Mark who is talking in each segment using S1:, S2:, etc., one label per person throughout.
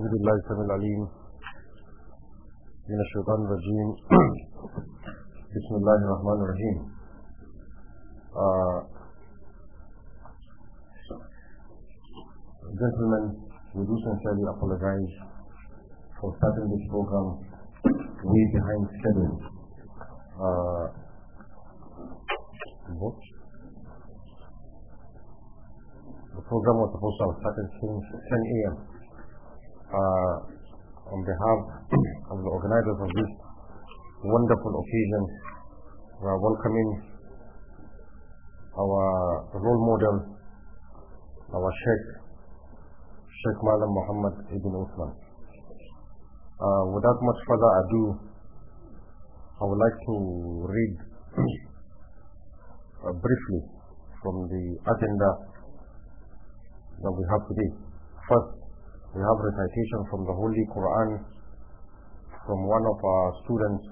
S1: أعوذ بالله السميع العليم من الشيطان الرجيم بسم الله الرحمن الرحيم Gentlemen, we do sincerely apologize for starting
S2: this program way behind schedule. Uh, what? The program was supposed to have started since 10 a.m uh, on behalf
S1: of the organizers of this wonderful occasion, we are
S2: welcoming our role model, our Sheikh, Sheikh Malam Muhammad Ibn Uthman.
S1: Uh, without much further ado, I would like to read uh, briefly from the agenda that we have today. First, we have recitation from the Holy Quran from one of our students,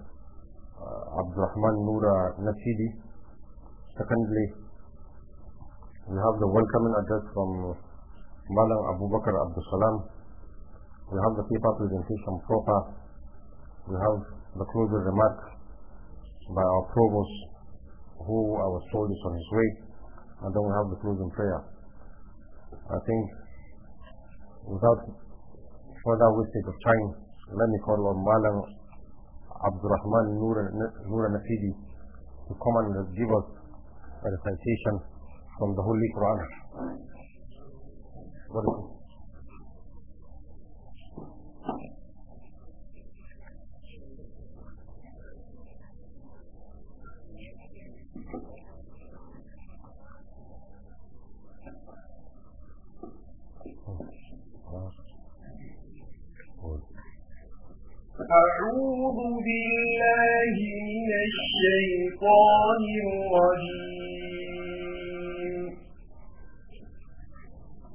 S1: uh, Abdurrahman Noura Nasidi. Secondly, we have the welcoming address from
S2: Malang Abu Bakr Abdul Salam. We have the paper presentation proper. We have the closing remarks by our provost,
S1: who I was told is on his way. And then we have the closing prayer. I think without further wastage of time, let
S2: me call on Malam Abdurrahman Nura Nafidi to come and give us a recitation from the Holy Quran.
S3: أعوذ بالله من الشيطان الرجيم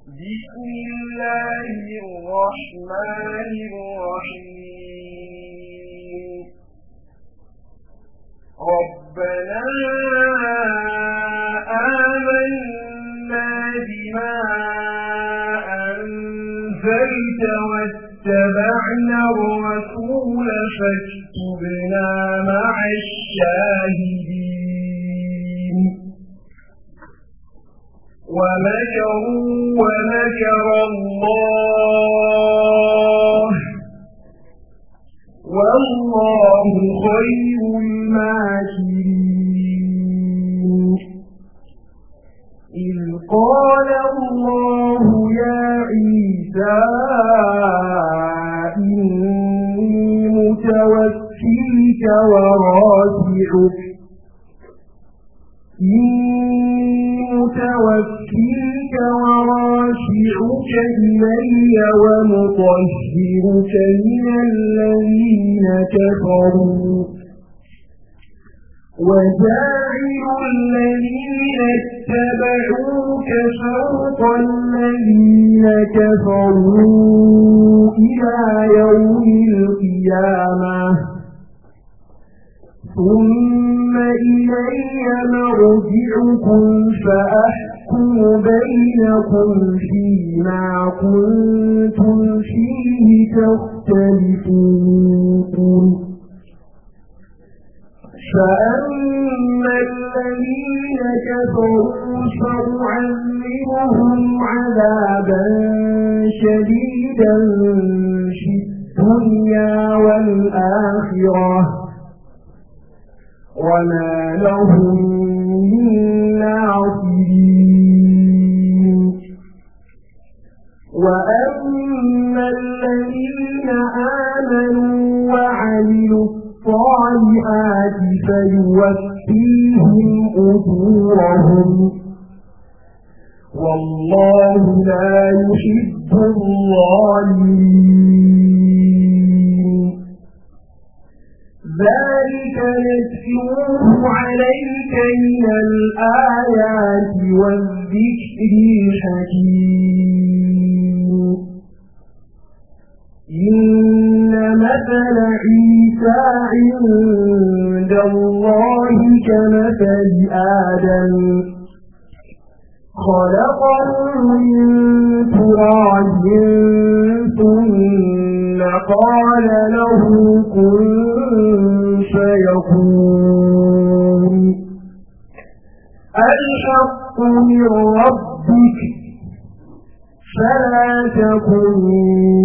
S3: بسم الله الرحمن الرحيم ربنا آمنا بما أنزلت وسلم اتبعنا الرسول فاكتبنا مع الشاهدين ومكروا ومكر الله والله خير الماكرين إذ قال الله يا عيسى نِسَاءِ إِنِّي مُتَوَفِّيكَ وَرَافِعُكَ إِنِّي مُتَوَفِّيكَ وَرَافِعُكَ إِلَيَّ وَمُطَهِّرُكَ مِنَ الَّذِينَ كَفَرُوا وَجَاعِلُ الَّذِينَ اتبعوك شرط الذين كفروا إلى يوم القيامة ثم إلي مرجعكم فأحكم بينكم فيما كنتم فيه تختلفون فأما الذين كفروا فأعلمهم عذابا شديدا في الدنيا والآخرة وما لهم من ناصرين وأما الذين آمنوا وعملوا الصالحات فيوفيهم أجورهم والله لا يحب الظالمين ذلك نتلوه عليك من الآيات والذكر الحكيم إن مثل عيسى عِندَ اللَّهِ كَمَثَلِ آدَمَ خلق مِن تُرَابٍ ثُمَّ قَالَ لَهُ كُن فَيَكُونُ الْحَقُّ مِن رَّبِّكَ فلا تكن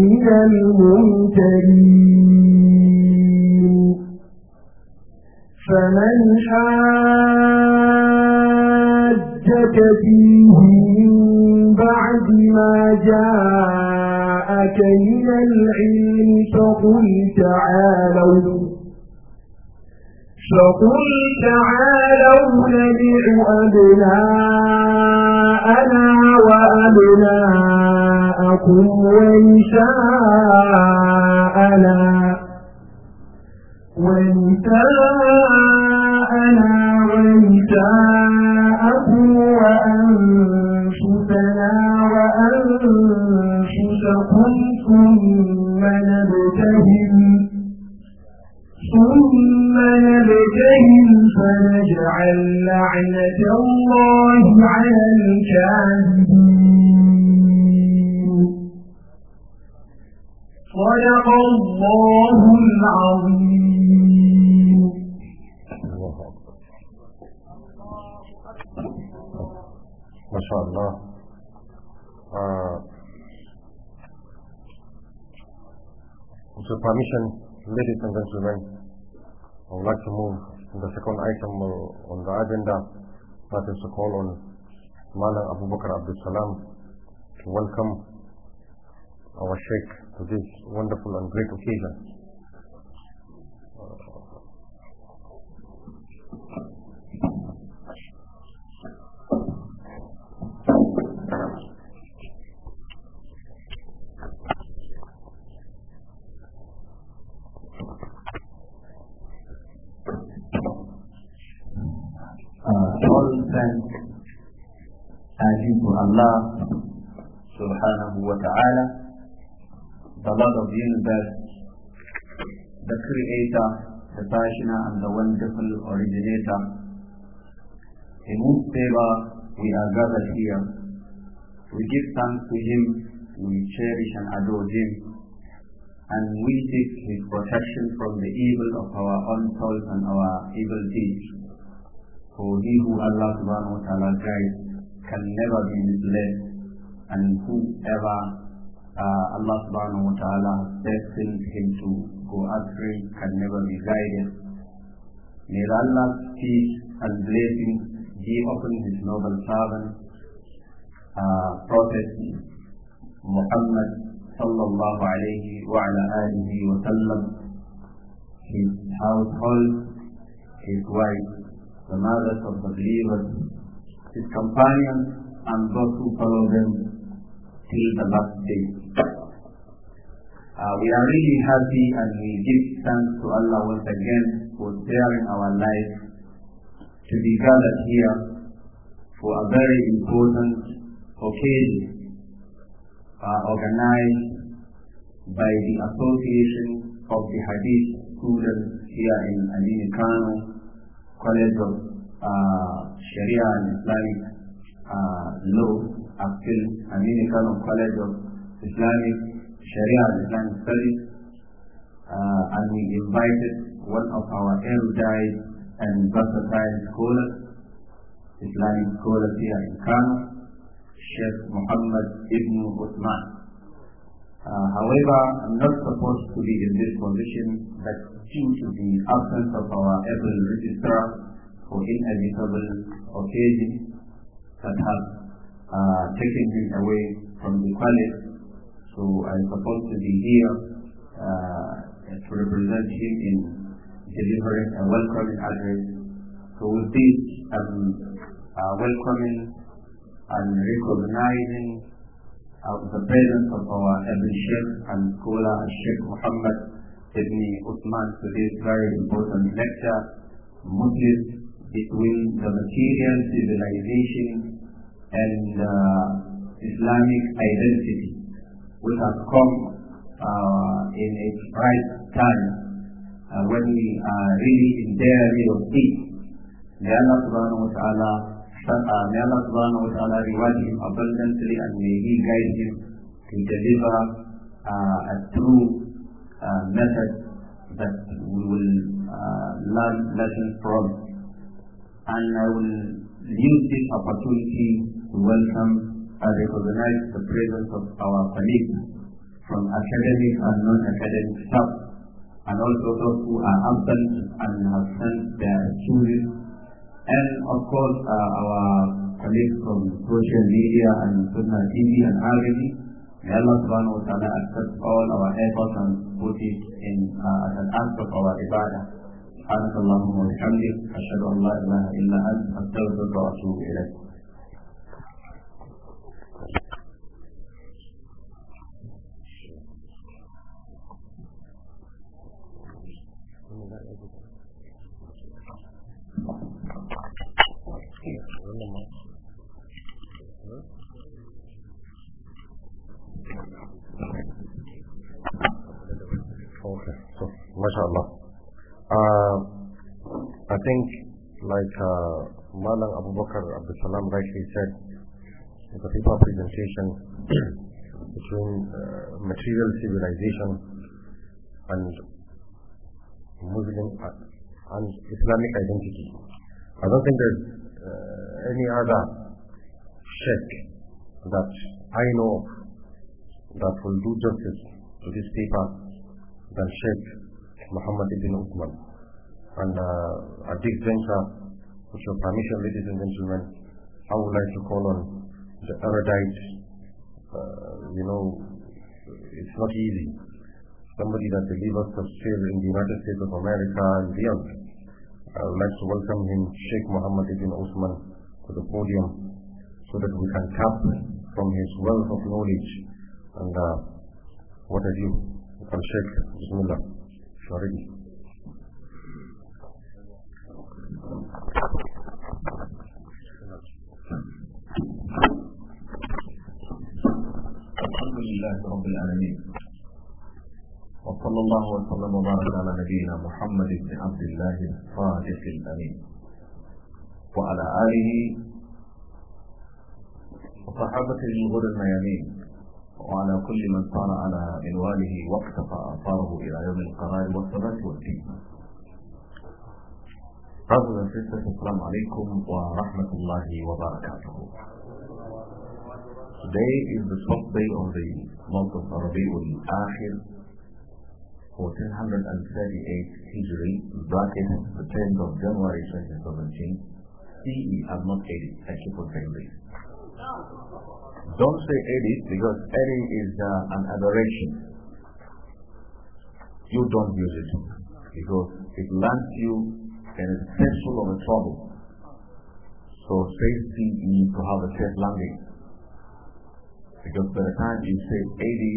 S3: من الممتلين فمن حاجك فيه من بعد ما جاءك من العلم فقل تعالوا فقل تعالوا نبع أبناءنا وأبناءكم ونساءنا ونساءنا ونساءكم وأنفسنا وأنفسكم ثم نبتهم ثم نبتهم فنجعل لعنة الله على الكاذبين صدق الله العظيم
S2: شاء uh, with your permission
S1: ladies and gentlemen I would like to move to the second item on the agenda that is to call on Mala Abu Bakr Abdul Salam to welcome our Sheikh to this wonderful and great occasion thank are Allah subhanahu wa ta'ala, the Lord of the universe, the creator, the passioner and the wonderful originator. In whose favor we are gathered here, we give thanks to him, we cherish and adore him, and we seek his protection from the evil of our own souls and our evil deeds. For he who Allah subhanahu wa ta'ala guides can never be misled and whoever uh, Allah subhanahu wa ta'ala has destined him to go astray can never be guided. May Allah's peace and blessings be upon his noble servant, uh, Prophet Muhammad sallallahu alayhi wa ala alihi wa sallam, his household, his wife, the mothers of the believers, his companions, and those who follow them till the last day. Uh, we are really happy and we give thanks to Allah once again for sparing our lives to be gathered here for a very important occasion uh, organized by the Association of the Hadith Students here in Adini Kano College of uh, Sharia and Islamic uh, Law, Akil, I mean a kind of College of Islamic Sharia and Islamic Studies, uh, and we invited one of our erudite and versatile scholars, Islamic scholars here in Kano, Sheikh Muhammad Ibn Uthman. Uh, however, I'm not supposed to be in this position, but due to the absence of our able registrar for inevitable occasions, that has uh, taken me away from the college, so I'm supposed to be here uh, to represent him in delivering a welcoming address. So with this, I'm uh, welcoming and recognizing uh, the presence of our Ibn Sheikh and scholar Sheikh Muhammad Ibn Uthman to this very important lecture, Muslims between the material civilization and uh, Islamic identity, which has come uh, in its right time uh, when we are really in dire need. of May Allah subhanahu wa ta'ala Ah, may Allah subhanahu wa ta'ala reward him abundantly and may he guide him to deliver uh, a true uh, ah, method that we will uh, learn lessons from. And I will use this opportunity to welcome and recognize the presence of our colleagues from academic and non-academic staff and also those who are absent and have sent their students and of course, uh, our colleagues from social media and Sunnah TV and Arabic. May Allah subhanahu wa ta'ala accept all our efforts and put it in uh, as an act of our ibadah. سبحانك اللهم وبحمدك أشهد أن لا إله إلا أنت أستغفرك وأتوب إليك Thank you. MashaAllah, uh, I think like uh, Malang Abu Bakr Abdul Salam rightly said in the paper presentation between uh, material civilization and Muslim uh, and Islamic identity I don't think there's uh, any other shirk that I know of that will do justice to this paper than shirk Muhammad ibn Uthman. And uh, at this juncture, with your permission, ladies and gentlemen, I would like to call on the erudite. Uh, you know, it's not easy. Somebody that delivers tafsir in the United States of America and beyond. I would like to welcome him, Sheikh Muhammad ibn Uthman, to the podium so that we can tap from his wealth of knowledge and uh, what have you. Al-Sheikh, Bismillah. شرعي الحمد لله رب العالمين وصلى الله وسلم وبارك على نبينا محمد بن عبد الله الصادق الامين وعلى اله وصحابته الغر الميامين وعلى كل من صار على منواله واقتفى آثاره إلى يوم القرار والثبات والدين اهلا وسهلا السلام عليكم ورحمه الله وبركاته. Today is the 12th day of the month of Rabiul Akhir, 1438 Hijri, bracket the 10th of January 2017, CE, I'm not 80, thank you for saying this. Don't say edit because edit is uh, an aberration. You don't use it because it lands you in a cesspool of a trouble. So say need to have a safe landing. Because by the time you say eighty,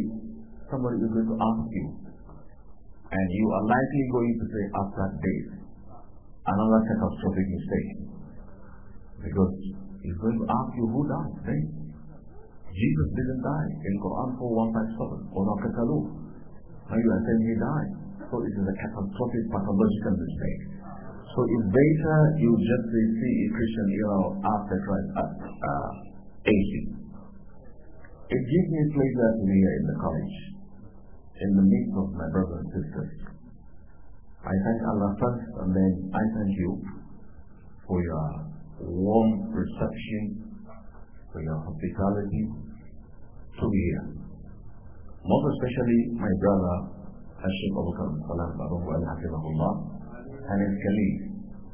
S1: somebody is going to ask you. And you are likely going to say after date. Another catastrophic mistake. Because he's going to ask you who does, right? Jesus didn't die. In Quran 4157, وَمَا قَتَلُوهُ Now you are saying he died. So it is a catastrophic pathological mistake. So it's later, you just see a Christian hero after Christ at uh, 18. Uh, it gives me pleasure to be here in the college, in the midst of my brothers and sisters. I thank Allah first, and then I thank you for your warm reception for your hospitality to be here. Most especially my brother, Hashim Abu Salam Baruhu al and his colleagues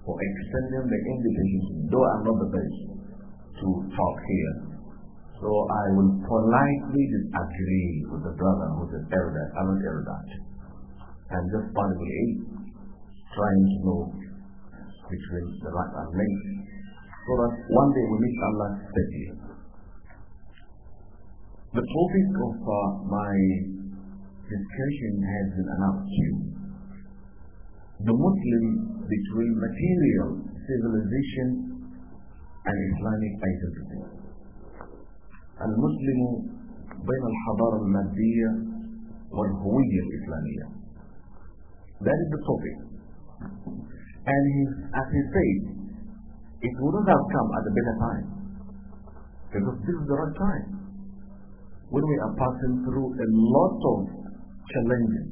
S1: for extending the invitation, though I'm not the best, to talk here. So I will politely disagree with the brother who is elder, I'm not elder, and just partly trying to know between the right and left, so that one day we meet Allah steadily. The topic of uh, my discussion has been you. The Muslim between material civilization and Islamic identity. المسلم بين الحضارة المادية والهوية الإسلامية. That is the topic. And as he said, it wouldn't have come at a better time. Because this is the right time when we are passing through a lot of challenges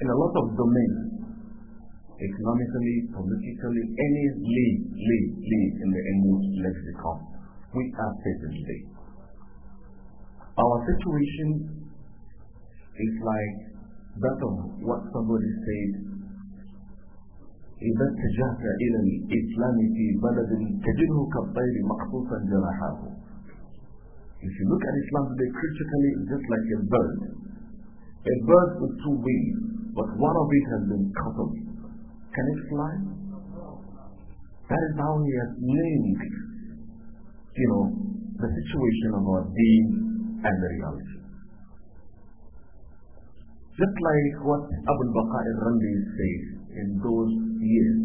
S1: in a lot of domains, economically, politically, any lead, lead, lead in the English lexicon, we are facing today. Our situation is like that of what somebody said إذا اتجهت إلى الإسلام في بلد تجده كالطير مقصوصا جناحاته if you look at Islam today critically, it's just like a bird. A bird with two wings, but one of it has been cut off. Can it fly? That is how he has linked, you know, the situation of our deen and the reality. Just like what Abu Bakr al-Randi said in those years,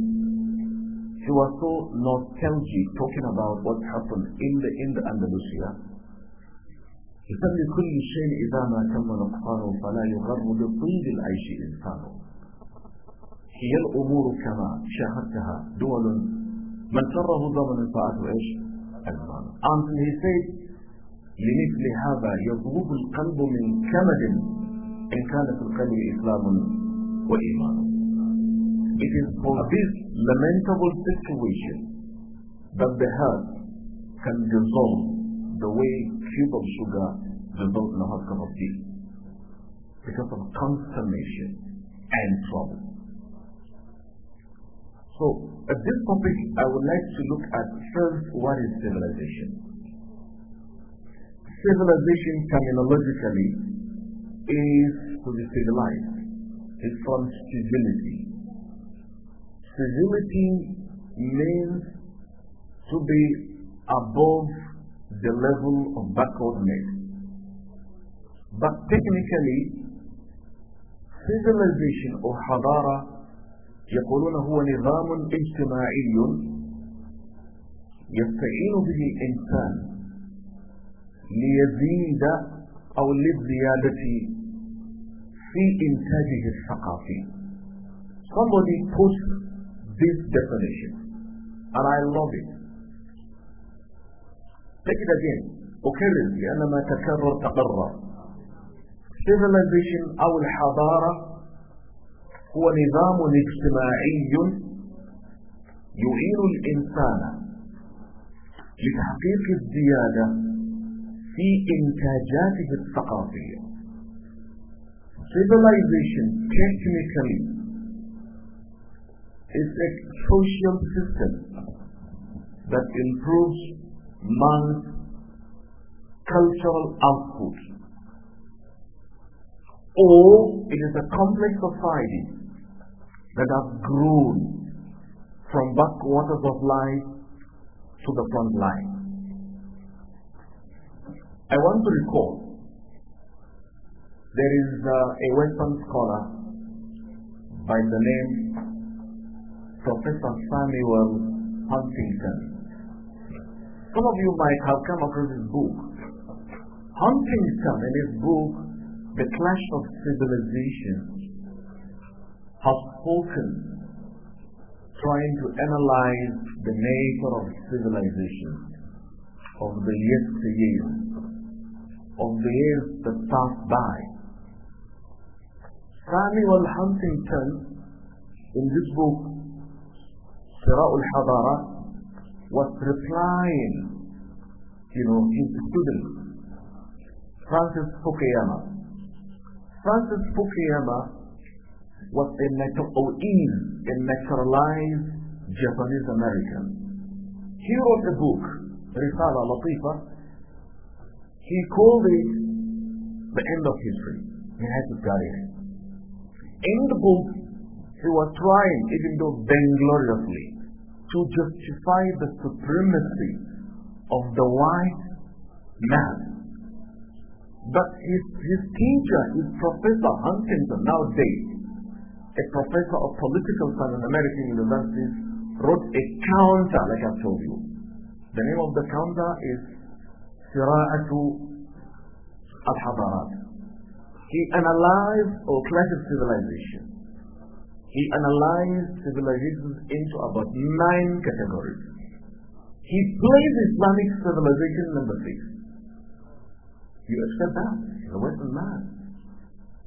S1: he was so nostalgic talking about what happened in the in the Andalusia كل شيء إذا ما تم نقصانه فلا يغر بطيب العيش إنسانه هي الأمور كما شاهدتها دول من تره ضمن فأتوا إيش ألمان أنتون هيسيد لمثل هذا يضرب القلب من كمد إن كان في القلب إسلام وإيمان It is for this lamentable situation that the heart can dissolve the way cube of sugar does in a how cup of tea. Because of consternation and trouble. So,
S2: at this topic,
S1: I would like to look at first what is civilization. Civilization terminologically is to be civilized. It's from civility. Civility means to be above the level of backwardness. But technically, civilization or حضارة يقولون هو نظام اجتماعي يستعين به الإنسان ليزيد أو للزيادة في إنتاجه الثقافي. Somebody put this definition and I love it. تجد زين again أكرر لأن ما تكرر تقرر civilization أو الحضارة هو نظام اجتماعي يعين الإنسان لتحقيق الزيادة في إنتاجاته الثقافية civilization technically is a social system that improves man's cultural output. Or it is a complex society that has grown from backwaters of life to the front line. I want to recall there is uh, a Western scholar by the name Professor Samuel Huntington some of you might have come across his book. Huntington, in his book, The Clash of Civilizations, has spoken trying to analyze the nature of civilization, of the years to yesteryear, of the years that passed by. Samuel Huntington, in his book, al Hadara, was replying, you know, his student, Francis Fukuyama. Francis Fukuyama was a natu- or is a naturalized Japanese American. He wrote a book, Risala Latifa. He called it The End of History. He has to carry it. In the book, he was trying, even though vaingloriously, to justify the supremacy of the white man. But his, his teacher is Professor Huntington, nowadays, a professor of political science in American universities, wrote a counter, like I told you. The name of the counter is Sira'atu al-Hadarat. He analyzed or classified civilization he analyzed civilizations into about nine categories. He placed Islamic civilization number six. You accept that? He's a Western man.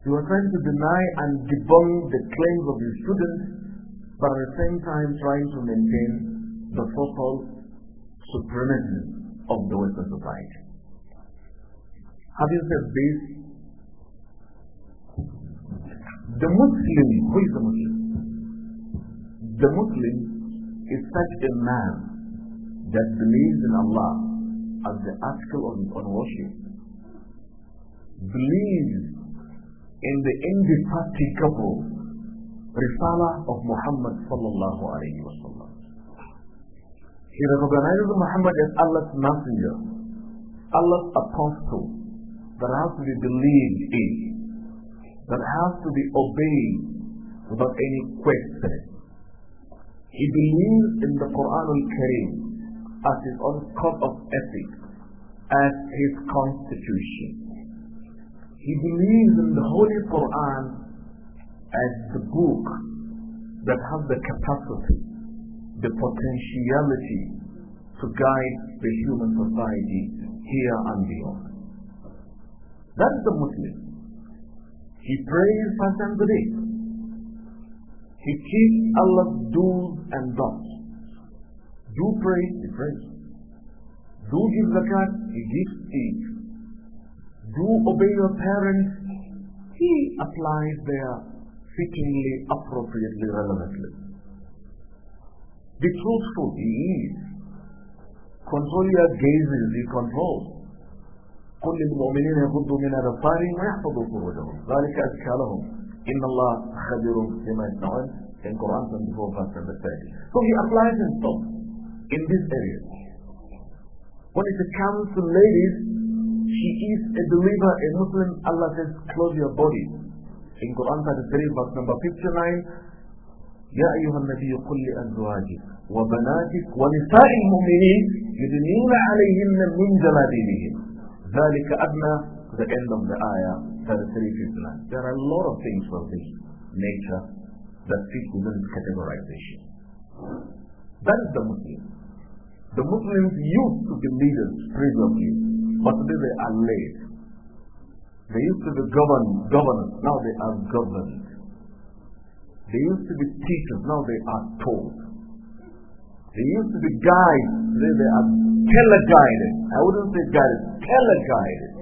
S1: You are trying to deny and debunk the claims of your students, but at the same time trying to maintain the so-called supremacy of the Western society. Have you said this, the Muslim, who is the Muslim? The Muslim is such a man that believes in Allah as the article of his own worship, believes in the indefatigable Risala of Muhammad sallallahu alayhi wa sallam. He recognizes Muhammad as Allah's messenger, Allah's apostle, that has to be believed in, that has to be obeyed without any question. He believes in the Quran al Kareem as his own code of ethics, as his constitution. He believes in the Holy Quran as the book that has the capacity, the potentiality to guide the human society here and beyond. That's the Muslim. He prays five times a day. He keeps Allah's do's and don'ts. Do pray, he prays. Do give zakat, he gives it. Do obey your parents, he applies their fittingly, appropriately, relevantly. Be truthful, he is. Control your gazes, he controls. قل للمؤمنين يغضوا من أبصارهم ويحفظوا فروجهم ذلك أزكى لهم إن الله خبير بما يصنعون in Quran 24 verse number 30. So he applies himself in this area. When it comes to ladies, she is a believer, a Muslim. Allah says, close your body. In Quran 33 verse number 59, يا أيها النبي قل لأزواجك وبناتك ونساء المؤمنين يدنين عليهن من جلابيبهم ذلك أدنى the end of the ayah There are a lot of things of this nature that fit within this categorization. That is the Muslim. The Muslims used to be leaders previously, but today they are led. They used to be governed, governors, now they are governed. They used to be teachers, now they are taught. They used to be guides, today they are teleguided. I wouldn't say guided, teleguided.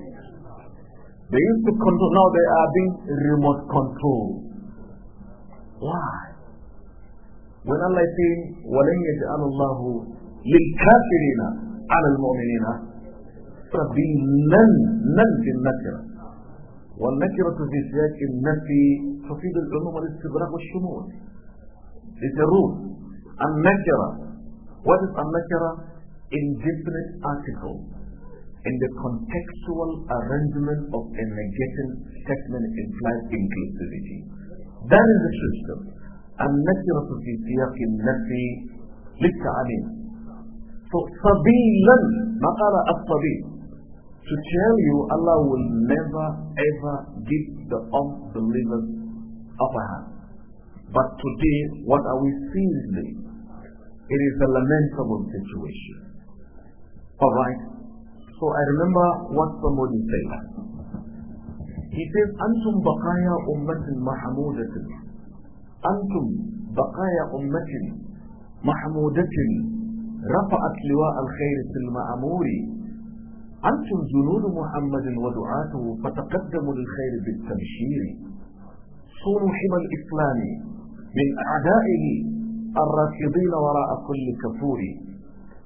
S1: They used to control, now they are being remote controlled. Why? When Allah is saying, وَلَنْ يَجْعَلَ اللَّهُ لِلْكَافِرِينَ عَلَى الْمُؤْمِنِينَ سَبِيلًا نَنْ في النكرة والنكرة في سياق النفي تفيد العموم والاستغراق والشمول. It's a rule. النكرة. What is النكرة? Indefinite articles? in the contextual arrangement of a negative statement implies inclusivity. That is the system. النكرة في سياق النفي للتعليم. ما قال To tell you Allah will never ever give the unbelievers upper hand. But today, what are we seeing It is a lamentable situation. Alright? So I remember what somebody said. He says, أنتم بقايا أمة محمودة. أنتم بقايا أمة محمودة رفعت لواء الخير في المأمور أنتم جنود محمد ودعاته فتقدموا للخير بالتبشير صونوا حمى الإسلام من أعدائه الراكضين وراء كل كفور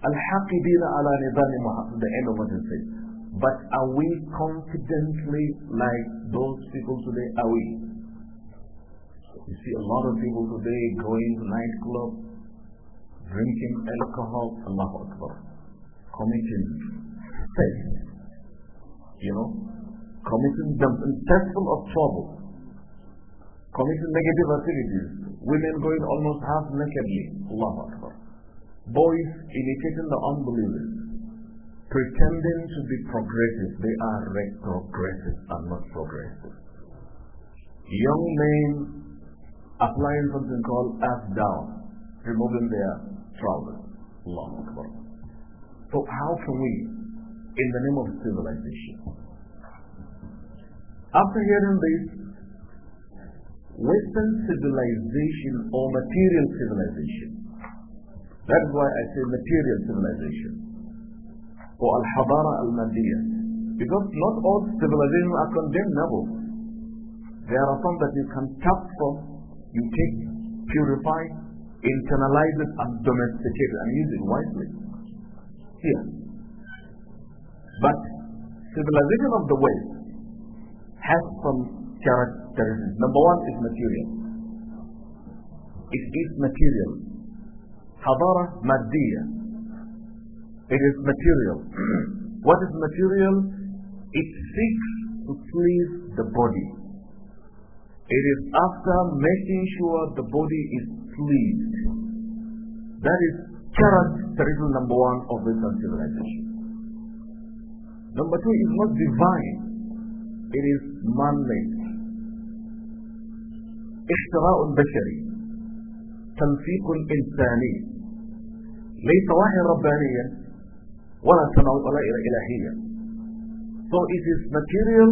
S1: Al-haqibina ala nizami The end of what it says. But are we confidently like those people today? Are we? You see a lot of people today going to nightclubs, drinking alcohol, Allahu Akbar, committing sex, you know, committing themselves of trouble, committing negative activities, women going almost half nakedly, Allahu Akbar. Boys imitating the unbelievers, pretending to be progressive. They are retrogressive and not progressive. Young men applying something called ass down, removing their trousers. Long Akbar. So how can we, in the name of civilization? After hearing this, Western civilization or material civilization that is why I say material civilization or al-habara al-madiyah. Because not all civilizations are condemnable. There are some that you can tap from, you take, purify, internalize it, and domesticate it, and use it wisely. Here. But civilization of the West has some characteristics. Number one is material. It is material حضارة مادية it is material what is material it seeks to please the body it is after making sure the body is pleased that is characterism number one of Western civilization number two is not divine it is man-made اختراع بشري تنسيق إنساني ليس وحي ربانية ولا سماوية إلهية so it is material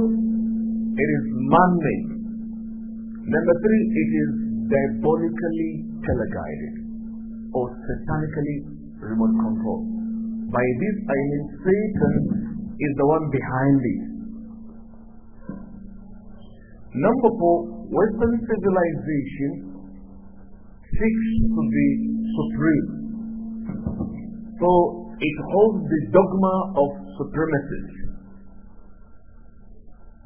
S1: it is man-made number three it is diabolically teleguided or satanically remote controlled by this I mean Satan is the one behind this number four Western civilization seeks to be supreme so it holds the dogma of supremacy.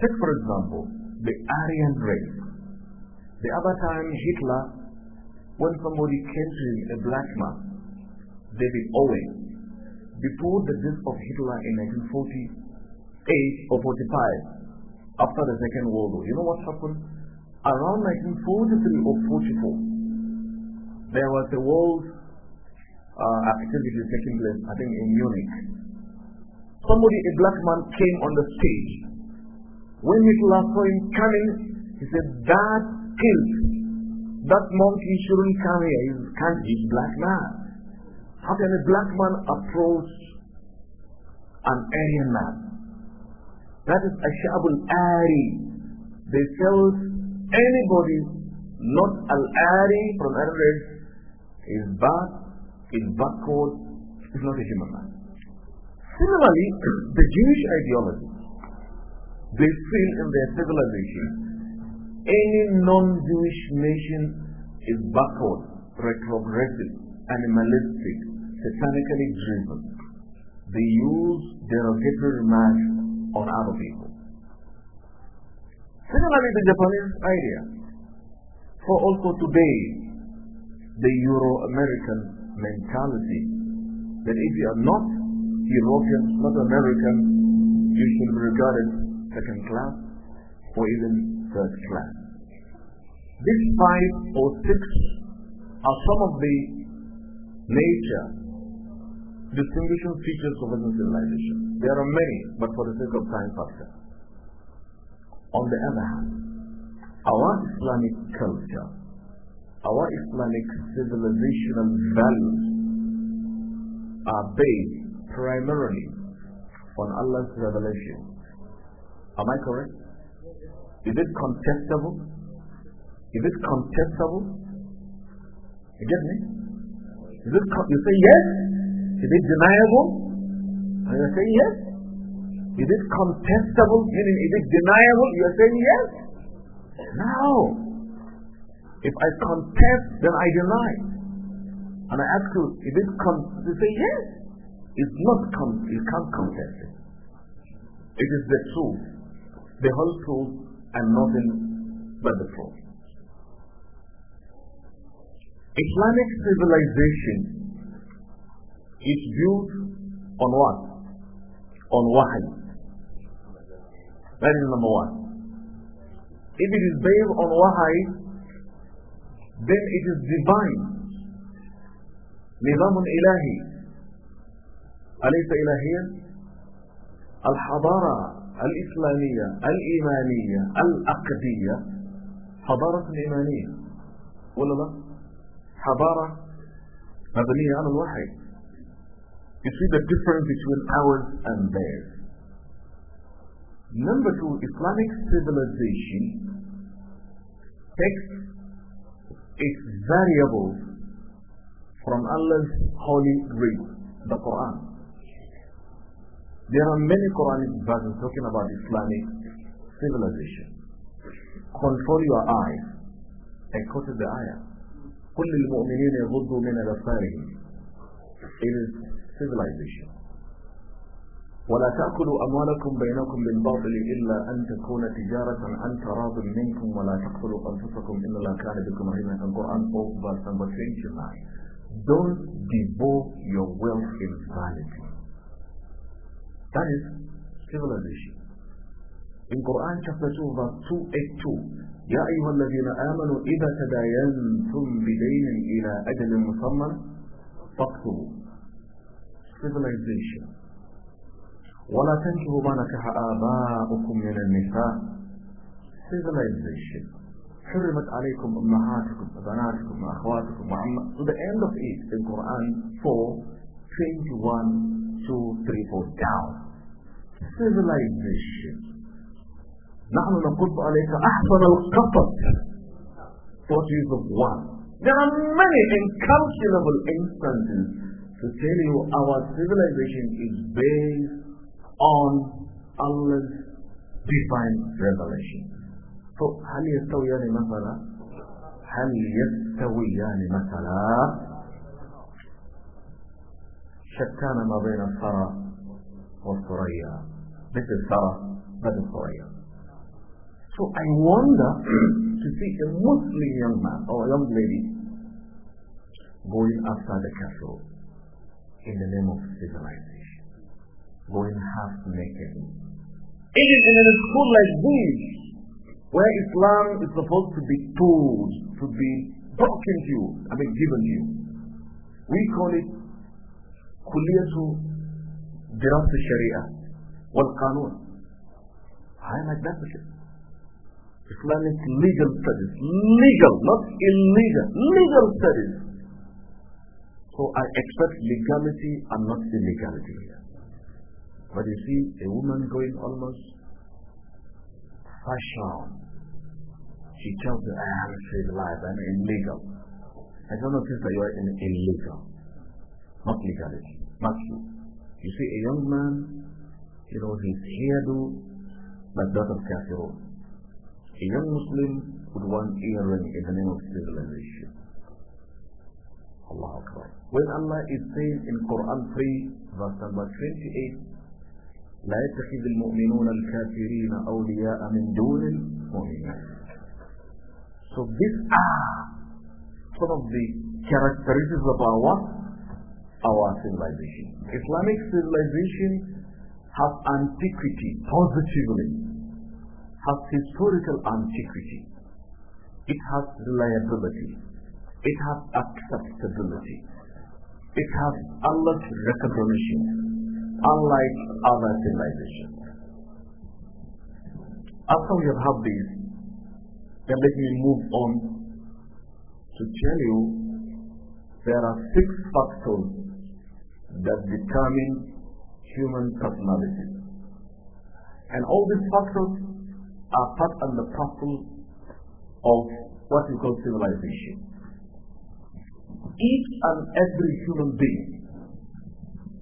S1: Take for example the Aryan race. The other time Hitler, when somebody came to him, a black man, David Owen, before the death of Hitler in 1948 or 45, after the Second World War, you know what happened? Around 1943 or 44, there was a world uh, activity taking place, I think in Munich. Somebody, a black man, came on the stage. When Hitler saw him coming, he said, That killed. That monkey shouldn't come here. He can't be black man. How can a black man approach an Aryan man? That is Ashabul Ari. They tell anybody not Al Ari from Arab is bad in backward is not a human man. Similarly, the Jewish ideology, they feel in their civilization, any non-Jewish nation is backward, retrogressive, animalistic, satanically driven. They use derogatory remarks on other people. Similarly, the Japanese idea. For also today, the Euro-American mentality that if you are not European, not American, you should be regarded second class or even third class. These five or six are some of the nature distinguishing features of Western civilization. There are many, but for the sake of time factor. On the other hand, our Islamic culture our Islamic civilizational values are based primarily on Allah's revelation. Am I correct? Is it contestable? Is it contestable? You get me? Is it you say yes? Is it deniable? And you say yes. Is it contestable? Meaning, is it deniable? You are saying yes? No. If I contest, then I deny. And I ask you, If it con- you say yes. It's not con- you can't contest it. It is the truth, the whole truth, and nothing but the truth. Islamic civilization is built on what? On wahi. That is number one. If it is based on wahi, then it is divine. نظام إلهي أليس إلهيا؟ الحضارة الإسلامية الإيمانية العقدية حضارة إيمانية ولا لا؟ حضارة مبنية على الوحي You see the difference between ours and theirs. Number two, Islamic civilization takes it's variable from Allah's holy read, the Quran. There are many Quranic verses talking about Islamic civilization. Control your eyes. I quoted the ayah. كل المؤمنين يغضوا من أبصارهم. It is civilization. ولا تأكلوا أموالكم بينكم بالباطل إلا أن تكون تجارة عن تراض منكم ولا تقتلوا أنفسكم إن الله كان بكم رحيما القرآن of oh, verse number 29 Don't devote your wealth in vanity That is civilization In Quran chapter 2 verse 282 يا أيها الذين آمنوا إذا تداينتم بدين إلى أجل مصمم فاكتبوا Civilization ولا تنكحوا ما نكح آباؤكم من النساء civilization حرمت عليكم أمهاتكم وبناتكم وأخواتكم وعم to the end of it in Quran 4 21 2 3 4 down civilization نحن نقص عليك أحسن القصص stories of one there are many incalculable instances to tell you our civilization is based on Allah's divine revelation. فهل يستويان مثلا؟ هل يستويان مثلا؟ شتان ما بين الثرى والثريا مثل ثرى بدل ثريا. So I wonder to see a Muslim young man or young lady going after the castle in the name of civilization going half naked. Even in a school like this, where Islam is supposed to be told, to be broken to you, I mean given you, we call it Kuliyatu Dirat Sharia wal Qanun. I am a because Islamic legal studies, legal, not illegal, legal studies. So I expect legality and not illegality here. But you see a woman going almost fashion. She tells you, I a straight life, I'm illegal. I don't know, that you are in, illegal. Not legality, not you. You see, a young man, you know, his hairdo, but that of kafirun. A young Muslim with one earring in the name of
S2: civilization.
S1: Allah Akbar. When Allah is saying in Quran 3, verse number 28, لا يتخذ المؤمنون الكافرين أولياء من دون المؤمنين So this are some of the characteristics of our our civilization. Islamic civilization has antiquity positively, has historical antiquity. It has reliability. It has acceptability. It has Allah's recognition unlike other civilizations. After we have had this, then let me move on to tell you there are six factors that determine human personality. And all these factors are part and the parcel of what we call civilization. Each and every human being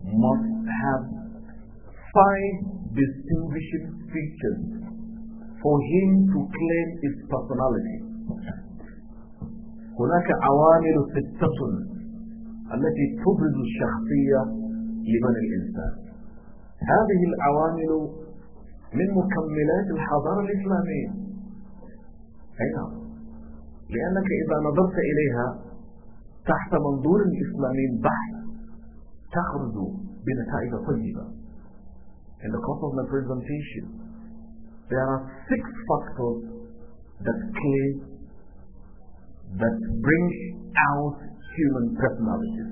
S1: must have five distinguishing features for him to claim his personality. هناك عوامل ستة التي تبرز الشخصية لبني الإنسان. هذه العوامل من مكملات الحضارة الإسلامية. أي نعم. لأنك إذا نظرت إليها تحت منظور الإسلامي بحت تخرج بنتائج طيبة in the course of the presentation there are six factors that claim that bring out human personalities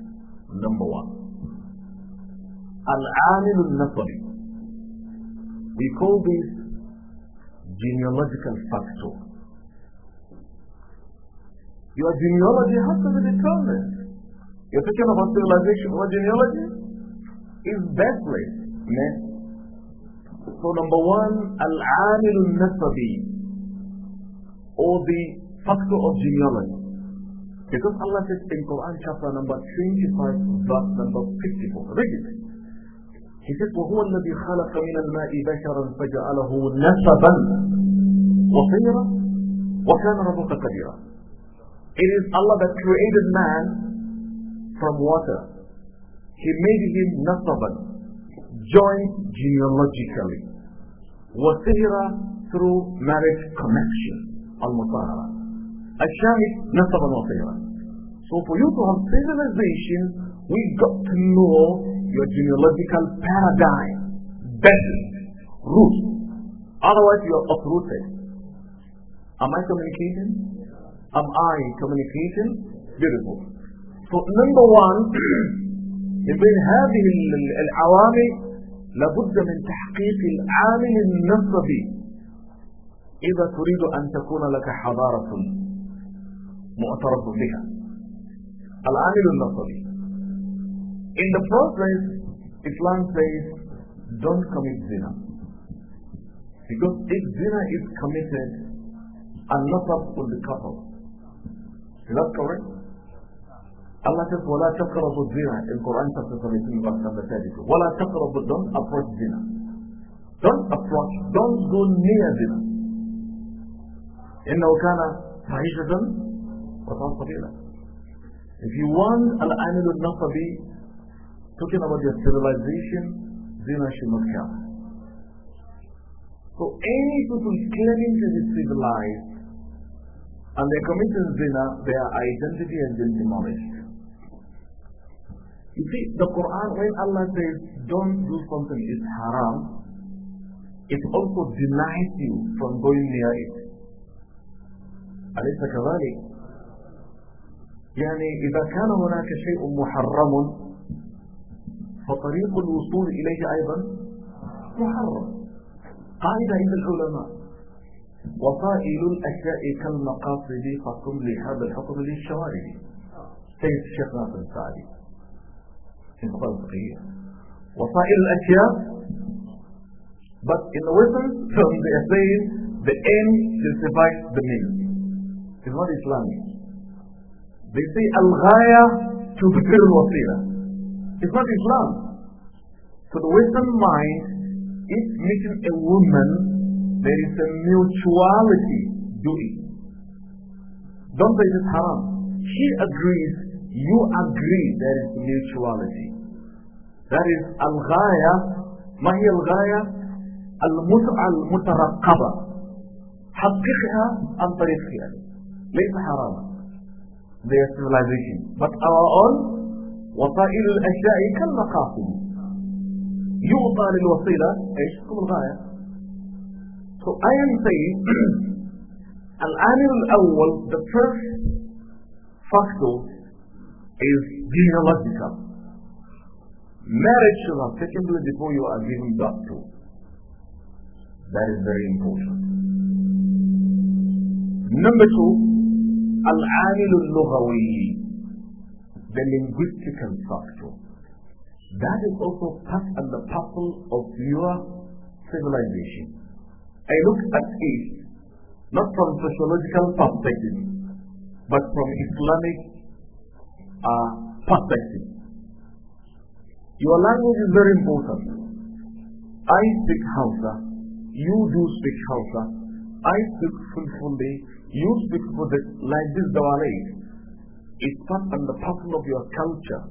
S1: number one العامل nature. we call this genealogical factor your genealogy has to be determined Essential of hospitalization or genealogy is that place. Yes. So number one, al-amil nasabi, or the factor of genealogy. Because Allah says in Quran chapter number 25, verse number 54, read it. He says, وَهُوَ الَّذِي خَلَقَ مِنَ الْمَاءِ بَشَرًا فَجَعَلَهُ نَسَبًا وَطِيرًا وَكَانَ رَبُّكَ قَدِيرًا It is Allah that created man from water. He made him nasaban, joined genealogically. وسهر through marriage connection, al-mutahara. الشاهد نصبا وسهرا. So for you to have civilization, we got to know your genealogical paradigm, basis, root. Otherwise you are uprooted. Am I communicating? Am I communicating? Beautiful. فنمبر 1 من بين هذه العوامل لابد من تحقيق العامل النصبي إذا تريد أن تكون لك حضارة معترف بها العامل النصبي In the process Islam says don't commit zina because if zina is committed a nasab will be coupled is that correct? الله تقول وَلَا تَقْرَبُوا الزنا القرآن Quran chapter 17, verse number وَلَا تَقْرَبُوا, don't approach zina. Don't approach, don't go near zina. إِنَّهُ كَانَ فَحِشَةً وَسَوْا سَبِيلًا If you want Al-Amil al-Nasabi, talking about your civilization, zina should not count. So any people claiming to be civilized and they committing zina, their identity has been demolished. You see, the Quran, when Allah says, don't do something is haram, it also denies you from going near it. أليس كذلك؟ يعني إذا كان هناك شيء محرم فطريق الوصول إليه أيضا محرم قاعدة عند العلماء وطائل الأشياء كالمقاصد فقم لهذا الحكم للشوارع سيد الشيخ ناصر السعدي خلقه وسائر الأشياء but in the Western terms they are saying the end justifies the means it's not Islamic they say al-ghaya to the wasila it's not Islam to the Western mind it's making a woman there is a mutuality duty don't say it's haram she agrees you agree there is mutuality That is al-ghaya. ما هي الغاية؟ المتعة المترقبة. حققها عن طريق خيالك. ليس حراما. Their civilization. But our own وسائل الأشياء كالمقاصد. يعطى للوسيلة ايش؟ تكون الغاية. So I am saying العامل الأول the first factor is genealogical Marriage should have taken place before you are given birth to. That is very important. Number two, Al-Amil al-Lughawi, the linguistic factor. That is also part and the parcel of your civilization. I look at it not from sociological perspective, but from Islamic uh, perspective. Your language is very important. I speak Hausa. You do speak Hausa. I speak Fulfulde. You speak for the, like this Dawale. It's part and the parcel of your culture.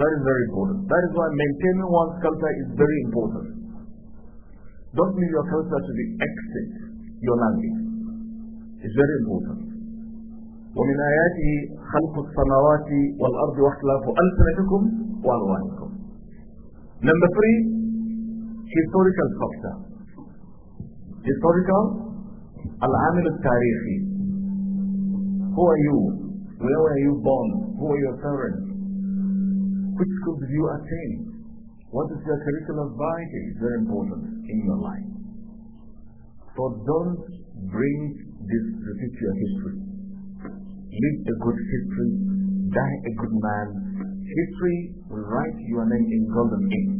S1: That is very important. That is why maintaining one's culture is very important. Don't leave your culture to the exit, your language. It's very important. ومن آياته خلق السماوات والأرض واختلاف ألسنتكم وألوانكم Number three, historical factor. Historical, al-amil al Who are you? Where were you born? Who are your parents? Which schools did you attend? What is your curriculum vitae? It's very important in your life. So don't bring this to your history. Live a good history, die a good man, History will write your name in golden ink.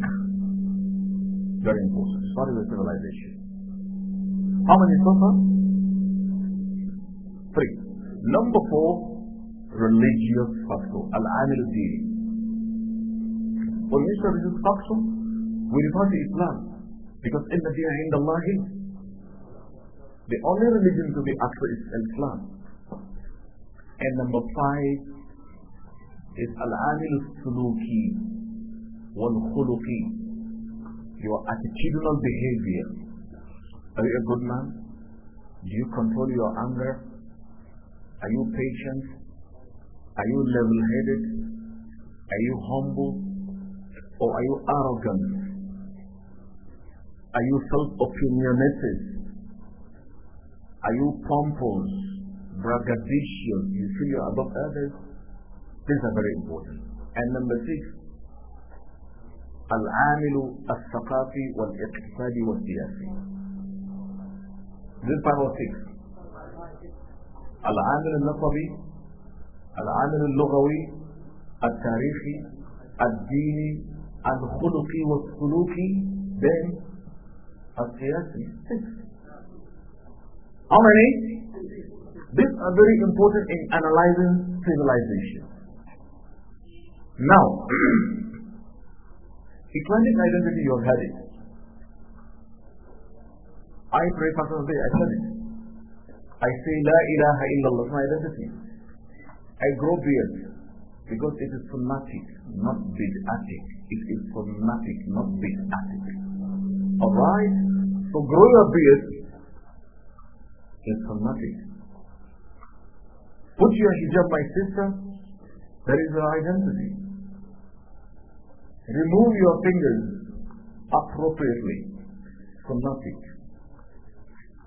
S1: Very important. Start with civilization. How many so far? Three. Number four, religious factor. Al-Amil Dini. When we say religious factor, we refer to Islam. Because in the Dina in Allah, the only religion to be accepted is Islam. And number five, is al-amil suluki wal khuluqi your attitudinal behavior are you a good man do you control your anger are you patient are you level-headed are you humble or are you arrogant are you self-opinionated are you pompous braggadocious you feel you're above others these are very important. And number six, العامل الثقافي والاقتصادي والسياسي. This part was six. العامل النصبي العامل اللغوي التاريخي الديني الخلقي والسلوكي بين السياسي How many? These are very important in analyzing civilization. Now, economic identity, you have had it. I pray for the day, I said it. I say La ilaha illallah, my identity. I grow beard because it is fanatic, not bid'atic. It is fanatic, not bid'atic. Alright? So grow your beard is fanatic. Put your hijab, my sister, that is your identity. Remove your fingers appropriately from nothing.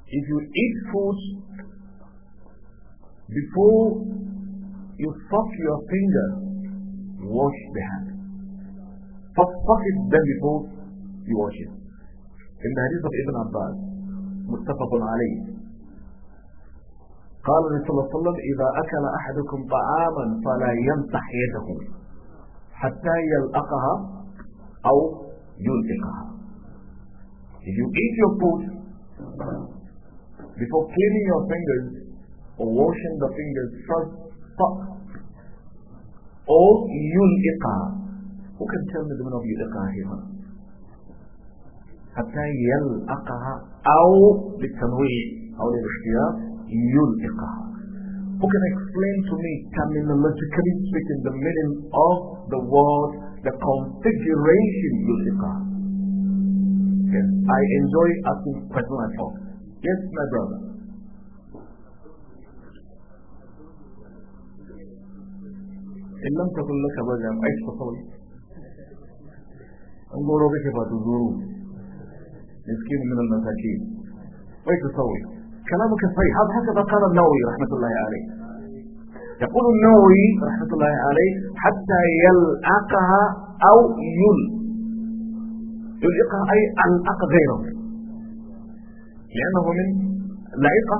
S1: If you eat food before you fuck your finger, wash the hand. First fuck it, then before you wash it. In the hadith of Ibn Abbas, متفق عليه قال النبي صلى الله عليه وسلم إذا أكل أحدكم طعاما فلا يمسح يده حتى يلقها أو يلقها. If you eat your food before cleaning your fingers or washing the fingers, first fuck. Or yulqaha. Who can tell me the meaning of yulqaha here? حتى يلقها أو بالتنويع أو للاختيار يلقها who can explain to me, terminologically speaking, the meaning of the word, the configuration Lucifer. Yes, I enjoy asking questions like that. Yes, my brother. كلامك صحيح هذا هكذا قال النووي رحمة الله عليه يقول النووي رحمة الله عليه حتى يلعقها أو يل يلعقها أي ألعق غيره لأنه من لعقة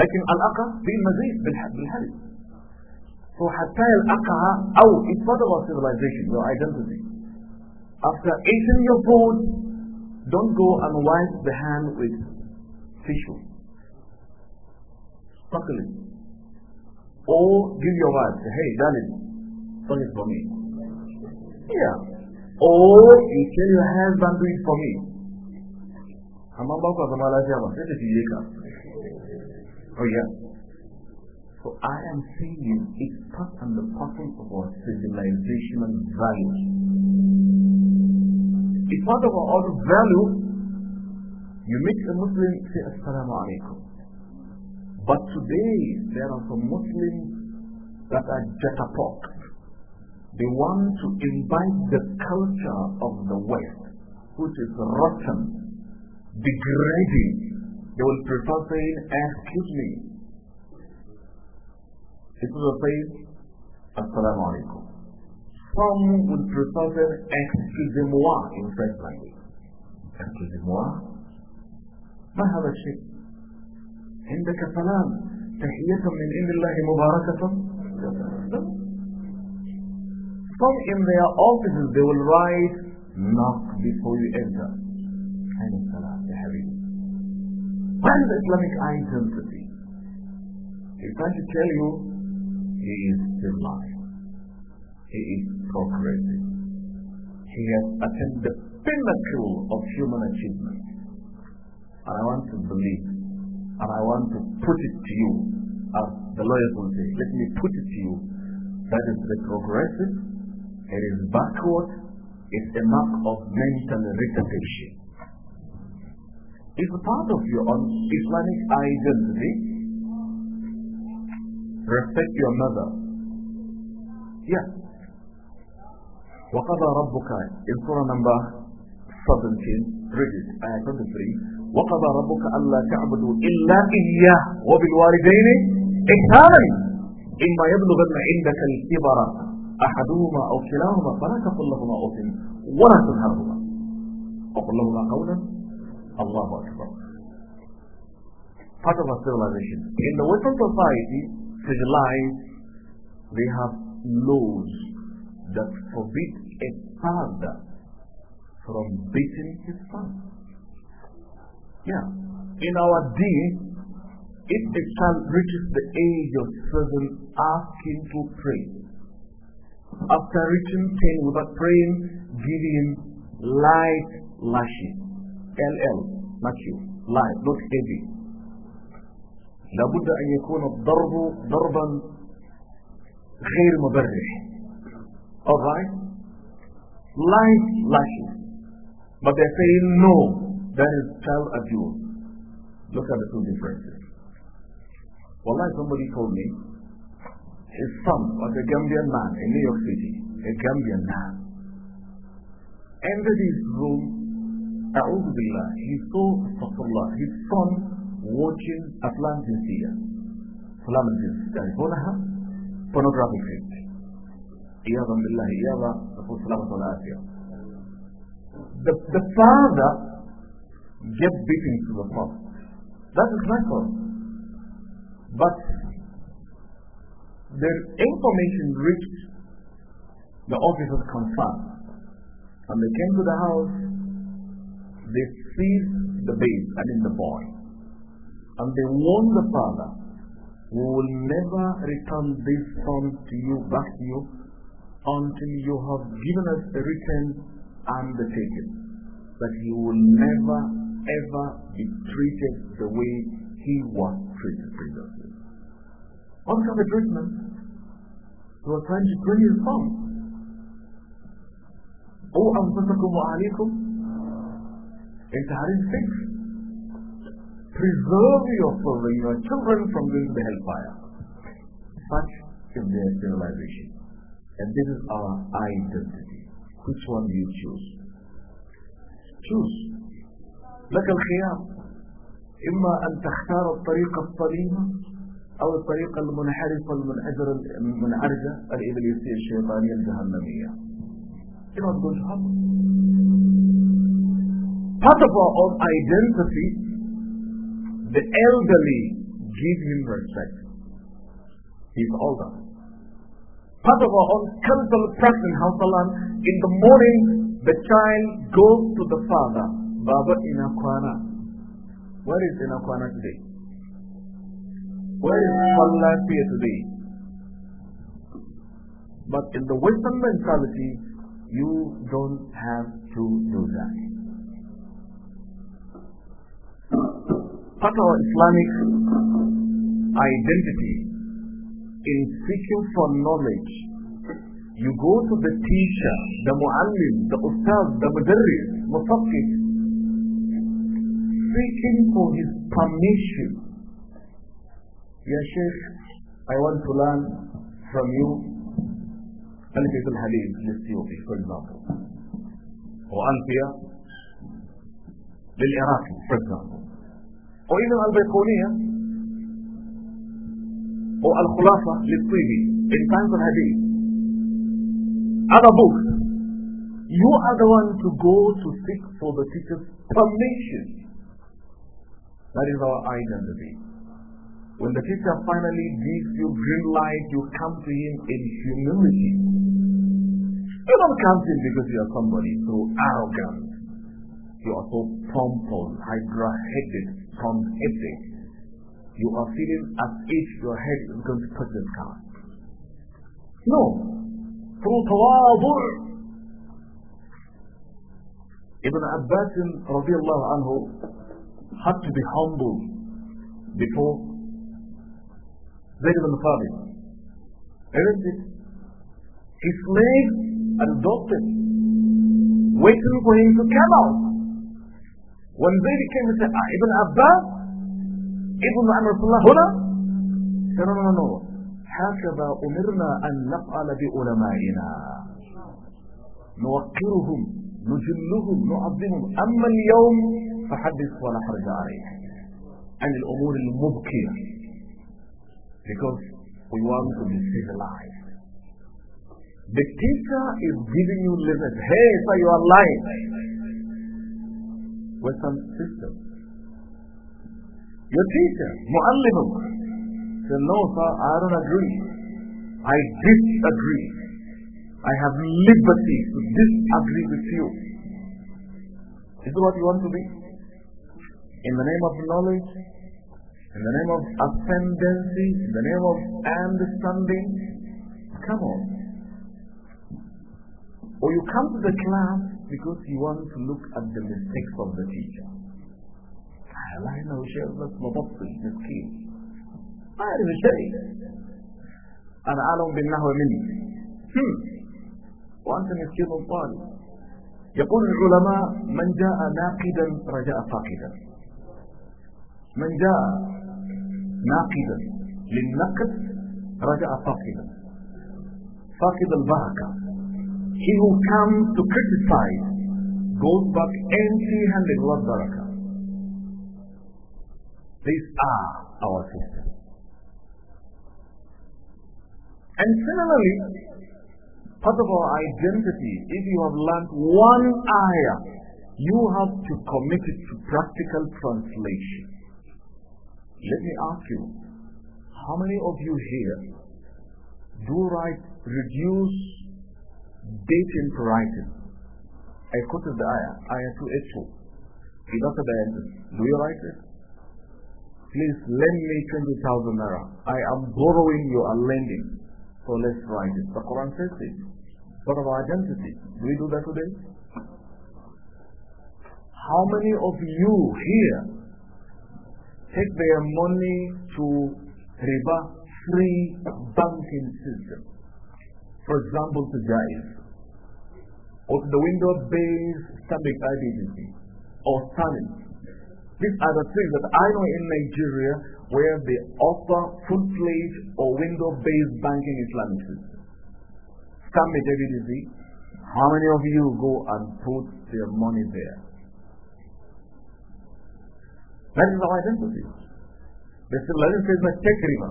S1: لكن ألعقها في مزيد بالحل So حتى يلعقها أو it's part of our civilization, your identity. After eating your food, don't go and wipe the hand with tissue, suckle or give your wife, say, hey, darling, suck it for me. Yeah. Or you tell your husband, do it for me. amma ba ku zama lafiya ba sai da fiye ka oh yeah so i am saying it's part and the parcel of our civilizational values it's part of our own value you meet a Muslim, say Assalamu alaikum. But today, there are some Muslims that are jatapok. They want to invite the culture of the West, which is rotten, degrading. They will prefer saying, excuse me. Instead of saying, Assalamu alaikum. Some would prefer saying, excusez-moi in French language.
S2: Excusez-moi
S1: from الشيء عندك سلام تحية من عند الله مباركة Some in their offices they will write knock before you enter. Kind of What is Islamic identity? He's trying to tell you he is still He is procreative, He has attained the pinnacle of human achievement. And I want to believe. And I want to put it to you, as the lawyers will say, let me put it to you. That is retrogressive, it is backward, it's a mark of mental retardation. It's part of your own Islamic identity. Respect your mother. Yeah. وقضى ربك in surah number 17 read it ayah 23 وقضى ربك ألا تعبدوا إلا إياه وبالوالدين إحسانا إما يبلغن عندك الكبر أحدهما أو كلاهما فلا تقل لهما أف ولا تنهرهما وقل لهما قولا الله أكبر part of our civilization. In the Western society, civilized, they have laws that forbid a father from beating his son. Yeah. In our day, if a child reaches the age of seven, ask him to pray. After reaching ten without praying, give him light lashes. LL, lashes, light, not heavy. لابد أن يكون الضرب ضربا غير مبرح. Alright? Light lashes. But they're saying no. That is child abuse. Look at the two differences. Well, like somebody told me, his son was a Gambian man in New York City, a Gambian man, entered his room, A'udhu Billah, he saw, Allah his son watching Atlantis here. Atlantis, pornographic film. Iyadhan Billah, Iyadhan, Rasul Salaam The, the father get beaten to the pulp. That is natural. But the information reached the officers concerned, and they came to the house. They seized the babe, I mean the boy, and they warned the father, "We will never return this son to you back to you." until you have given us the written and the taken, that you will never ever be treated the way he was treated previously. On the treatment, he are trying to bring his son. Oh, wa وأهليكم It's Hadith 6. Preserve your children, your children from going to hellfire. Such is their civilization. And this is our identity. Which one do you choose? Choose لك الخيار إما أن تختار الطريق الصليمة أو الطريقة المنحرفة المنعرجة الإبليسية الشيطانية الجهنمية إما تقول
S2: هذا
S1: Part of our own identity, the elderly give him respect. He's older. Part of our own cultural practice in Hausaland, in the morning the child goes to the father Baba Inakwana. Where is Inakwana today? Where is here today? But in the Western mentality, you don't have to do that. Part of Islamic identity in seeking for knowledge you go to the teacher, the muallim, the ustaz, the mudarris, mufakkik, seeking for his permission. Ya Sheikh, I want to learn from you ألف الحديث للسيوطي for example وأنفية للعراقي for example al البيقونية والخلاصة للطيبي in times of hadith other books you are the one to go to seek for the teacher's permission that is our identity. When the teacher finally gives you green light, you come to him in humility. You don't come to him because you are somebody so arrogant. You are so pompous, hydra-headed, tom-headed. You are feeling as if your head is going to touch the sky. No. Through tawadur. Ibn Abbas, radiallahu anhu, had to be humbled before Zayd ibn Thabit. Isn't it? He slaves and adopted, waiting for him to come out. When Zayd came and said, ah, Ibn Abbas, Ibn Amr Sallah, Huna, he said, no, no, no, هكذا أمرنا أن نفعل بعلمائنا نوقرهم نجلهم نعظمهم أما اليوم فحدث ولا حرج عليك عن الأمور المبكية because we want to be civilized the teacher is giving you lessons. Hey, sir, so you are lying. Western system. Your teacher, Mu'allimum, said, no, sir, I don't agree. I disagree. I have liberty to disagree with you. Is that what you want to be? in the name of knowledge, in the name of ascendancy, in the name of understanding. Come on. Or you come to the class because you want to look at the mistakes of the teacher. I لا إنه شيء بس مبطل مسكين
S2: ما يعرف شيء
S1: أنا أعلم بالنهو مني وأنت مسكين الطالب يقول العلماء من جاء ناقدا رجاء فاقدا من جاء ناقدا للنقد رجع فاقدا فاقد البركة he who comes to criticize goes back empty handed without baraka. These are our sisters. And similarly, part of our identity, if you have learned one ayah, you have to commit it to practical translation. Let me ask you, how many of you here do write reduce date in writing? I quoted the ayah, ayah 282. إضافة بيانات do you write it? Please lend me 20,000 naira. I am borrowing, you am lending. So let's write it. The Quran says it. What about identity? Do we do that today? How many of you here take their money to riba free banking system. For example, to Jais, or the window based Islamic identity, or talent. These are the things that I know in Nigeria where they offer full fledged or window based banking Islamic system. Islamic identity, how many of you go and put their money there? That is our identity. Rasulullah says Muttakrima.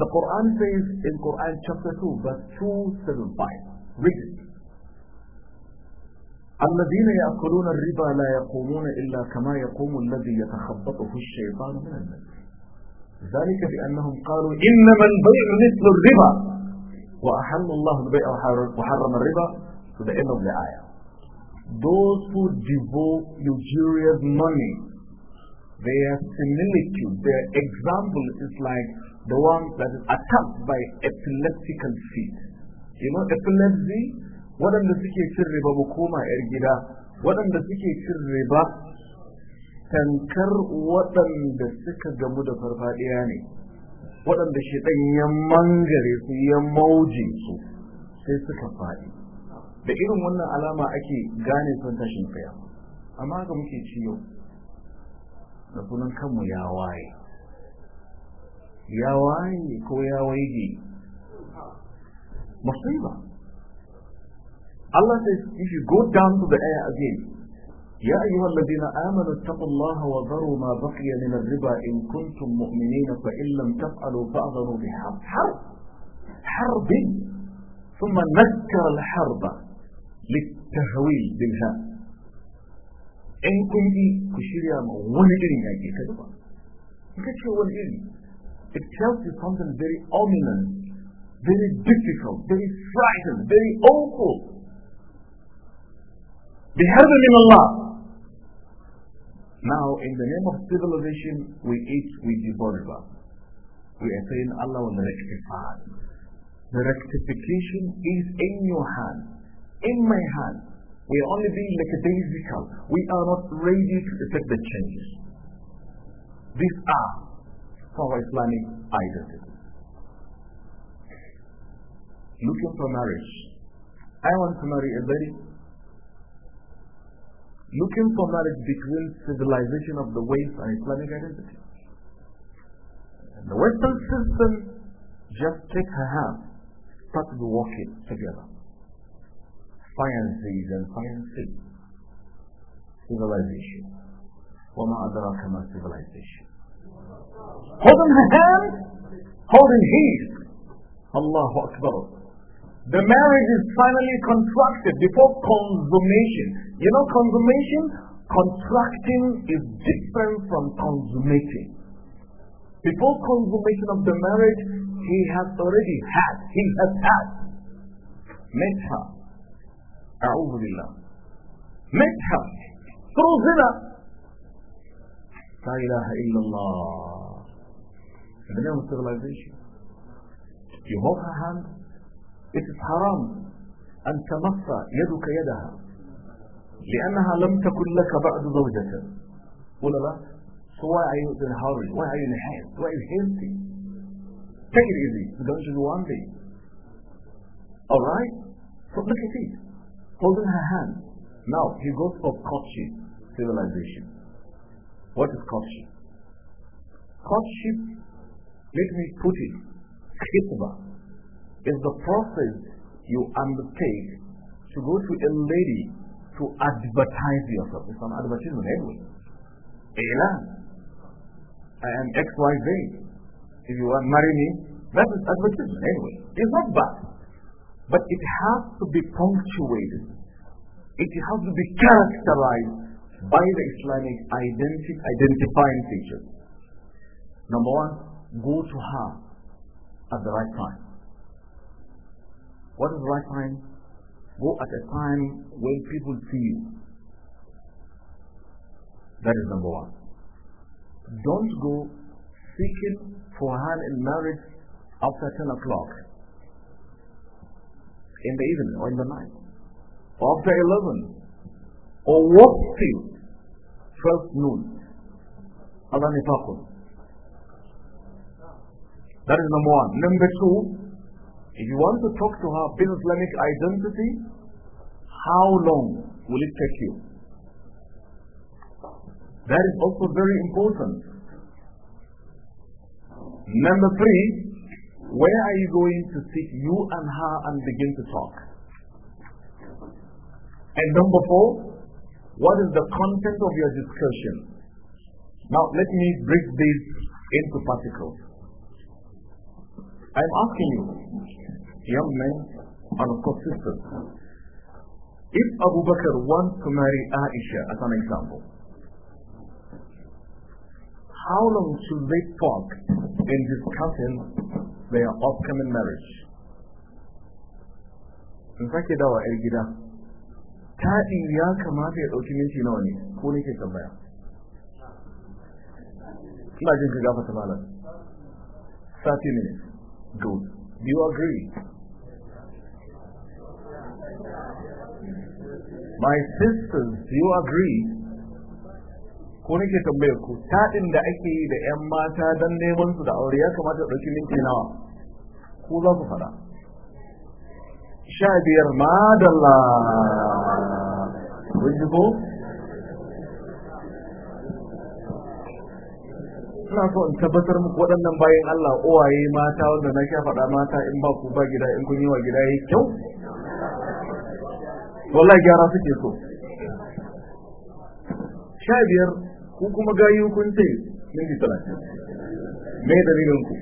S1: The Quran says in Quran chapter 2 verse 275, read it. الذين يأكلون الربا لا يقومون إلا كما يقوم الذي يتخبطه الشيطان من الناس ذلك بأنهم قالوا إنما البيع مثل الربا وأحل الله البيع وحرم الربا to the end of the ayah. Those who devote usurious money Their similitude, their example is like the one that is attacked by epileptical feet. You know epilepsy? Waɗanda suke cin riba mu koma 'yar gida, waɗanda suke cin riba tankar waɗanda suka gamu da farfaɗiya ne, waɗanda ɗan ya mangare su ya mauje su sai suka faɗi. Da irin wannan alama ake gane son tashin kaya. Amma haka muke ciyo. da sunan kanmu ya waye ya waye ko ya مصيبة الله Allah says if you go down to the air again يا أيها الذين آمنوا اتقوا الله وذروا ما بقي من الربا إن كنتم مؤمنين فإن لم تفعلوا فأذنوا بحرب حرب حرب ثم نكر الحرب للتهويل بالهاء in kun ji ku shirya ma wani irin yaƙi ta gaba suka ce wani it tells you something very ominous very difficult very frightening very awful بحرب
S3: in
S2: Allah.
S1: now in the name of civilization we eat we devour we are saying Allah will rectify the rectification is in your hand in my hand we are only being like a We are not ready to accept the changes. These are our Islamic identity. Looking for marriage. I want to marry a lady. Looking for marriage between civilization of the West and Islamic identity.
S2: And the Western system
S1: just take her hand, start walking together sciences and sciences. Civilization. وَمَا أَدْرَاكَ مَا civilization.
S3: Holding her hand, holding his.
S1: Allahu Akbar. The marriage is finally contracted before consummation. You know consummation? Contracting is different from consummating. Before consummation of the marriage, he has already had, he has had, met her, أعوذ بالله متحف فروض لا إله إلا الله The name of civilization. You hold her hand. It is haram أن تمص يدك يدها لأنها لم تكن لك بعد زوجة ولا لا؟ So why are you in a hurry? Why are you in haste? Why are you hasty? Take it easy. It's going to be one day. right? So look at it. holding her hand. Now he goes for courtship civilization. What is courtship? Courtship, let me put it, khitba, is the process you undertake to go to a lady to advertise yourself. It's an advertisement anyway. Elan. I am XYZ. If you want to marry me, that is advertisement anyway. It's not bad. But it has to be punctuated. It has to be characterized by the Islamic identity, identifying features. Number one, go to her at the right time. What is the right time? Go at a time when people see you. That is number one. Don't go seeking for her in marriage after 10 o'clock in the evening or in the night, or after 11, or what till 12 noon. Allah nifaqun. That is number one. Number two, if you want to talk to her about Islamic identity, how long will it take you? That is also very important. Number three, where are you going to sit you and her and begin to talk? And number four, what is the content of your discussion? Now, let me break this into particles. I'm asking you, young men and of course sisters, if Abu Bakr wants to marry Aisha, as an example, how long should they talk in discussing they are marriage. In sake dawa ‘yar gida, taɗi ya kamata ya ɗauki minti nawa ne, ko ne ke tambaya. Ina jin ka gafata malam. 30 minutes. Good. Do you agree? My sisters, do you agree? ko nake tambayar ku taɗin da ake yi da ƴan mata don neman su da aure ya kamata ɗauki minti nawa ko za ku faɗa sha biyar madalla kun ji ko ina so in tabbatar muku waɗannan bayan Allah uwaye mata wanda na kya faɗa mata in ba ku ba gida in kun yi wa gida ya kyau wallahi gyara suke so sha biyar ku kuma gayu kun ce minti talatin me dalilin ku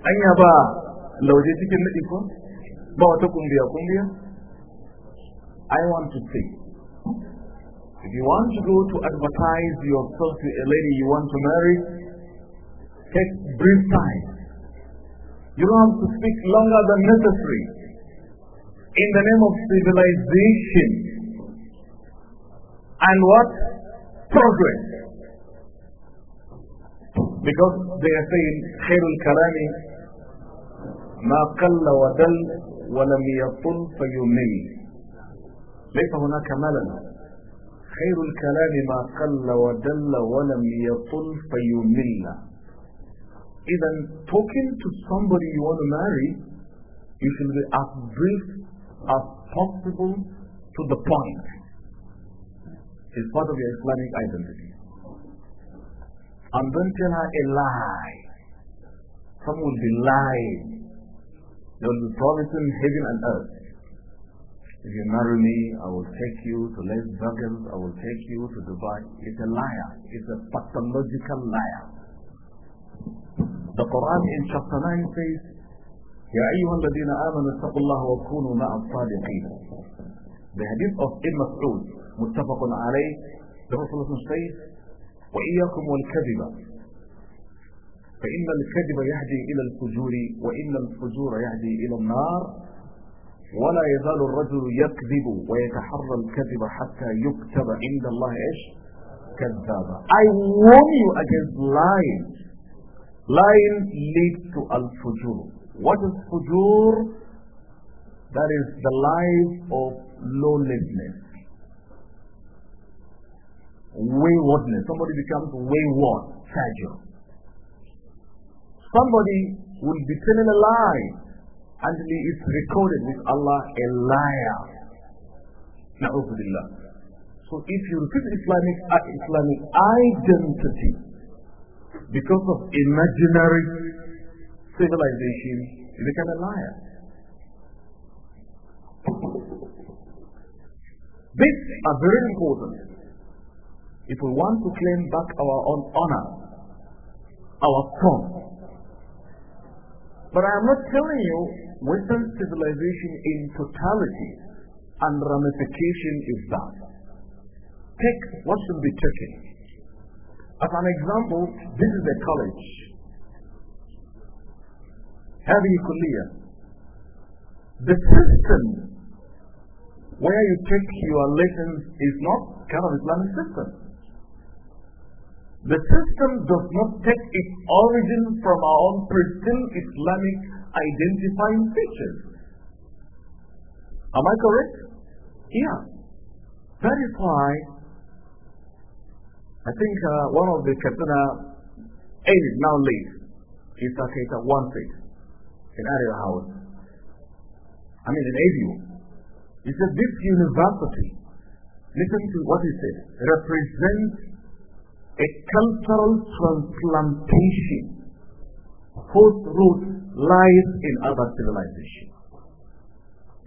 S1: anya ba lauje cikin nadi ko ba wata kungiya kungiya i want to say if you want to go to advertise yourself to a lady you want to marry take brief time you don't have to speak longer than necessary in the name of civilization and what progress. Because they are saying, خير الكلام ما قل ودل ولم يطل فيمل. ليس هناك ملل. خير الكلام ما قل ودل ولم يطل فيمل. If talking to somebody you want to marry, you should be as brief as possible to the point. is part of your Islamic identity. And don't tell her a lie. Some will be lying. They will be promising heaven and earth. If you marry me, I will take you to Les Burgers, I will take you to Dubai. It's a liar. It's a pathological liar. The Quran in chapter 9 says, يا أيها الذين آمنوا اتقوا الله وكونوا مع الصادقين. The hadith of Ibn Mas'ud متفق عليه لفصل الصيف وإياكم والكذبة فإن الكذب يهدي إلى الفجور وإن الفجور يهدي إلى النار ولا يزال الرجل يكذب ويتحرى الكذب حتى يكتب عند الله إيش كذابا I warn you against lying lying leads to al-fujur what is fujur that is the life of lawlessness waywardness. Somebody becomes wayward, fragile. Somebody will be telling a lie until it's recorded with Allah a liar. So if you repeat Islamic, uh, Islamic identity because of imaginary civilization, you become a liar. This are very important. If we want to claim back our own honor, our throne. But I am not telling you Western civilization in totality and ramification is that. Take what should be taken. As an example, this is a college. you Kulia. The system where you take your lessons is not kind of Islamic system. The system does not take its origin from our own pristine Islamic identifying features. Am I correct? Yeah. That is why I think uh, one of the Kaduna aided now leads is one thing in Ariel House. I mean in AVU. He said this university, listen to what he said, represents a cultural transplantation whose root lies in other civilization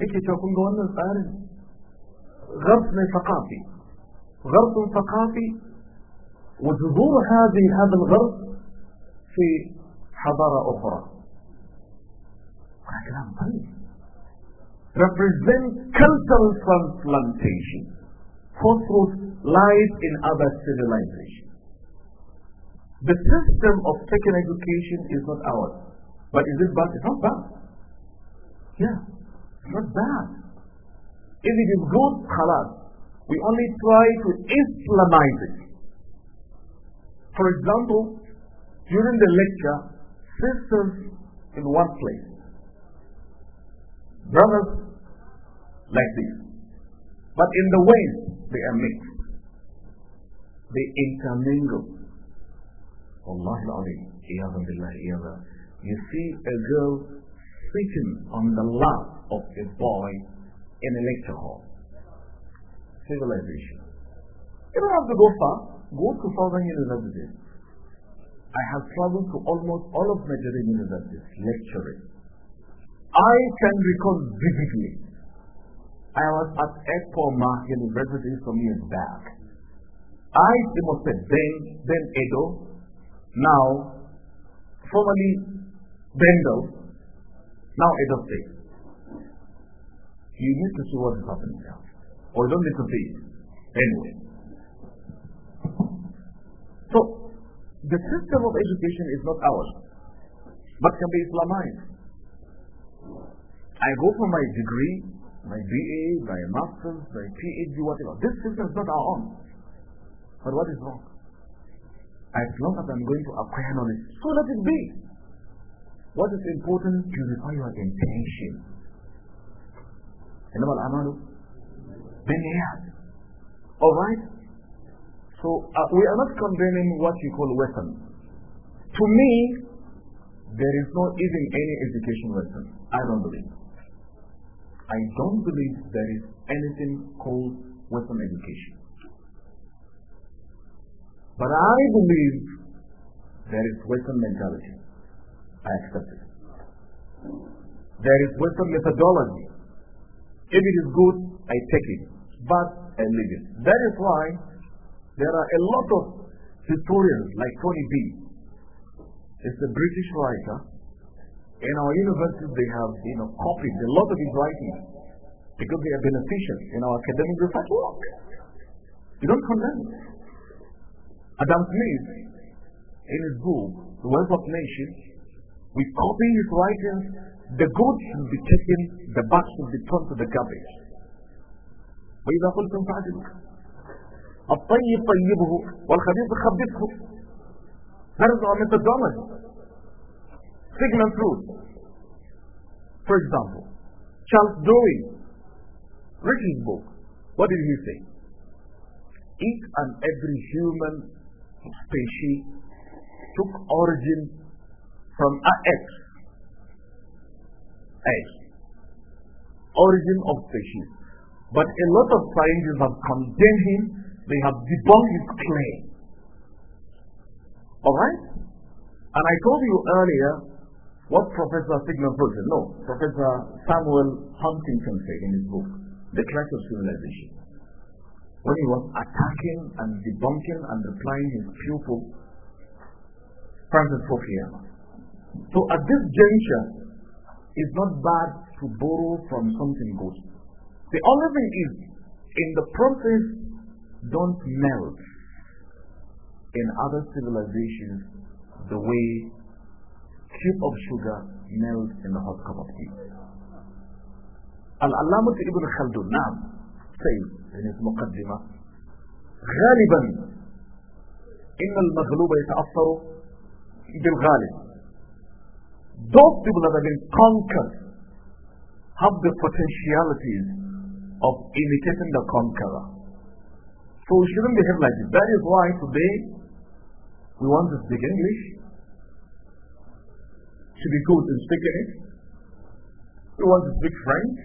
S1: yake cewa kun ga wannan tsarin غرب ثقافي غرب ثقافي وظهور هذه هذا الغرب في حضارة أخرى كلام طيب represent cultural transplantation. root lies in other civilization. The system of second education is not ours. But is it bad? It's not bad. Yeah, it's not bad. If it is good, halal. We only try to Islamize it. For example, during the lecture, sisters in one place, brothers like this. But in the way, they are mixed. They intermingle. Allahu azim You see a girl sitting on the lap of a boy in a lecture hall. Civilization. You don't have to go far. Go to Southern University. I have traveled to almost all of Nigerian universities lecturing. I can recall vividly. I was at Mark University some years back. I demonstrated then, then Edo, now formerly Bengal, now Edo State. You need to see what is happening now. Or you don't need to be Anyway. So, the system of education is not ours, but can be Islamized. I go for my degree, my BA, my master's, my PhD, whatever. This system is not our own. But what is wrong? As long as I'm going to acquire knowledge, so let it be. What is important? Purify your intention. إنما All right. So uh, we are not condemning what you call weapon. To me, there is not even any education weapon. I don't believe. I don't believe there is anything called weapon education. But I believe there is Western mentality. I accept it. There is Western methodology. If it is good, I take it. But I leave it. That is why there are a lot of historians like Tony B. It's a British writer. In our universities, they have you know copied a lot of his writings because they are beneficial in our academic research work. You don't condemn it. Adam Smith, in his book, The Wealth of Nations, we copy his writings, the good should be taken, the bad should be thrown to the garbage. وإذا قلتم فعدلوا الطيب طيبه والخبيث خبثه That is our methodology. Signal truth. For example, Charles Dewey, read his book. What did he say? Each and every human species took origin from a X X Origin of species. But a lot of scientists have condemned him, they have debunked his claim. Alright? And I told you earlier what Professor Sigmund Freud, no, Professor Samuel Huntington said in his book, The Clash of Civilization when he was attacking and debunking and replying his pupil, Francis Fukuyama. So at this juncture, it's not bad to borrow from something good. The only thing is, in the process, don't melt in other civilizations the way cube of sugar melts in the hot cup of tea. Al-Allamut Ibn Khaldun, now, شيء من المقدمة غالبا إن المغلوب يتأثر بالغالب Those people that have been conquered have the potentialities of imitating the conqueror. So we shouldn't behave like this. That is why today we want to speak English, to be good in speaking it. We want to speak French,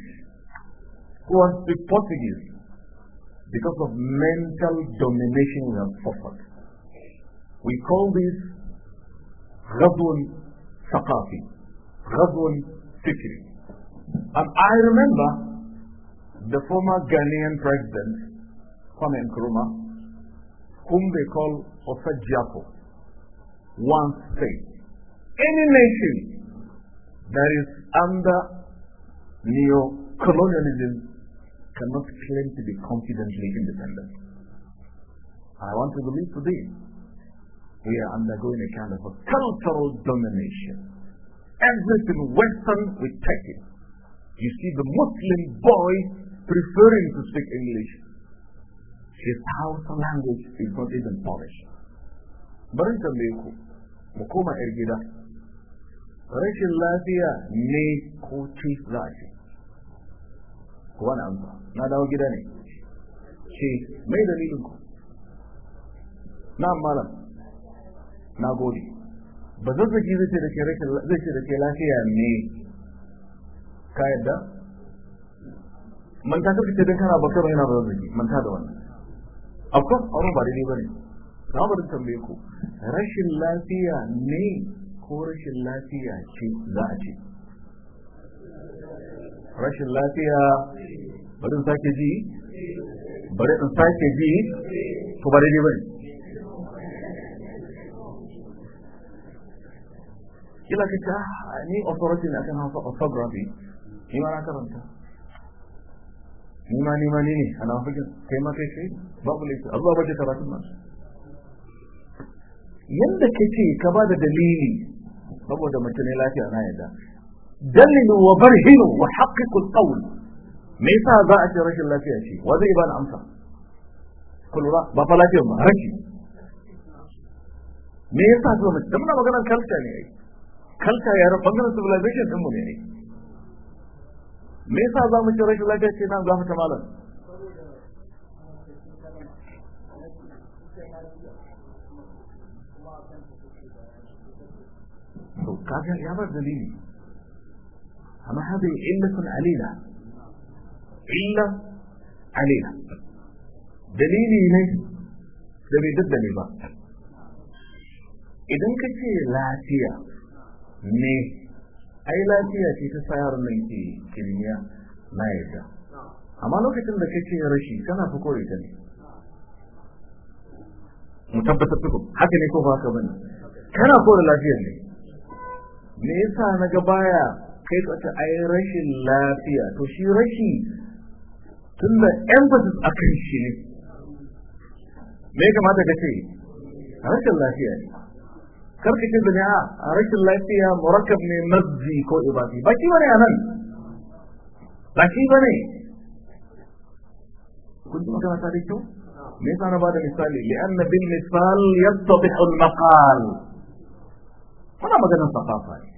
S1: was the speak Portuguese because of mental domination we have suffered. We call this Ghazwan Saqafi, Ghazwan Fikri. And I remember the former Ghanaian president, Kwame Nkrumah, whom they call Osajiapo, once said, any nation that is under neo-colonialism cannot claim to be confidently independent. I want to believe today we are undergoing a kind of a cultural domination. Everything Western, we take it. You see the Muslim boy preferring to speak English. His house language is not even Polish. Bari tambaye ku, mu koma 'yar gida, rashin ne ku bani amsa na dawo gida ne ce mai dalilin ku na malam na gode ba zazzaki zai ce da ke zai ce da ke lafiya ne ka yadda manta ka fice don kana bakar yana ba zazzaki manta da wannan of course auren ba daidai ne. na barin tambaye ku rashin lafiya ne ko rashin lafiya ce za a ce rashin lafiya bari in sake ji bari in sake ji to bari ne bari kila ka ta ah, ni authority ne akan hafa orthography ni ma na karanta ni ma ni ma ni ne ana hujjar kai ma kai kai babu laifi Allah ba ta karatun ma yanda kake ka ba da dalili saboda mace ne lafiya na yadda دللوا وبرهنوا وحققوا القول me yasa za a ce rashin lafiya ce wa zai ba da amsa ku lura ba fa lafiya ba rashi me yasa zuwa mace muna maganar kalta ne ai kalta ya rabu bangaren civilization din mu ne ai me yasa za mu ce rashin lafiya ce nan za mu ta malam to kaga ya bar dalili أما هذه علة عليلة علة عليلة dalili ne da bai daddane ba idan ka ce lafiya ne ai lafiya ce ta sayar nan ke kirmiya na yadda amma lokacin da kake rashi kana fi kawai ta ne mu tabbatar haka ne ko ba lafiyar ne me yasa na ga baya kai ka ta ai rashin lafiya to shi rashi tun da emphasis a kan shi ne me ya kamata ka ce rashin lafiya ne kar ka ce da ne a rashin lafiya murakkab ne mazzi ko ibadi ba shi bane anan ba shi bane kun ji magana ta da kyau me yasa na bada misali li'anna bil misal yattadih al maqal muna maganar safafa ne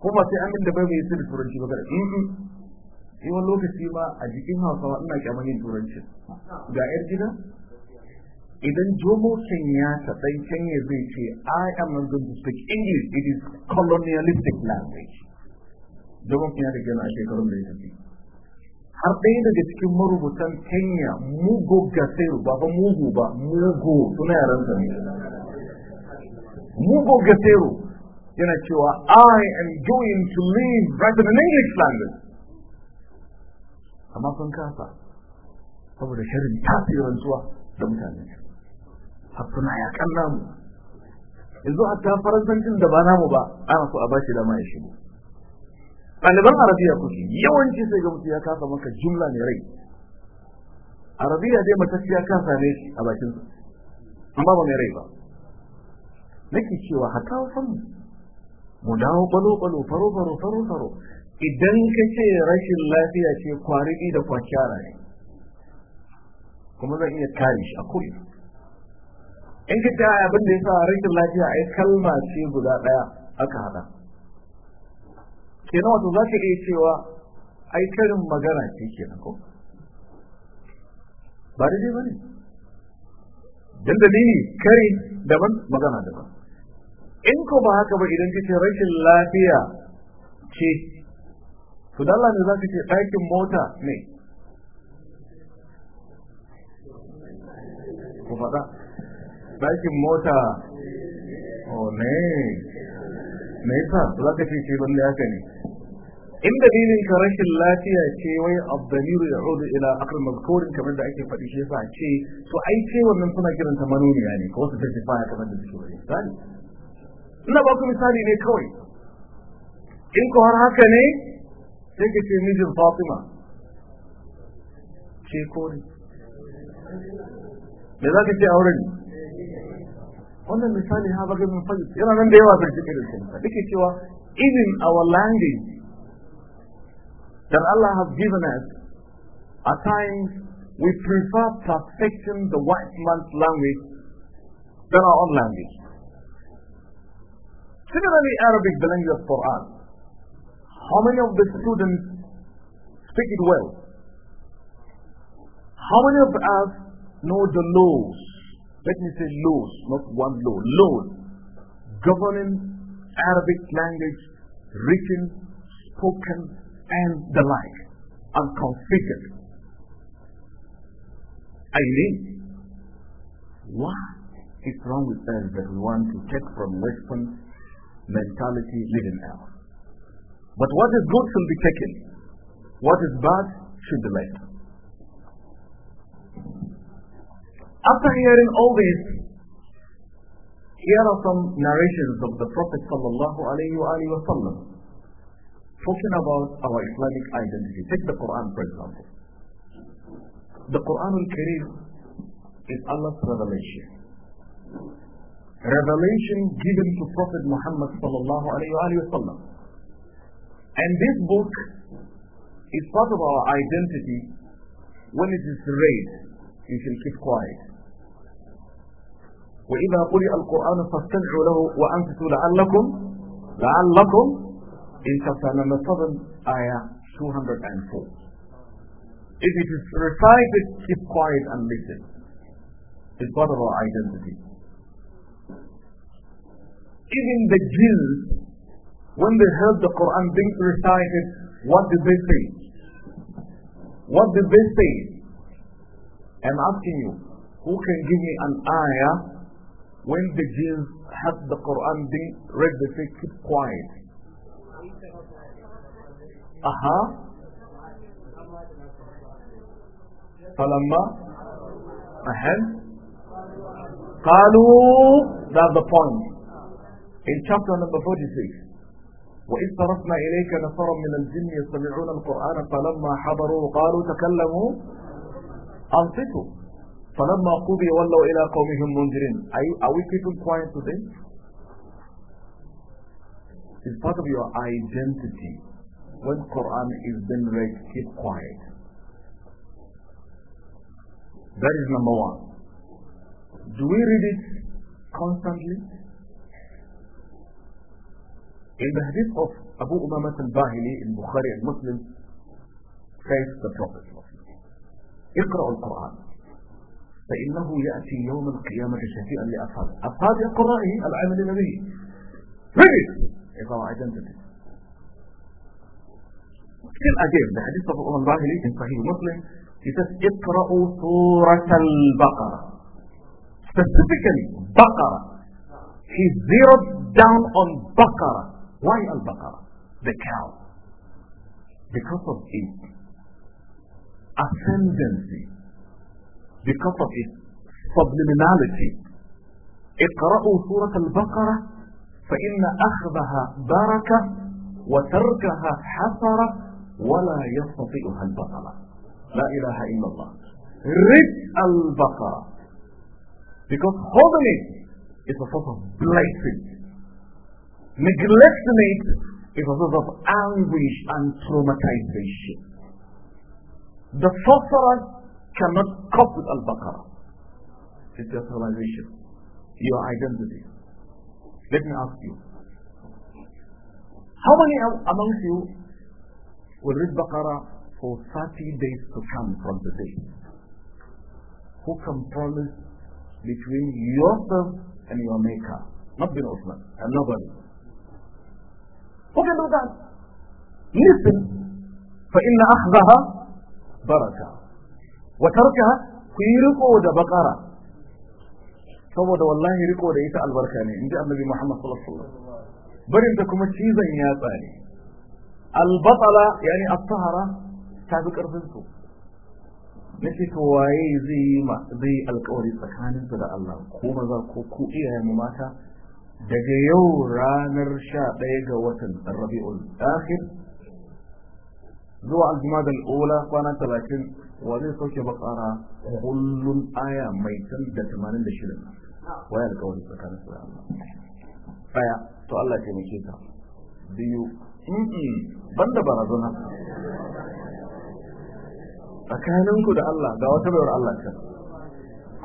S1: Kuma sai an da bai mai su da turanci ba kada in wani lokaci ba a jikin hausawa ina kyamar yin turanci ga yar gida idan jomo ya ta dan kenya zai ce i am not going to speak english it is colonialistic language jomo kenya da gina a shekarun da ya tafi har ɗaya daga cikin marubutan kenya mugo gasiru ba ba mugu ba mugo suna yaran ne mugo gasiru yana cewa I am going to leave rather than English language amma kun kasa saboda shirin zuwa da mutane Hakuna ya kalla mu yanzu hatta faransancin da ba namu ba ana so a shi dama ya shigo ɗaliban arabiya kuke yawanci sai ga mutum ya kasa maka jumla ne rai arabiya dai matacci ya kasa ne a bakin amma ba mai rai ba nake cewa hatta wasan mu mu dawo kwalo-kwalo faro-faro faro-faro idan ka ce rashin lafiya ce kwariɗi da kwakyara ne kuma zan iya kare shi a kuri in ka ce abin da ya sa rashin lafiya yi kalma ce guda ɗaya aka hada kenan wato za ka iya cewa ai karin magana ce kenan ko ba daidai ba ne don dalili kari daban magana daban in ko ba haka ba idan kace rashin lafiya ce to Allah ne zaka ce ɗakin mota ne ko faɗa ɗakin mota o ne me yasa zaka ce ce ban haka ne in da dalilin ka rashin lafiya ce wai abdamiru ya hudu ila akar mazkurin kamar da ake faɗi shi yasa ce to ai ce wannan suna kiranta manomiya ne ko su ta ce baya kamar da suke wani
S3: ina ba ku misali ne kawai in ku har haka ne sai ki ce mijin
S1: fatima ce kori me za ka ce auren wannan misali ha baga min fadi yana nan da yawa bincike da sun dake cewa even our language that Allah has given us at times we prefer perfecting the white man's language than our own language Similarly, Arabic, the language of Quran. How many of the students speak it well? How many of us know the laws? Let me say laws, not one law. Laws governing Arabic language, written, spoken, and the like, and configured. I mean, what is wrong with us that we want to take from Western mentality living out. But what is good should be taken. What is bad should be left. After hearing all this, here are some narrations of the Prophet sallallahu alaihi wasallam talking about our Islamic identity. Take the Quran for example. The Quran al-Karim is Allah's revelation revelation given to Prophet Muhammad sallallahu alayhi wa And this book is part of our identity. When it is read, you shall keep quiet. وإذا قرئ القرآن فاستمعوا له وأنصتوا لعلكم لعلكم شَاءَ chapter number 7 204 if it is recited keep quiet and listen it's part of our identity even the Jews, when they heard the Quran being recited, what did they say? What did they say? I'm asking you, who can give me an ayah when the Jews had the Quran being read, they say, keep quiet. Aha. Uh-huh. فلما أهل قالوا that's the point in chapter number 46 وإذ صرفنا إليك نفرا من الجن يستمعون القرآن فلما حضروا قالوا تكلموا أنصتوا فلما قضي ولوا إلى قومهم منذرين Are, are we keeping quiet today? It's part of your identity. When Quran is being read, keep quiet. That is number one. Do we read it constantly? In the hadith of Abu Umamah al-Bahili in Bukhari and Muslim says the Prophet اقرأ القرآن فإنه يأتي يوم القيامة شفيئا لأصحابه أصحاب قرائه العمل به Finish! If our identity. Still again, the hadith of Umar Bahili in Sahih Muslim, he says, اقرأوا سورة البقرة. Specifically, Baqarah. He zeroed down on Baqarah. Why Al-Baqarah? The cow. Because of its ascendancy. Because of its subliminality. اقرأوا سورة البقرة فإن أخذها بركة وتركها حسرة ولا يستطيعها البقرة لا إله إلا الله al البقرة because holding it is a sort of blessing Neglecting it is a source of anguish and traumatization. The sorcerers cannot cope with Al-Baqarah. It's your civilization, your identity. Let me ask you,
S3: how many
S1: amongst you will read Baqarah for 30 days to come from today? Who can promise between yourself and your Maker? Not bin Osman, and nobody.
S2: وغير ذلك
S1: مثل فإن أخذها بركة وتركها في رقود بقرة saboda wallahi riko da ita albarka ne inji annabi Muhammad sallallahu alaihi wasallam barin da kuma cizon yatsa ne albatala yani as-sahara ta fi karfin su nace to waye zai yi ma zai alƙawari tsakanin su da Allah ko maza ko ku iyayen mata daga yau ranar sha ɗaya ga watan rabi'ul akhir zuwa Al-jumma azmadal ula kwana talatin wa zai sauke bakara kullum aya mai san da tamanin da shirin waya da kawai tsakanin su Allah ɗaya to Allah ke taimake ka biyu banda barazana tsakaninku da Allah ga wata bayar Allah kan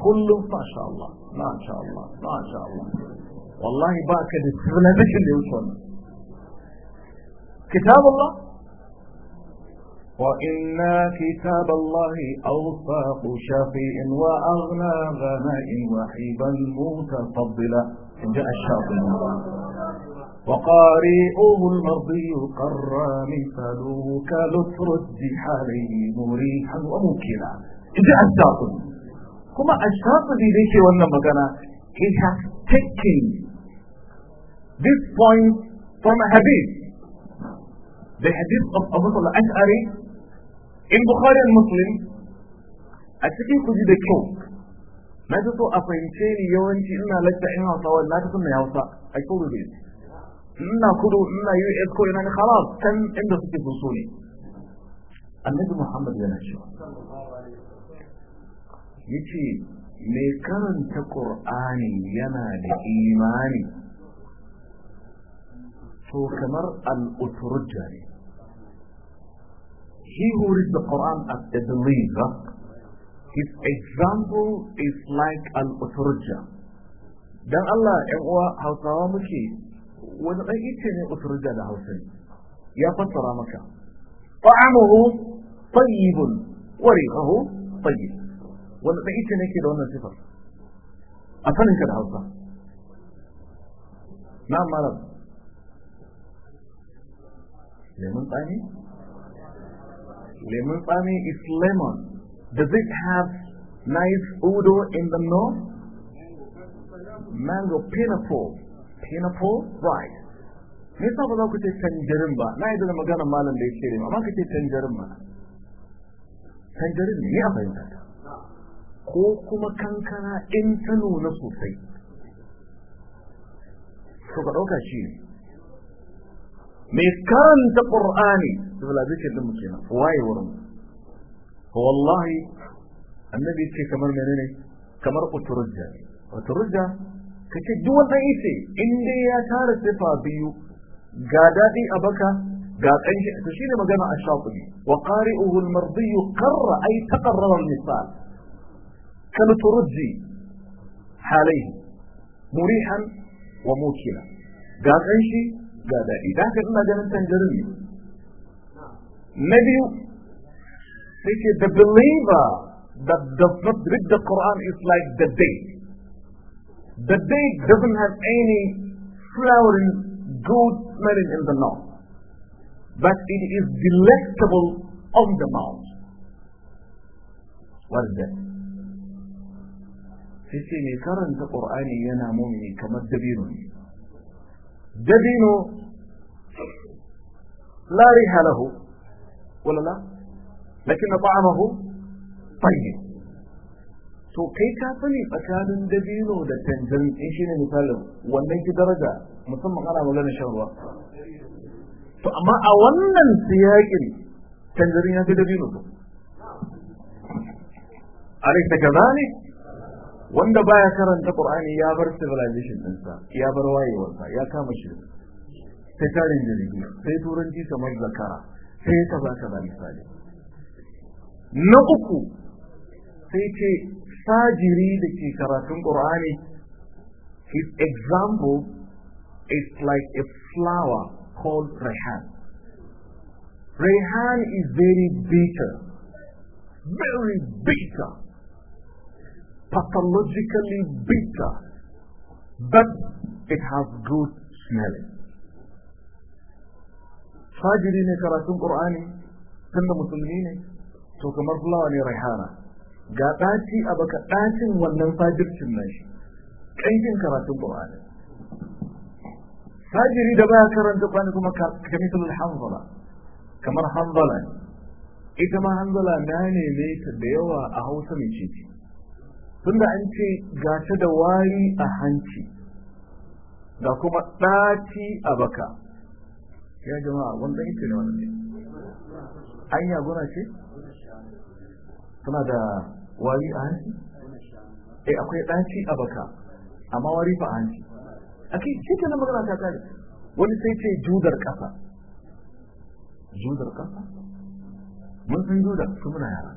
S1: kullum fa sha Allah ma sha Allah ma sha Allah والله ba ka da اللي da كتاب الله وإن كتاب الله أوفاق شفيء وأغنى غناء وحيبا متفضلا إن جاء الشاطئ وقارئه المرضي قرى مثله كلثر الزحال مريحا وموكلا إن جاء الشاطئ كما الشاطئ ليش ولا مكانا كيف تكي this point from a hadith the hadith of Abu Salah Ash'ari in Bukhari and Muslim a cikin could be the na Maybe so a fahimce ni you ina lacca in hausa wani na tafi mai hausa a kudu you ina I told you this. ina ni halar can inda suke sun so ne annabi muhammad yana cewa yace mai karanta qur'ani yana da to kamar al-uturja he who reads the Quran as a believer his example is like al-uturja dan Allah ‘yan uwa hausawa muke wani ɗan ice ne uturja da hausa ya fassara maka ta'amuhu tayyibun wa rihahu tayyib wani ɗan ice ne ke da wannan sifar a sanin ka da hausa na malam Lemon pani? Lemon pani is lemon. Does it have nice odor in the nose? Mango pineapple. Pineapple? Right. Me yasa ba za ku ce tanjarin ba? Na yi da magana malam da ya ce amma ka ce tanjarin ma. Tanjarin ne a fahimta ta. Ko kuma kankana in ta nuna sosai. To ka ɗauka shi ne. mai karanta qur'ani civilization din mu kenan waye wurin wallahi annabi ce kamar menene kamar uturujja uturujja kace duk wanda yace in dai ya tara sifa biyu ga dadi a baka ga kanshi to shine magana ash-shafi'i wa qari'uhu al-mardi qarra ay taqarrara al-misal kal turji halayhi murihan wa mukila ga kanshi ga daɗi da haka ina ganin tangarin ne na biyu sai ce the believer that does not read the Quran is like the day the day doesn't have any flowering good smelling in the north but it is delectable on the mouth what is that sai ce mai karanta ƙur'ani yana mumini kamar dabino ne جبين لا ريح له ولا لا لكن طعمه طيب تو كي كاتلي فكان جبين دتنزل ايش المثال وانا درجة مسمى قال ولا نشهر تو اما اولا سياق تنزلين هذا جبينه أليس كذلك؟ wanda baya karanta qur'ani ya bar civilization ɗinsa ya bar wayewarsa ya kama shi sai tarin jirgi sai turanci kamar zakara sai kaza kaza misali na uku sai ce sajiri da ke karatun qur'ani his example is like a flower called rehan rehan is very bitter very bitter pathologically bitter, but it has good smelling. Fajiri ne karatun Ƙur'ani, tunda musulmi ne, to kamar fulawa ne raihana. Ga ɗaci a baka ɗacin wannan fajircin nan shi, ƙanshin karatun Ƙur'ani. Fajiri da baya karanta ƙwani kuma kamitul hanzala, kamar hanzala ne. Ita ma hanzala na neme ta da yawa a Hausa mai ciki. tunda an ce ga ta da wari a hanci da kuma ɗaci a baka ya jama'a wanda ita ne wannan an ya gona ce tana da wari a hanci E, akwai ɗaci a baka amma wari ba a hanci ake ce ta na magana ta kare wani sai ce judar kafa. judar kafa? mun san judar su muna yara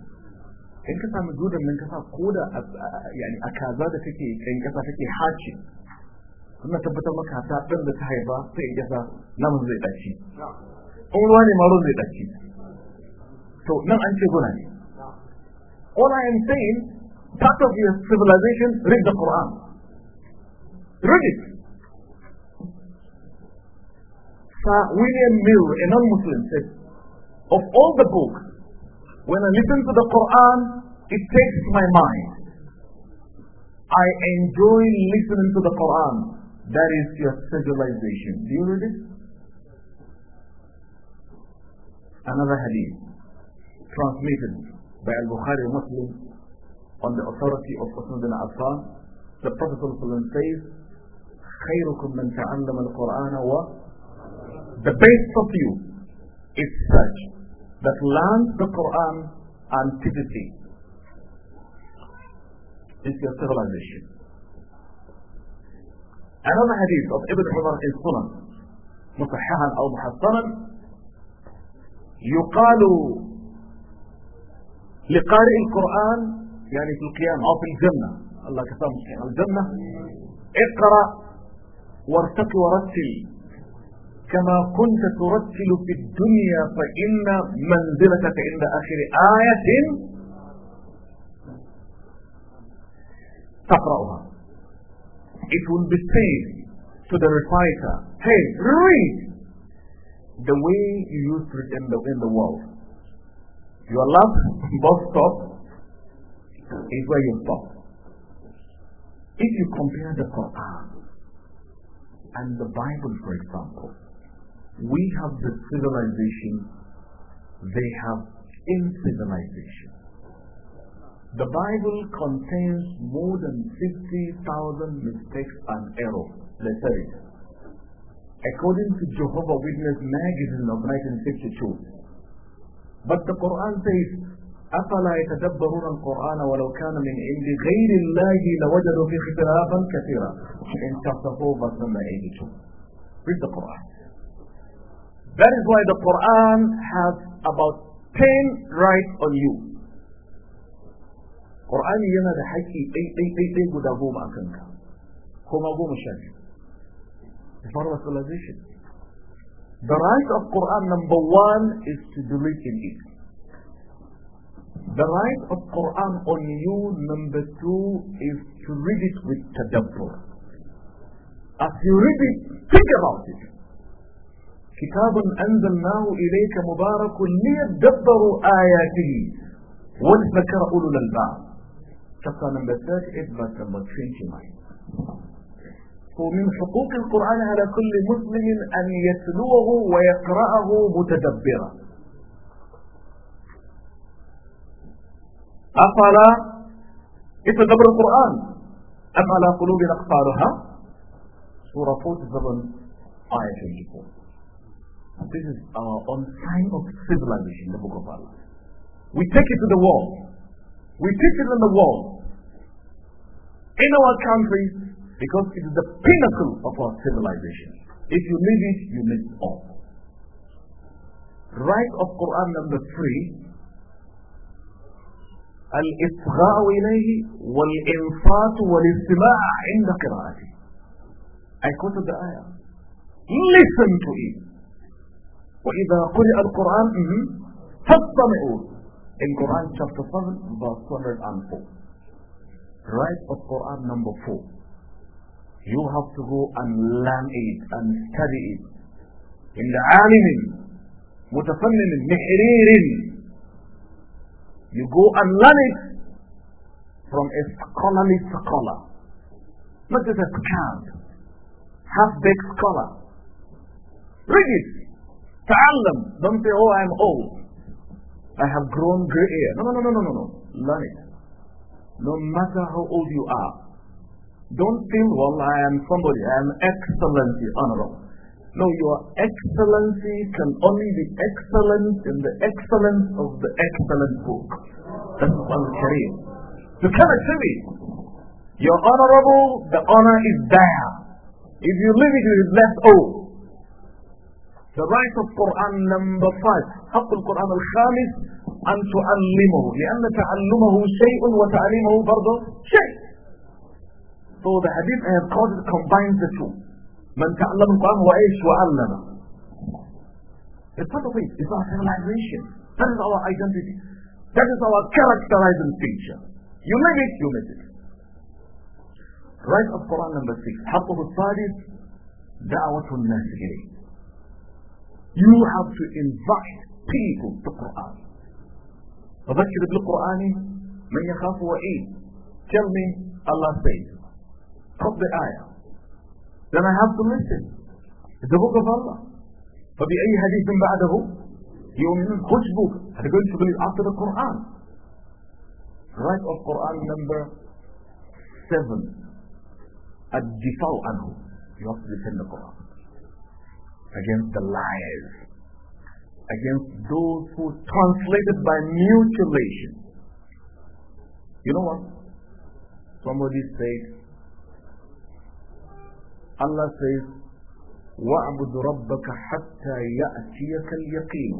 S1: in ka samu dodon nan kasa ko da yani a kaza da take kan kasa take haci kuma tabbatar maka ta dan da ta haifa sai in kasa namun zai dace in ruwa ne maro zai dace to nan an ce gona ne all I am saying part of your civilization read the Quran read it Sir William Mill, a non-Muslim, said, of all the books When I listen to the Quran, it takes my mind. I enjoy listening to the Quran. That is your civilization. Do you read it? Another hadith transmitted by Al-Bukhari Muslim on the authority of Usman bin Affan. The Prophet says, خيركم من تعلم القرآن و The best of you is such that learns the Quran and TBC is your civilization. Another hadith of Ibn Umar is Sunan, مصححا أو محصنا يقال لقارئ القرآن يعني في القيامة أو في الجنة الله كتاب الجنة اقرأ وارتق ورتل كما كنت ترتل في الدنيا فإن منزلتك عند آخر آية تقرأها It will be said to the reciter, hey, read the way you used to read in the, in the world. Your last bus stop is where you stop. If you compare the Quran and the Bible, for example, we have the civilization, they have incivilization. The Bible contains more than 50,000 mistakes and errors. Let's say it. According to Jehovah Witness magazine of 1962, But the Quran says, أفلا يتدبرون القرآن ولو كان من عند غير الله لوجدوا فِي اختلافا كثيرا. In chapter 4, verse number 82. Read the Quran. That is why the Quran has about 10 rights on you. Quran yana da a ɗai guda a a kanka, kuma It's not a civilization. The right of Quran number one is to believe in it. The right of Quran on you number two is to read it with tadabbur. As you read it, think about it. كتاب أنزلناه إليك مبارك ليدبروا آياته وذكر أولو الألباب chapter number 38 verse number 29 ومن حقوق القرآن على كل مسلم أن يتلوه ويقرأه متدبرا أفلا يتدبر القرآن أم على قلوب أقفالها سورة 47 آية 24 This is our own sign of civilization the book of Allah. We take it to the world. We teach it in the world.
S3: In our country,
S1: because it is the pinnacle of our civilization. If you leave it, you miss all. Right of Quran number three. الإصغاء إليه والإنصات والاستماع عند قراءته. I quoted the ayah. Listen to it. وإذا قرأ القرآن فاستمعوا In Quran chapter 7 verse 204 write of Quran number 4 You have to go and learn it and study it عند عالم متفنن محرير You go and learn it from a scholarly scholar. Not just a child. Half-baked scholar. Read it. Ta'allam. Don't say, oh, I'm old. I have grown gray hair. No, no, no, no, no, no, no. Learn it. No matter how old you are. Don't think, well, I am somebody. I am excellency, honorable. Oh, no, your excellency can only be excellent in the excellence of the excellent book. That's Al-Kareem. You cannot do it. You're honorable, the honor is there. If you live it, you it is less old. شرائط القرآن نمبر فايف حق القرآن الخامس أن تعلمه لأن تعلمه شيء وتعليمه برضه شيء So the hadith I have quoted combines the two من تعلم القرآن وإيش وعلم It's not a thing, it's not a civilization That is our identity That is our characterizing feature You make it, you make it Right of Quran number six حقه الثالث دعوة الناس إليه You have to invite people to Quran. وذكر بالقرآن من يخاف وعيد. Tell me Allah says. Cut the ayah. Then I have to listen. It's the book of Allah. فبأي حديث بعده يؤمنون which book are they going to believe after the Quran? Right of Quran number seven. الدفاع عنه. You have to defend the Quran. against the liars, against those who translated by mutilation. You know what? Somebody said, Allah says, وَعْبُدْ رَبَّكَ حَتَّى يَأْتِيَكَ الْيَقِينُ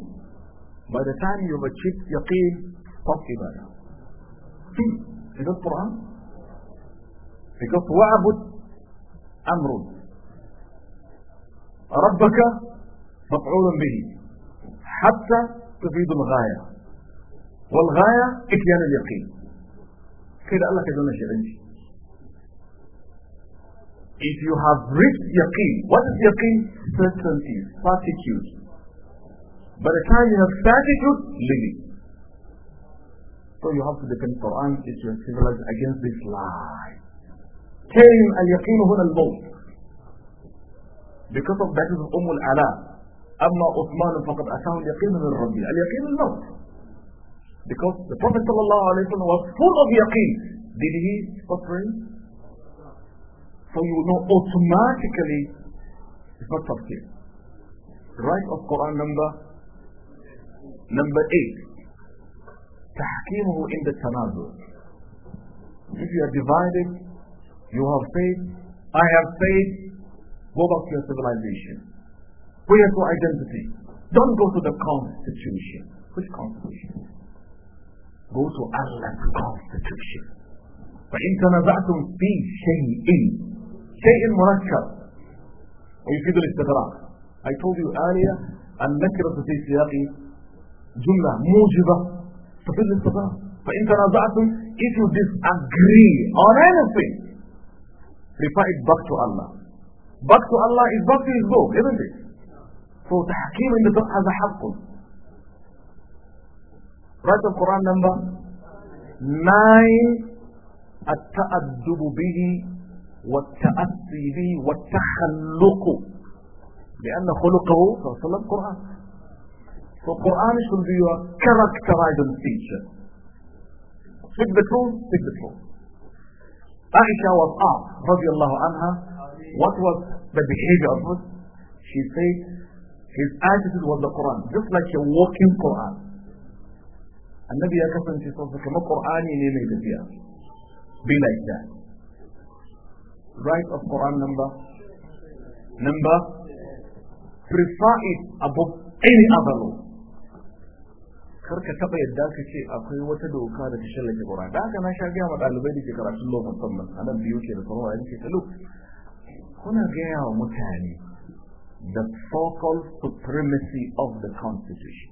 S1: By the time you've achieved yaqeen, stop ibadah. See, is that Quran? Because وَعْبُدْ أَمْرٌ ربك مفعول به حتى تفيد الغاية والغاية إتيان اليقين كده قال لك دون شيء If you have reached yaqeen, what is yaqeen? Certainty, certitude. By the time you have certitude, living. So you have to defend Quran is your civilized against this lie. Came al-yaqeen هنا الموت. because of that is Umm al-Ala. أما عثمان فقد أتاه اليقين من ربي اليقين الموت because the Prophet ﷺ was full of yaqeen did he stop praying? so you know automatically it's not tafsir right of Quran number number 8 تحكيمه in the tanazul if you are divided you have faith I have faith Go back to your civilization. Where's your identity? Don't go to the constitution. Which constitution? Go to Allah's constitution. فإن تنازعتم في شيء شيء مركب ويفيد الاستغراق. I told you earlier النكرة في سياق جملة موجبة تفيد الاستغراق. فإن تنازعتم if you disagree on anything refer it back to Allah. Back to Allah is back to His book, isn't it? So tahkim in the book has a haqqun. Right of Quran number 9 التأدب به والتأسي به والتخلق لأن خلقه صلى الله عليه وسلم قرآن فالقرآن should be your characterizing feature Speak the truth, speak the truth Aisha was asked رضي الله عنها What was the behavior of us? She said, his attitude was the Quran, just like a walking Quran. And Annabi she kasance the Quran Qur'ani ne mai tafiya. Be like that. Right of Quran number, number, prefer it above any other law. kar ka taɓa yadda ka ce akwai wata doka da ta shallake Qur'an da haka na sha gaya wa ɗalibai da ke karatun law musamman a nan biyu ke da sauran a yanke ta hunagaya mutan, the focal supremacy of the Constitution.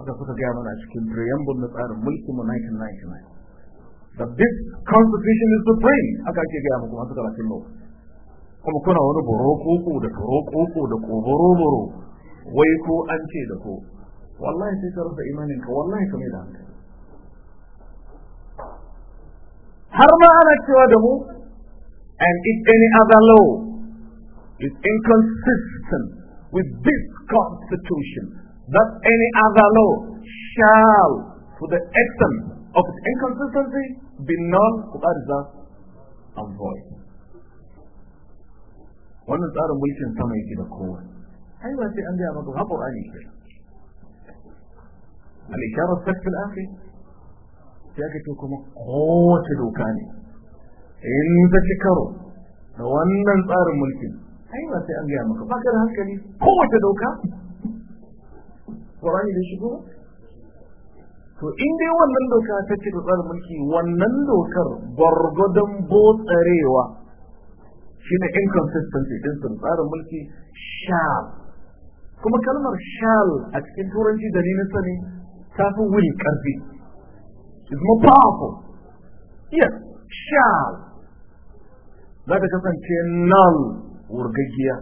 S1: هذا كتب يعمل عشان preamble نتقار ملك من 1999 that this constitution is supreme haka ake gaya muku masu karatun nau kuma kuna wani borokoko da korokoko da koboroboro wai ko an ce da ko wallahi sai ka rasa imanin ka wallahi ka mai da hankali har ma ana cewa da mu and if any other law is inconsistent with this Constitution, that any other law shall, for the extent of its inconsistency, be null, that is and void. in ta ci karo da wannan tsarin mulkin ai ba sai an gaya maka ba ka da hankali kowace doka ƙwarani da shigo to in dai wannan doka ta ci da tsarin mulki wannan dokar gwargwadon botsarewa shi ne inconsistency din sun tsarin mulki shal. kuma kalmar shal a cikin turanci da ni na sani ta fi wuri karfi is more powerful yes shall za ta kasance null wurgaggiya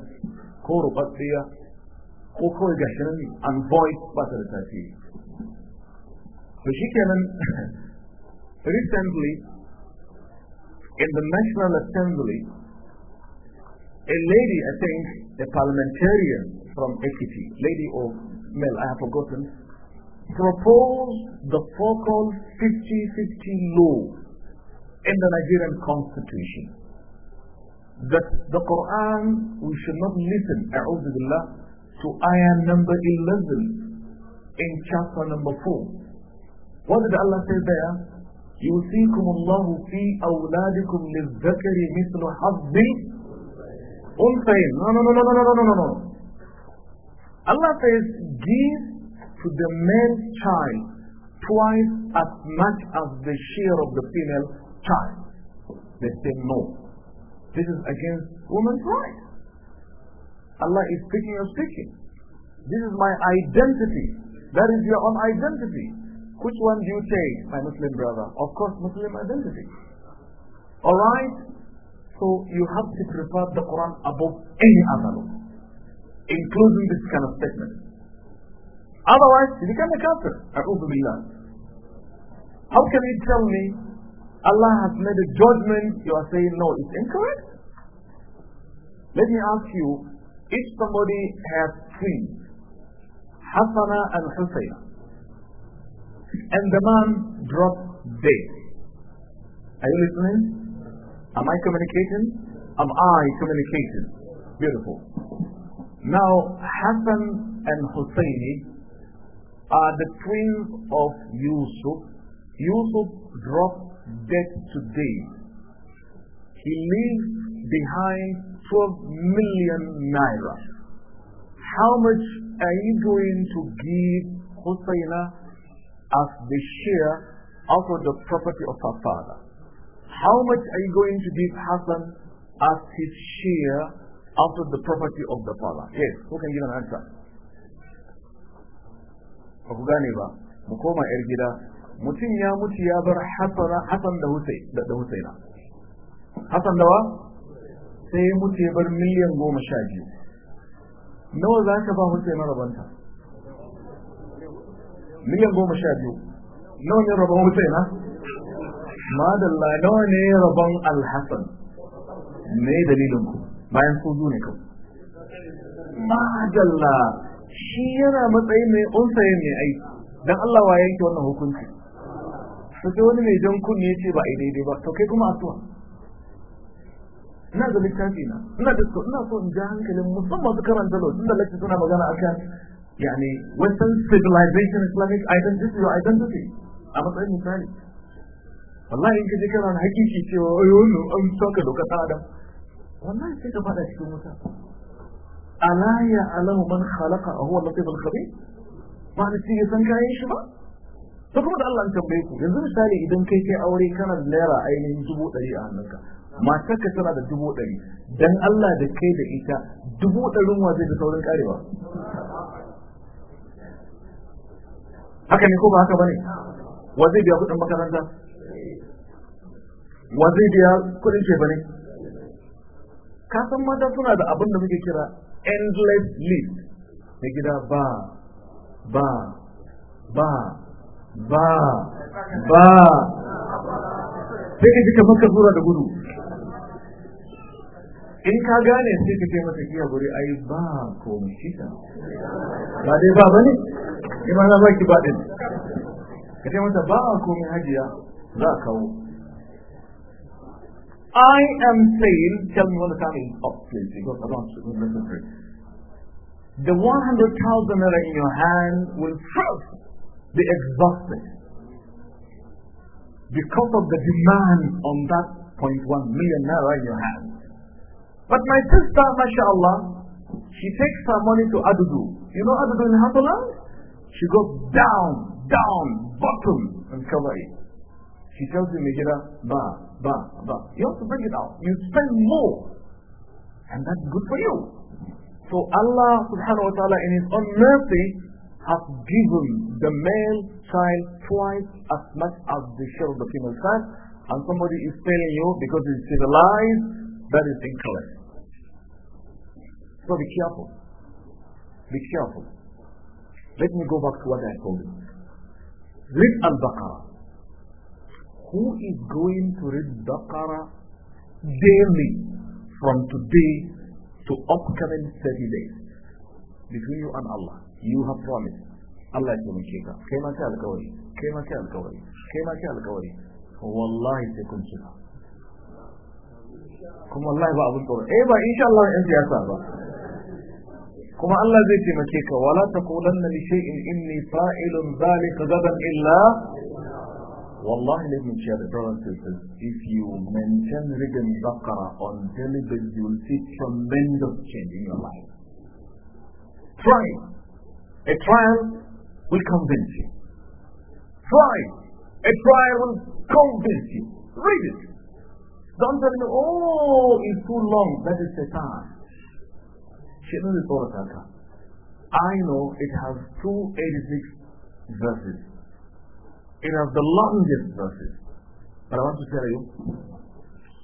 S1: ko rubatsiya ko kawai gashi nan an ba ta da to recently in the national assembly a lady i think a parliamentarian from Ekiti lady or male i have forgotten proposed the so-called 50-50 law in the Nigerian constitution that the Quran, we should not listen, billah, to ayah number 11 in chapter number 4. What did Allah say there? يوصيكم الله في أولادكم للذكر مثل حظ أنثيين. No, no, no, no, no, no, no, no, no. Allah says, give to the male child twice as much as the share of the female child. They say no. This is against woman's rights. Allah is speaking or speaking. This is my identity. That is your own identity. Which one do you take, my Muslim brother? Of course, Muslim identity. Alright? So you have to prepare the Quran above any other law, including this kind of statement. Otherwise, you become a kafir. How can you tell me Allah has made a judgment, you are saying no, it's incorrect. Let me ask you, if somebody has twins, Hassana and Hussein, and the man drops dead, are you listening? Am I communicating? Am I communicating? Beautiful. Now, Hassan and Husayni are the twins of Yusuf. Yusuf dropped death today, he leaves behind 12 million naira. How much are you going to give Husayna as the share out of the property of her father? How much are you going to give Hassan as his share out of the property of the father? Yes, who can give an answer? mutum ya mutu ya bar Hassan da da Husaina Hassan da wa sai ya mutu ya bar miliyan goma sha biyu nawa za ka ba Husaina rabanta miliyan goma sha biyu nawa ne rabon Husaina madalla nawa ne rabon Alhassan me dalilin ku bayan su zo ne kawai madalla shi yana matsayin mai unsayin mai aiki don Allah wa yanke wannan hukunci to sai wani mai jan kunne ya ce ba a daidai ba to kai kuma addu'a ina da littafi na ina da ina so in ja hankalin musamman su karanta lo tun da lakci suna magana akan yani western civilization islamic identity or identity a matsayin misali wallahi in kaje kana hakiki cewa ayo no an saka doka ta adam
S2: wallahi sai ka fada cikin wuta
S1: ala ya alamu man khalaqa huwa latiful khabir ba ne sai san kai shi ba ta kuma da Allah ya tambaye ku yanzu misali idan kai kai aure kana da naira ainihin dubu ɗari a hannunka ka tana da dubu ɗari dan Allah da kai da ita dubu ɗarin wa zai da saurin karewa haka ne ko ba haka bane wa zai biya kuɗin makaranta wa zai biya kuɗin ke bane ka san mata suna da abin da muke kira endless list na gida ba ba ba ba ba
S2: sai ka ji kamar ka da gudu
S1: in ka gane sai ka mata iya guri ai ba komai shi ba
S2: dai ba bane ni ma
S1: na baki ba din ka mata ba komai hajiya za kawo I am saying, tell me what the time is oh, please, because I don't want to The 100,000 naira in your hand will trust be exhausted because of the demand on that 0.1 million naira in your hand. But my sister, mashallah, she takes her money to Adudu. You know Adudu in Hataland? She goes down, down, bottom, and cover it. She tells the Mejira, ba, ba, ba. You have to bring it out. You spend more. And that's good for you. So Allah subhanahu wa ta'ala in His own mercy has given the male child twice as much as the share of the female child, and somebody is telling you because it's civilized, that is incorrect. So be careful. Be careful. Let me go back to what I told you. Read Al Baqarah. Who is going to read Baqarah daily from today to upcoming 30 days? Between you and Allah, you have promised. الله يسمك كيما كيما كان قوي كيما كان قوي كيما كان قوي والله تكون شفا كما الله يبقى بالطبع ايبا ان شاء الله انت يا سابا كما الله زيتي مكيكا ولا تقولن لشيء اني فائل ذلك غدا الا والله let me share the brothers and sisters if you mention written Baqarah on television you'll see tremendous change in your life try a trial will convince you. Try it. A trial will convince you. Read it. Don't tell me, oh, it's too long. That is Satan. time. I know it has 286 verses. It has the longest verses. But I want to tell you,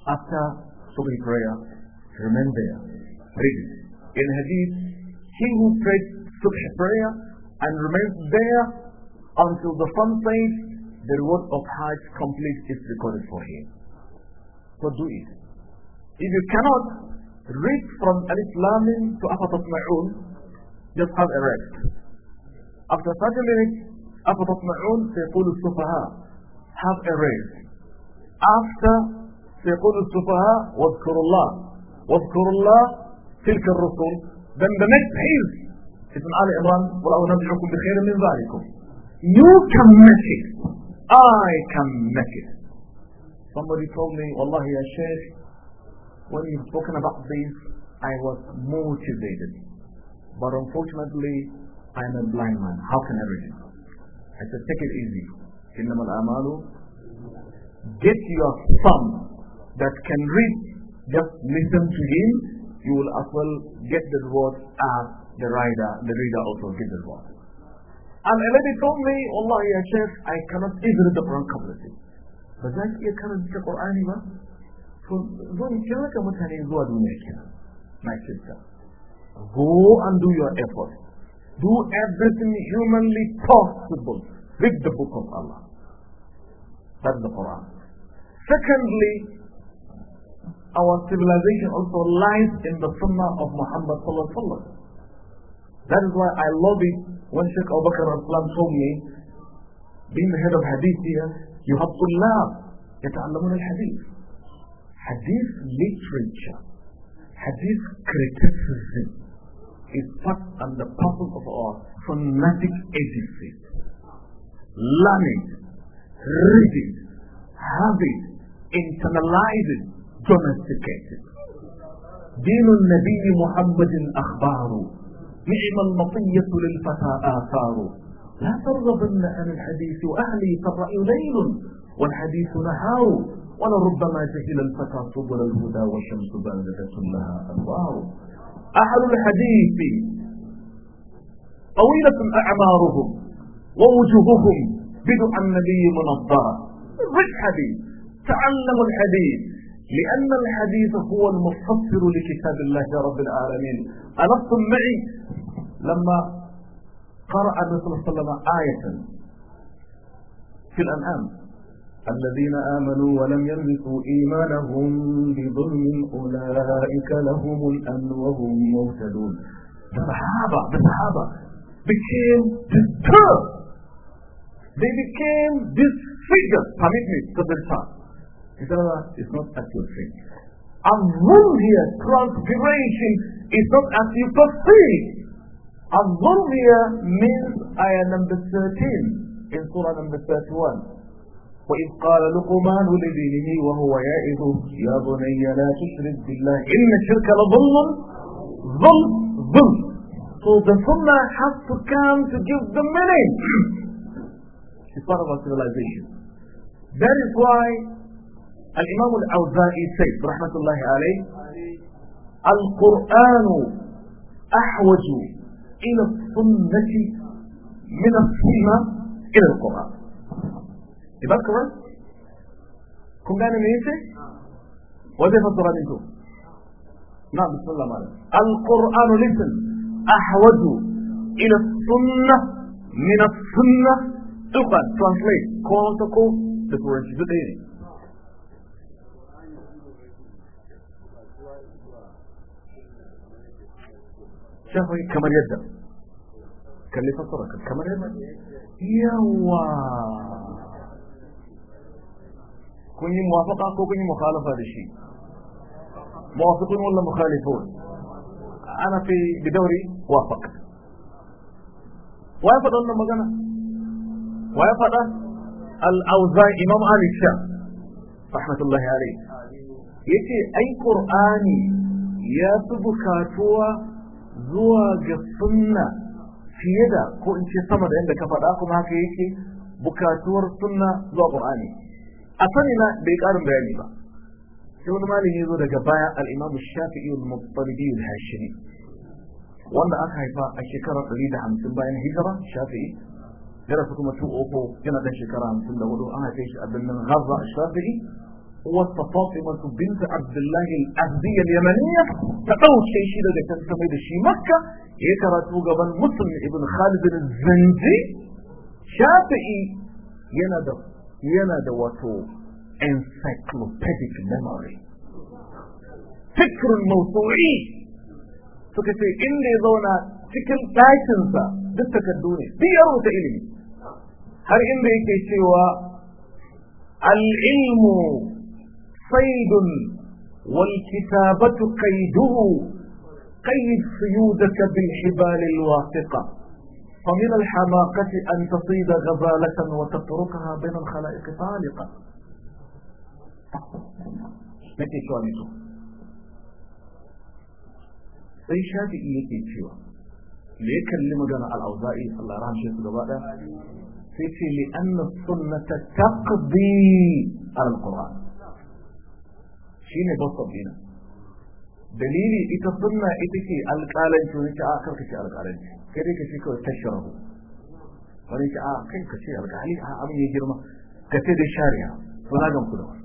S1: after so many prayer, remember, Read it. In Hadith, he who prays prayer and remains there until the sun sets. the reward of Hajj complete is recorded for him. So do it. If you cannot read from Al Islamin to Afatat Ma'un, just have a rest. After 30 minutes, Afatat Ma'un سيقول السفهاء have a rest. After سيقول السفهاء واذكر الله واذكر الله تلك الرسل then the next page. Ali Imran, بِخَيْرٍ مِنْ ذَلِكُمْ You
S2: can make it.
S1: I can make it. Somebody told me, Wallahi ya Shaykh, when you've spoken about this, I was motivated. But unfortunately, I'm a blind man. How can I read it? I said, take it easy. إِنَّمَا الْأَمَالُ Get your son that can read. Just listen to him. You will as well get the reward as the reader, the reader also gets involved. And a lady told me, Allah, ya I cannot even the Quran completely. But then you cannot read the Quran, you So, don't you like a mutani, go and make it. My sister. Go and do your effort. Do everything humanly possible. Read the book of Allah. That's the Quran. Secondly, our civilization also lies in the Sunnah of Muhammad sallallahu alaihi wasallam. That is why I love it when Sheikh Abu Bakr al-Islam told me, being the head of hadith here, you have to طلاب يتعلمون الحديث. Hadith literature, hadith
S2: criticism
S1: is part and the purpose of our fanatic agency. Learn it, read it, have it, internalize it, domesticate it. دين النبي محمد أخباره نعم المطية للفتى آثار لا ترغبن عن الحديث أهلي فالرأي ليل والحديث نهار ولربما جهل الفتى سبل الهدى والشمس باردة لها أنوار أهل الحديث طويلة أعمارهم ووجوههم بدعا النبي منظرة رج حديث تعلم الحديث لأن الحديث هو المفسر لكتاب الله رب العالمين ألستم معي لما قرأ النبي صلى الله عليه وسلم آية في الأنعام الذين آمنوا ولم يلبسوا إيمانهم بظلم أولئك لهم الأمن وهم مهتدون الصحابة الصحابة became disturbed they became disfigured permit me to the time it's not as you think a wound here transfiguration is not as you perceive الظلمية means ayah number 13 in surah number 31 وإذ قال لقمان لابنه وهو يعظه يا بني لا تشرك بالله إن الشرك لظلم ظلم ظلم So the sunnah has to come to give the meaning. It's part of our civilization. That is why الإمام الأوزاعي said رحمة الله عليه القرآن أحوج إلى السنة من السنة إلى القرآن يبقى القرآن كم كان ميسي وزيف فضل منكم نعم بسم الله معنا القرآن لسن أحوج إلى السنة من السنة تقال translate quote unquote differentiate شهري كمال يده كلف صدقة
S2: كمال يدع
S3: يوا
S1: كوني موافقة أو كوني مخالفة لشيء موافقون ولا مخالفون أنا في بدوري وافق وافق أنه مجانا وافق الأوزاع إمام علي الشاه رحمة الله عليه yace أي قرآني يا fi bukatuwa zuwa ga sunna fiye da ko in ce sama da yadda ka faɗa kuma haka yake bukatuwar sunna zuwa qur'ani a sani na bai karin bayani ba sai wani malami zo daga baya al-imam shafi'i al-muttalibi al-hashimi wanda aka haifa a shekarar 150 bayan hijira shafi'i ya rasu kuma 204 yana da shekara 54 an haife shi a birnin Gaza shafi'i uwarsa Fatimatu binta Abdullahi al-Azdiya al ta ɗauke shi da can ta da shi maka, ya karatu gaban Muslim ibn Khalid al-Zanji Shafi'i yana da yana da wato encyclopedic memory fikrin mawsu'i suka ce inda ya zauna cikin ɗakinsa duk takardu ne duk ya ilimi har inda yake cewa al صيد والكتابة قيده قيد صيودك بالحبال الواثقة فمن الحماقة أن تصيد غزالة وتتركها بين الخلائق طالقة أي شادي إليك يتشوى ليك اللي مجانا على الأوضاع الله رحمه شيخ دبادة فيتي لأن السنة تقضي على القرآن shine bottom dina dalili ita sunna ita ce alƙalanci wani ce a ah, kar ka ce alƙalanci kai dai ka ce kawai tasharahu wani ce a ah, kai ka ce alƙali a ah, abin ya girma ka ce dai shari'a suna gan ku da wani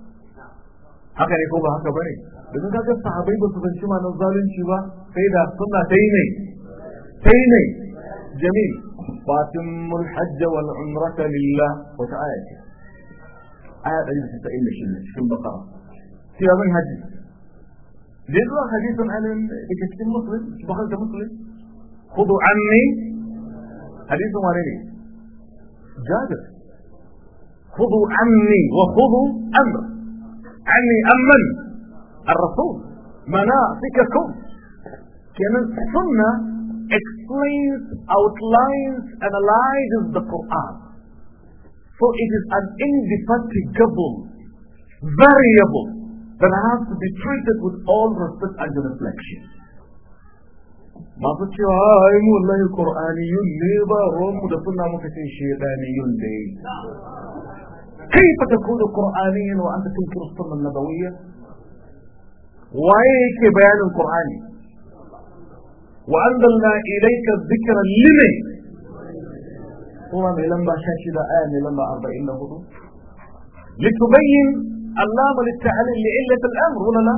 S1: haka ne ko ba haka bane domin ka ga sahabbai ba su zanci ma nan zalunci ba sai da sunna ta yi ne ta yi ne jamil fatimul hajja wal umrata lillah wata aya ce aya 196 cikin bakara في باب الهدي جاء حديث عن الكتاب المسلم بخلت مسلم خذوا عني حديث وارد جابر خذوا عني وخذوا امر عني امن الرسول مناسككم كان السنة explains, outlines, analyzes the Quran. So it is an indefatigable, variable that have to be treated with all respect and reflection. Masu cewa ai mu wallahi Qur'aniyun ne ba ruwan mu da sunna muka ce shedaniyun ne. كيف تكون قرآنيا وأنت تنكر السنة النبوية؟ وأيك بيان القرآن وأنزلنا إليك الذكر لمن؟ هو من لما شاشد آية من لما أربعين لتبين اللام للتعليل لعلة الأمر ولا لا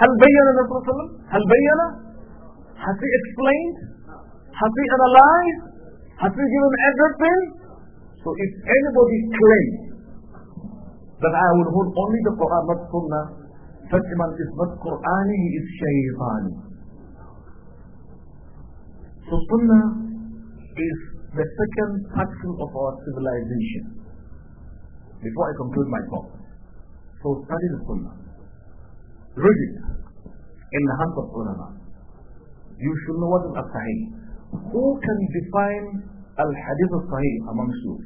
S1: هل بين النبي صلى الله عليه وسلم هل بين has he explained has he analyzed has he given everything so if anybody claims that I will hold only the Quran not Sunnah that man is not Quran, he is Shaytan. so Sunnah is the second pattern of our civilization before I conclude my talk. So study the Sunnah. Read it in the hands of ulama. You should know what is a sahih. Who can define al-hadith al-sahih amongst you?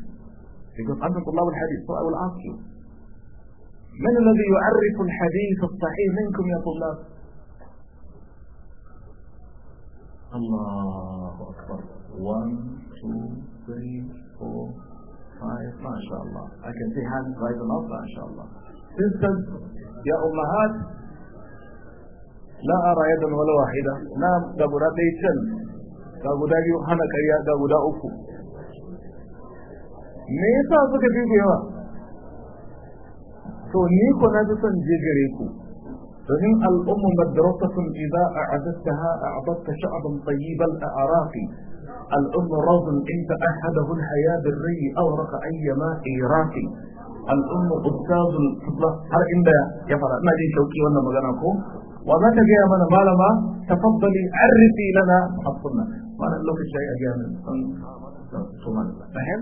S1: Because I'm أنت al hadith, so I will ask you. من الذي يعرف الحديث الصحيح منكم يا طلاب؟ الله أكبر. One, two, three, four, طائفة ما شاء الله I can see hands rising up ما شاء الله instance يا أمهات لا أرى يدا ولا واحدة لا دابو دا بيشن دابو دا يوحنا كيا دابو دا أفو ميسا سكا في بيوا تو نيكو نجسا جيجريكو فهم الأم مدرسة إذا أعددتها أعددت شعبا طيبا أعراقي الأم روض إن أحده الحياة بالري أورق أيما إيراتي الأم أستاذ هل عند يفعل ما دي شوكي وانا وما تجي جاء من مالما تفضلي عرفي لنا السنة ما نقلوك الشيء أجي من سبحان الله فهم؟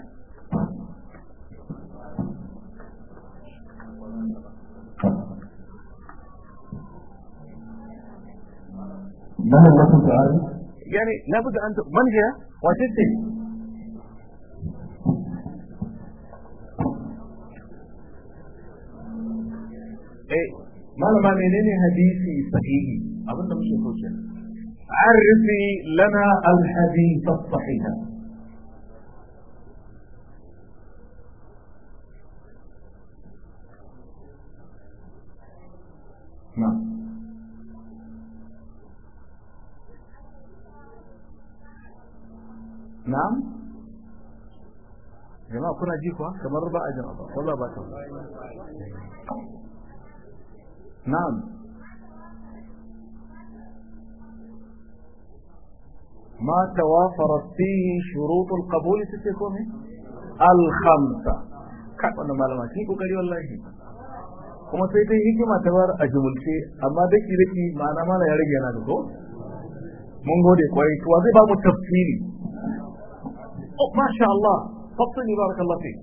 S1: ما هو الذي تعرف؟ يعني لابد أن من هي؟ وستة إيه، ما لما منيني حديثي صحيح أبدا مش يخوش عرفي لنا الحديث الصحيح نعم na'am jama'a kuna ji kuwa kamar ba a jama'a ba wallah ba ta na'am ما توافرت فيه شروط القبول تتكون الخمسة كيف أنا كيف والله kuma sai dai hikima ta bar a jumulce amma daki daki ma'ana mana ya rage yana da ko mun gode kwarai to zai ba tafsiri ما شاء الله فطني بارك الله فيك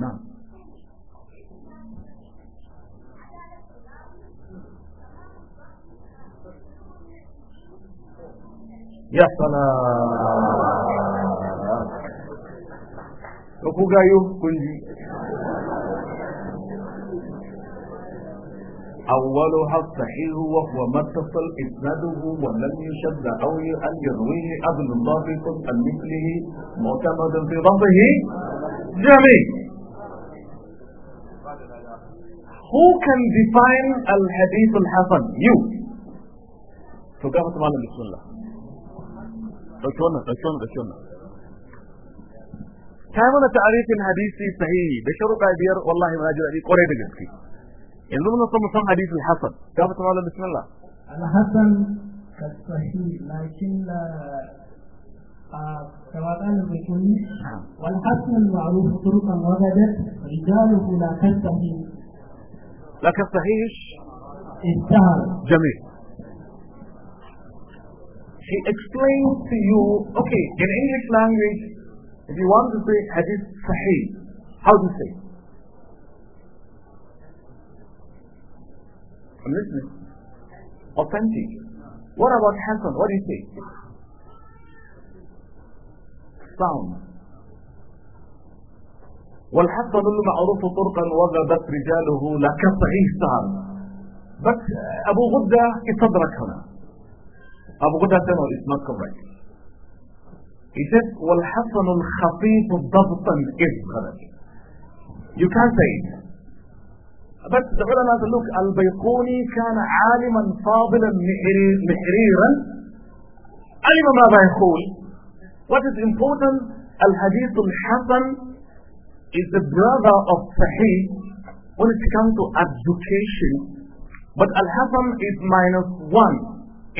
S1: نعم
S2: يا سلام
S1: ko ku أولها الصحيح وهو ما اتصل إسناده ولم يشد أو أن يرويه عدل ضابط عن مثله معتمدا في ضبطه جميل Who can define al-hadith al-hasan? You. To ga mutum The Sunnah, the Sunnah, the Sunnah. ɗauki wannan. Ta yi mana ta'arifin hadisi sahihi The sharuɗa biyar wallahi ma ji daɗi ƙwarai the gaske. إن ضمن صم صم حديث الحسن كيف تقول بسم الله
S2: الحسن قد صحيح لكن كواتان آه، بكل
S1: نعم. والحسن معروف طرقا وجدت رجاله لا تستحي لا تستحيش استهل جميل He explains to you, okay, in English language, if you want to say hadith sahih, how to say it? I'm listening. Authentic. What about Hassan? What do you say? Sound. والحق ظل معروف طرقا وغبت رجاله لكسعي السهر But Abu Ghudda is صدرك هنا Abu Ghudda said no it's not correct He said والحسن الخفيف ضبطا is correct You can't say it بس العلماء قال لك البيقوني كان عالما فاضلا محريرا علم ماذا يقول What is important الحديث الحسن is the brother of Sahih when it comes to education but Al-Hasan is minus one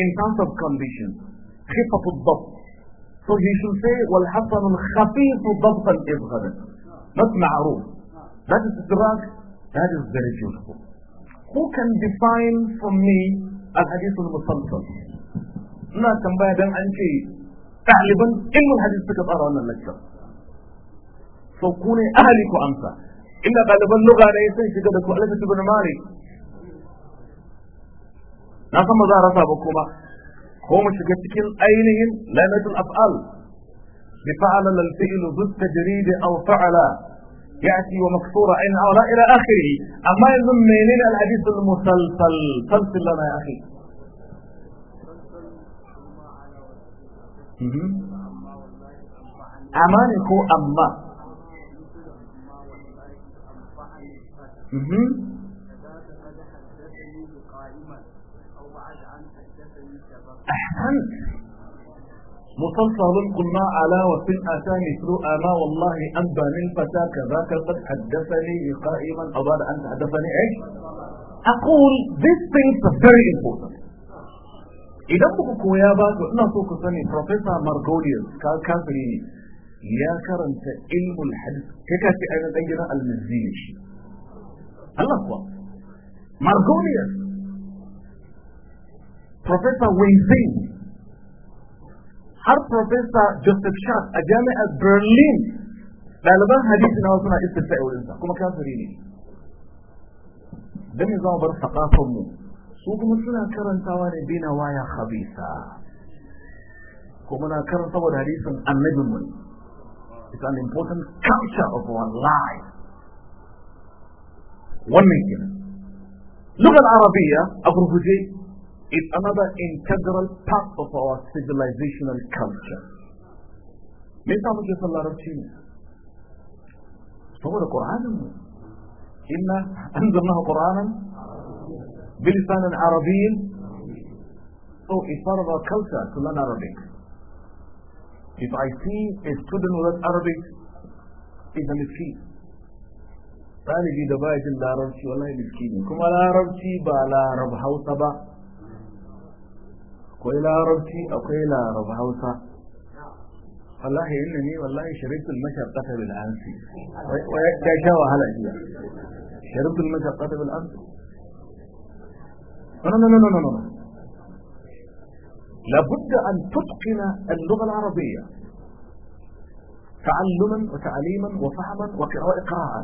S1: in terms of condition خفة الضبط So he should say والحسن الخفيف ضبطا إذ غدا Not معروف That is the drug That is very beautiful. Who can define for me al-hadithul musalsal? Ina tambaya dan an ce ɗaliban ilmin hadith suka fara wannan lecture. So ku ne ahli ku amsa. Inda ɗaliban lugha ne sun shiga da ku Alhaji ibn mari. Na san ba za a rasa ba kuma. Ko mu shiga cikin ainihin lailatul af'al. بفعل الفعل ذو التجريد أو فعل يأتي ومكسورة او لا إلى آخره أما يظن منين الحديث المسلسل سلسل لنا يا أخي أما نكو أما
S2: أحسنت
S1: مسلسل كنا على وفن أسان يسروا أما والله أنبى من فتاة كذاك قد حدثني قائما أبار أن حدثني إيش
S3: أقول this thing is
S1: very important إذا كنت كويا بعد وإنا سوك سني بروفيسر مارغوليز كافريني يا كرم علم الحديث كيف كانت أنا دينا المزيج الله أكبر مارغوليز بروفيسر وينزيز هر professor Joseph Schacht اجامع از Berlin لالبا hadisi نوازنا suna istirta a wurinsa kuma kafiri ne dan za mu bar sakafan mu su kuma suna karantawa ne bina waya khabisa kuma na karanta saboda hadisin annabin it's an important culture of one life wannan kenan lugar arabiya a gurguje is another integral part of our civilizational culture. Me yasa muke sallah rabci ne? Saboda Qur'anin mu. Inna anzalnahu Qur'anan bilisanin Arabiyyin. So it's part of our culture to learn Arabic. If I see a student who learns Arabic, he's a miskin. Ɗalibi da baya jin larabci wallahi miskin ne. Kuma larabci ba larab Hausa ba, قيل ربي أو قيل رب حوصة والله إنني والله شربت المشرقة بالأمس ويكتشى وهلا جدا شربت المشرقة بالأمس لا لا لا لا لا لابد أن تتقن اللغة العربية تعلما وتعليما وفهما وقراءة قراءة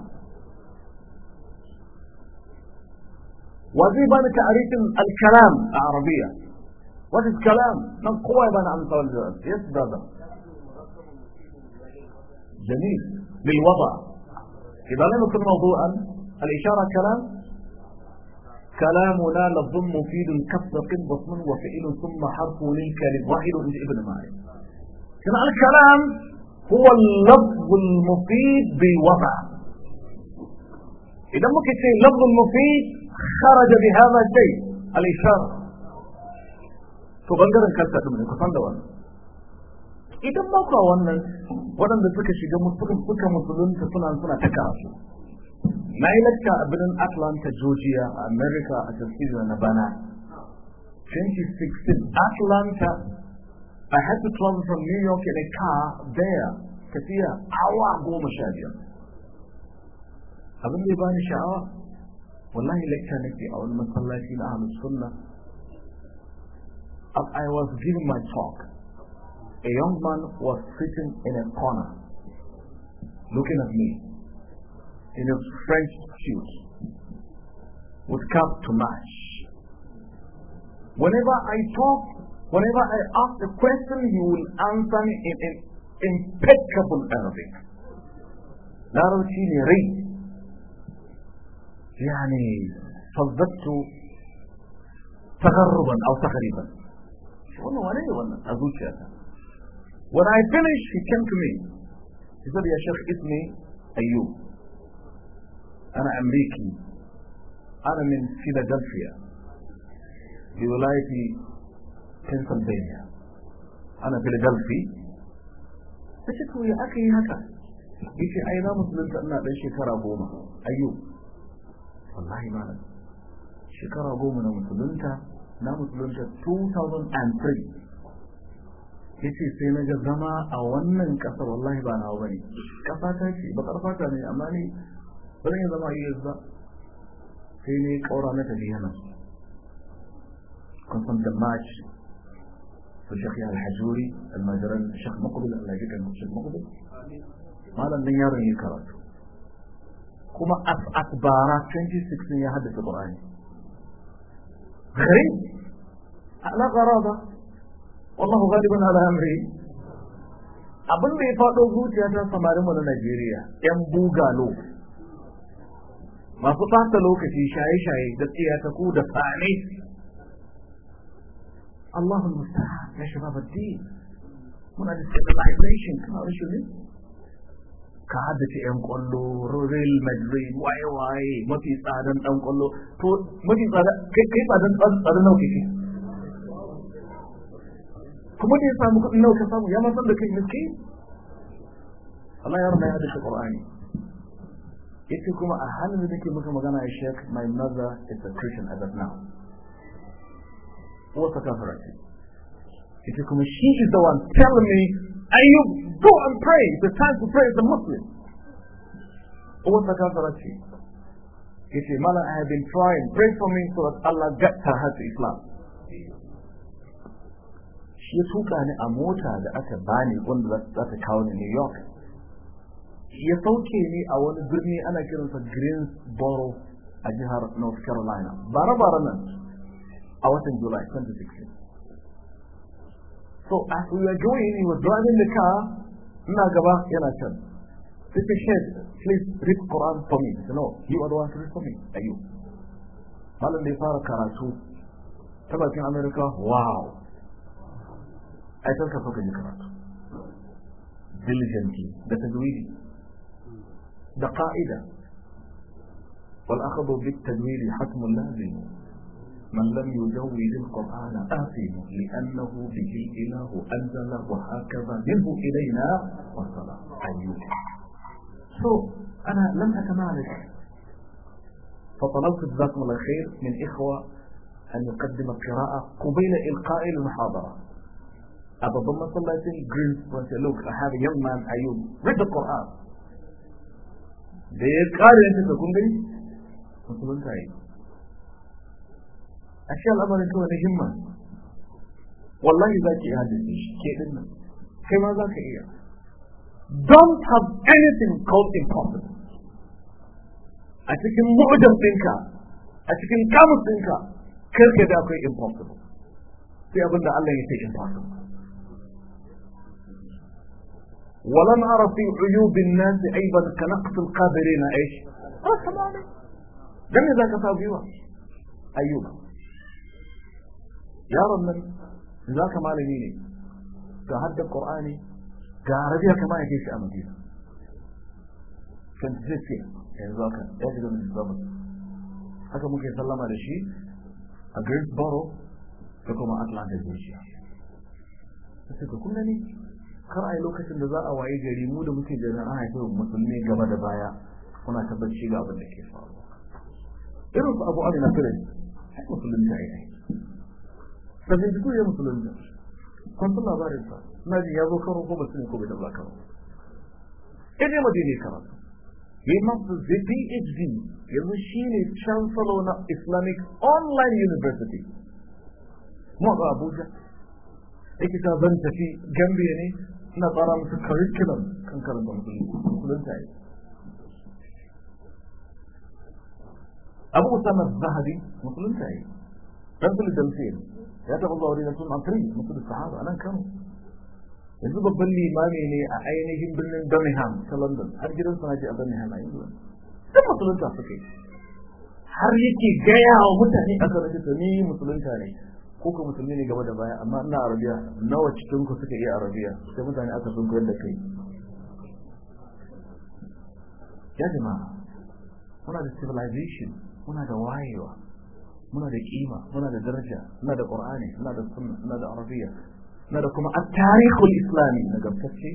S1: وظيفة تعريف الكلام العربية وش الكلام من قوى قوة أنا عم الجواز Yes, جميل للوضع إذا لم يكن موضوعا الإشارة كلام كلامنا للضم مفيد كفق بصم وفئل ثم حرف للكلم واحد عند ابن ماري
S3: كما الكلام هو اللفظ
S1: المفيد بوضع إذا ممكن شيء اللفظ المفيد خرج بهذا الشيء الإشارة to bangaren kansa ɗin ne kusan da wannan idan ba kwa wannan waɗanda suka shiga suka musulunta suna suna ta kasu na yi lakta a birnin atlanta georgia a america a tafsirin na bana 2016 atlanta I had to travel from New York in a car there tafiya awa goma sha biyar abin da ya bani sha'awa wallahi lakta nake a wani masallaci na ahlus sunna As I was giving my talk, a young man was sitting in a corner, looking at me, in a French suit, with cap to match. Whenever I talk, whenever I ask a question, he will answer me in, an impeccable Arabic. لا ري يعني صدقت تغربا أو تقريبا When I finished, he came to me. He said, يا شيخ اسمي أيوب. أنا أمريكي. أنا من فيلادلفيا. بولاية بنسلفانيا. أنا فيلادلفي. فشكوا يا أخي هكذا. yace ai na musulunta ina dan shekara أيوب ayyub ما أنا shekara goma na musulunta na musulunta 2003 ya ce sai na ga zama a wannan ƙasar wallahi ba na bane ƙasa ta ce ba ƙarfata ne amma ne ba zan yi zama a us ba sai ne ƙaura na tafi yana kusan da march su shekhi alhajuri almajiran shekh makudu da alhajikan shekh makudu malam nan yaron ya karatu kuma asbara 2016 ya haddasa ƙur'ani غريب لا غرابة والله غالبا على أمري أبن لي فاتو غوتي أنا سماري من نيجيريا يم بوغالو ما فتحت لوكتي شاي شاي دكتي أتكو دفعني الله المستعان يا شباب الدين هنا دي سيكولايزيشن كما رشو ka haddace yan kwallo real madrid waye waye mafi tsadan dan kwallo to mafi tsadan kai tsadan tsadan nawa kake kuma da ya samu kuɗin nawa ka samu ya ma san da kai miski Allah ya rama ya haddace qur'ani yace kuma a halin da nake muka magana ya shek my mother is a christian as of now wata kafara conference. ita kuma she is the one tell me ayyub Go and pray. The time to pray is the Muslim. وتكاثرت فيه. He said, Mala, I have been trying. Pray for me so that Allah gets her to Islam. She took an ni a mota a aka bani wanda za that town in New York. Ya sauke ni a wani birni ana kiransa Greensboro a jihar North Carolina. Bara-bara nan a watan July 2016. So as we were going, he was driving the car ما قبا ينا شد تلك الشيء تليس ريك قرآن طمين سنو هي أدوان تريد طمين أيوه مال اللي صار كراسو تبع في أمريكا واو أي تلك فوق اللي كراسو ديليجنتي بتدويري ده قاعدة والأخذ بالتدوير حتم لازم من لم يجود القرآن آثم لأنه به إله أنزل وهكذا منه إلينا وصل أيوه طيب.
S2: so أنا لم أتمالك
S1: فطلبت جزاكم الله خير من إخوة أن يقدم القراءة قبيل إلقاء المحاضرة Abu Bakr صلى الله عليه وسلم look, I have a young man, Ayub, read the Quran. Da ya ƙara yanzu da kun gani? Musulunta ashe al'amarin يكون da himma wallahi za ki الشيء haddace shi ke din nan kai ma za ka iya don't have anything called impossible a cikin mu'jam ɗinka a cikin kamus ɗinka kar da akwai impossible sai abin da Allah ya ce impossible ولم أرى في عيوب الناس أيضا كنقص القادرين إيش؟ رحمة الله لم يذاك فابيوا أيوب yaron nan za ka malami ne ga haddar qur'ani ga arabiya kama ya shi a madina kan zai ce yanzu haka ya shiga mai zaman haka muke sallama da shi a greensboro da kuma atlanta georgia sai ka kunna ne kar a yi lokacin da za a waye gari mu da muke da an haifi musulmi gaba da baya kuna tabbaci ga abin da ke faruwa irin abu amina firin sai musulmi ta yi
S2: فبيزكو يمسلم جمش
S1: كنت الله باري بار ناجي يابو كرو كو مسلم كو بيدبلا كرو إني مديني كرات يمس زي يعني بي اتش دي يمشيني تشانسلونا إسلاميك أونلاين يونيفرسيتي مرة أبوجا إيكي تابنت في جنبي يعني أنا برا متكرر كلام كان كلام بمسلم كلام تاعي أبو أسامة الذهبي مسلم تاعي رمز الدمسين ya taɓa zuwa wajen sun amfani mutu da sahaba anan nan kano yanzu babban limami ne a ainihin birnin birmingham ta london har gidan sana ji a birmingham a yanzu duk musulunta suka yi har yake gaya wa mutane a kan ta ni musulunta ne ko ka musulmi ne gaba da baya amma ina arabiya nawa cikin ku suka yi arabiya sai mutane aka sun koyar da kai ya jama'a muna da civilization muna da wayewa muna da kima muna da daraja muna da qur'ani muna da sunna muna da arabiya muna da kuma at-tarikhul islami na gaskiya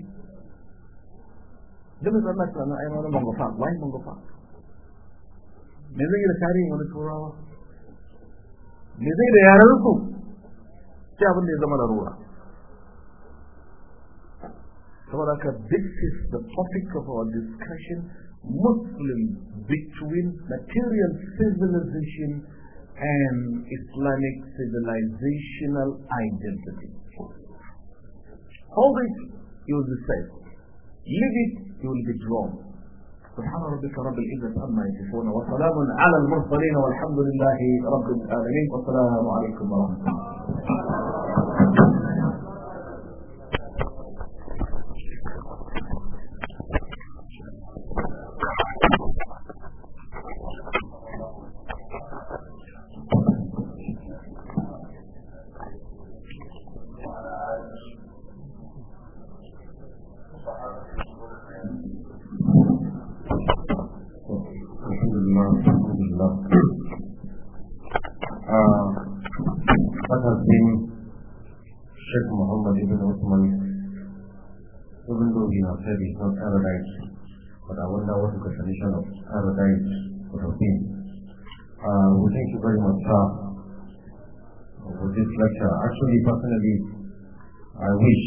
S1: da mun zanna tsanan ai mun mun gafa wai mun gafa me zai da tarihi wani turawa me zai da yaran ku sai abin da ya zama larura saboda ka this is the topic of our discussion Muslim between material civilization and Islamic civilizational identity. Hold it, you will be safe. Leave it, you will be drawn. سبحان ربك رب العزة عما يصفون وسلام على المرسلين والحمد لله رب العالمين والسلام عليكم ورحمة الله said it's not paradise, but I wonder what the definition of paradise would have been. Uh, we thank you very much, sir, for this lecture. Actually, personally, I wish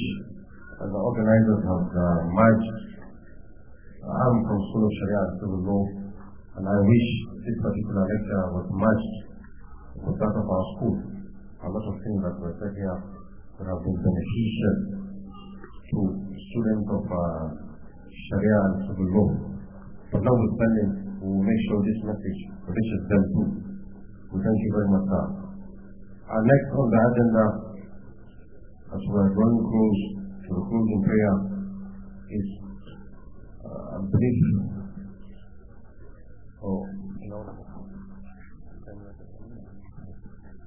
S1: that the organizers have uh, merged. I'm from Sulu Sharia and Civil Law, and I wish this particular lecture was merged with that of our school. A lot of things that were said here would have been beneficial to students of uh, Sharia and civil law. But now we will make sure this message reaches them too. We thank you very much, sir. Our next on the agenda, as we are going close to the closing prayer, is uh, a brief oh,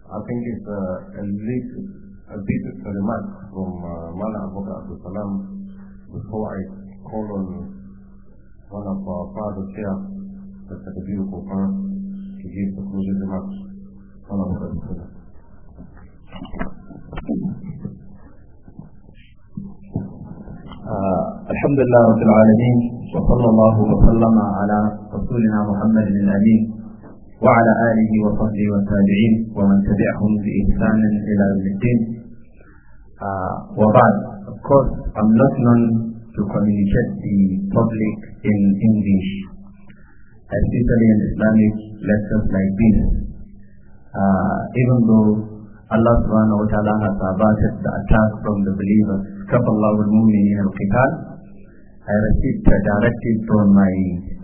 S1: I think it's uh, a, brief, a brief remark
S2: from uh, Mala Abu Salam بقواعد قول وانا قاعدة فيها تستفيد القرآن كثير تخرج الجماعة أنا أقول
S1: آه، الحمد لله رب العالمين وصلى الله وسلم على رسولنا محمد الأمين وعلى آله وصحبه والتابعين ومن تبعهم بإحسان إلى يوم الدين آه، وبعد Of course, I'm not known to communicate the public in English, especially in Islamic lectures like this. Uh, even though Allah subhanahu wa ta'ala has abated the attack from the believers, Kafallahu al-Mu'minin al-Qital, I received a directive from my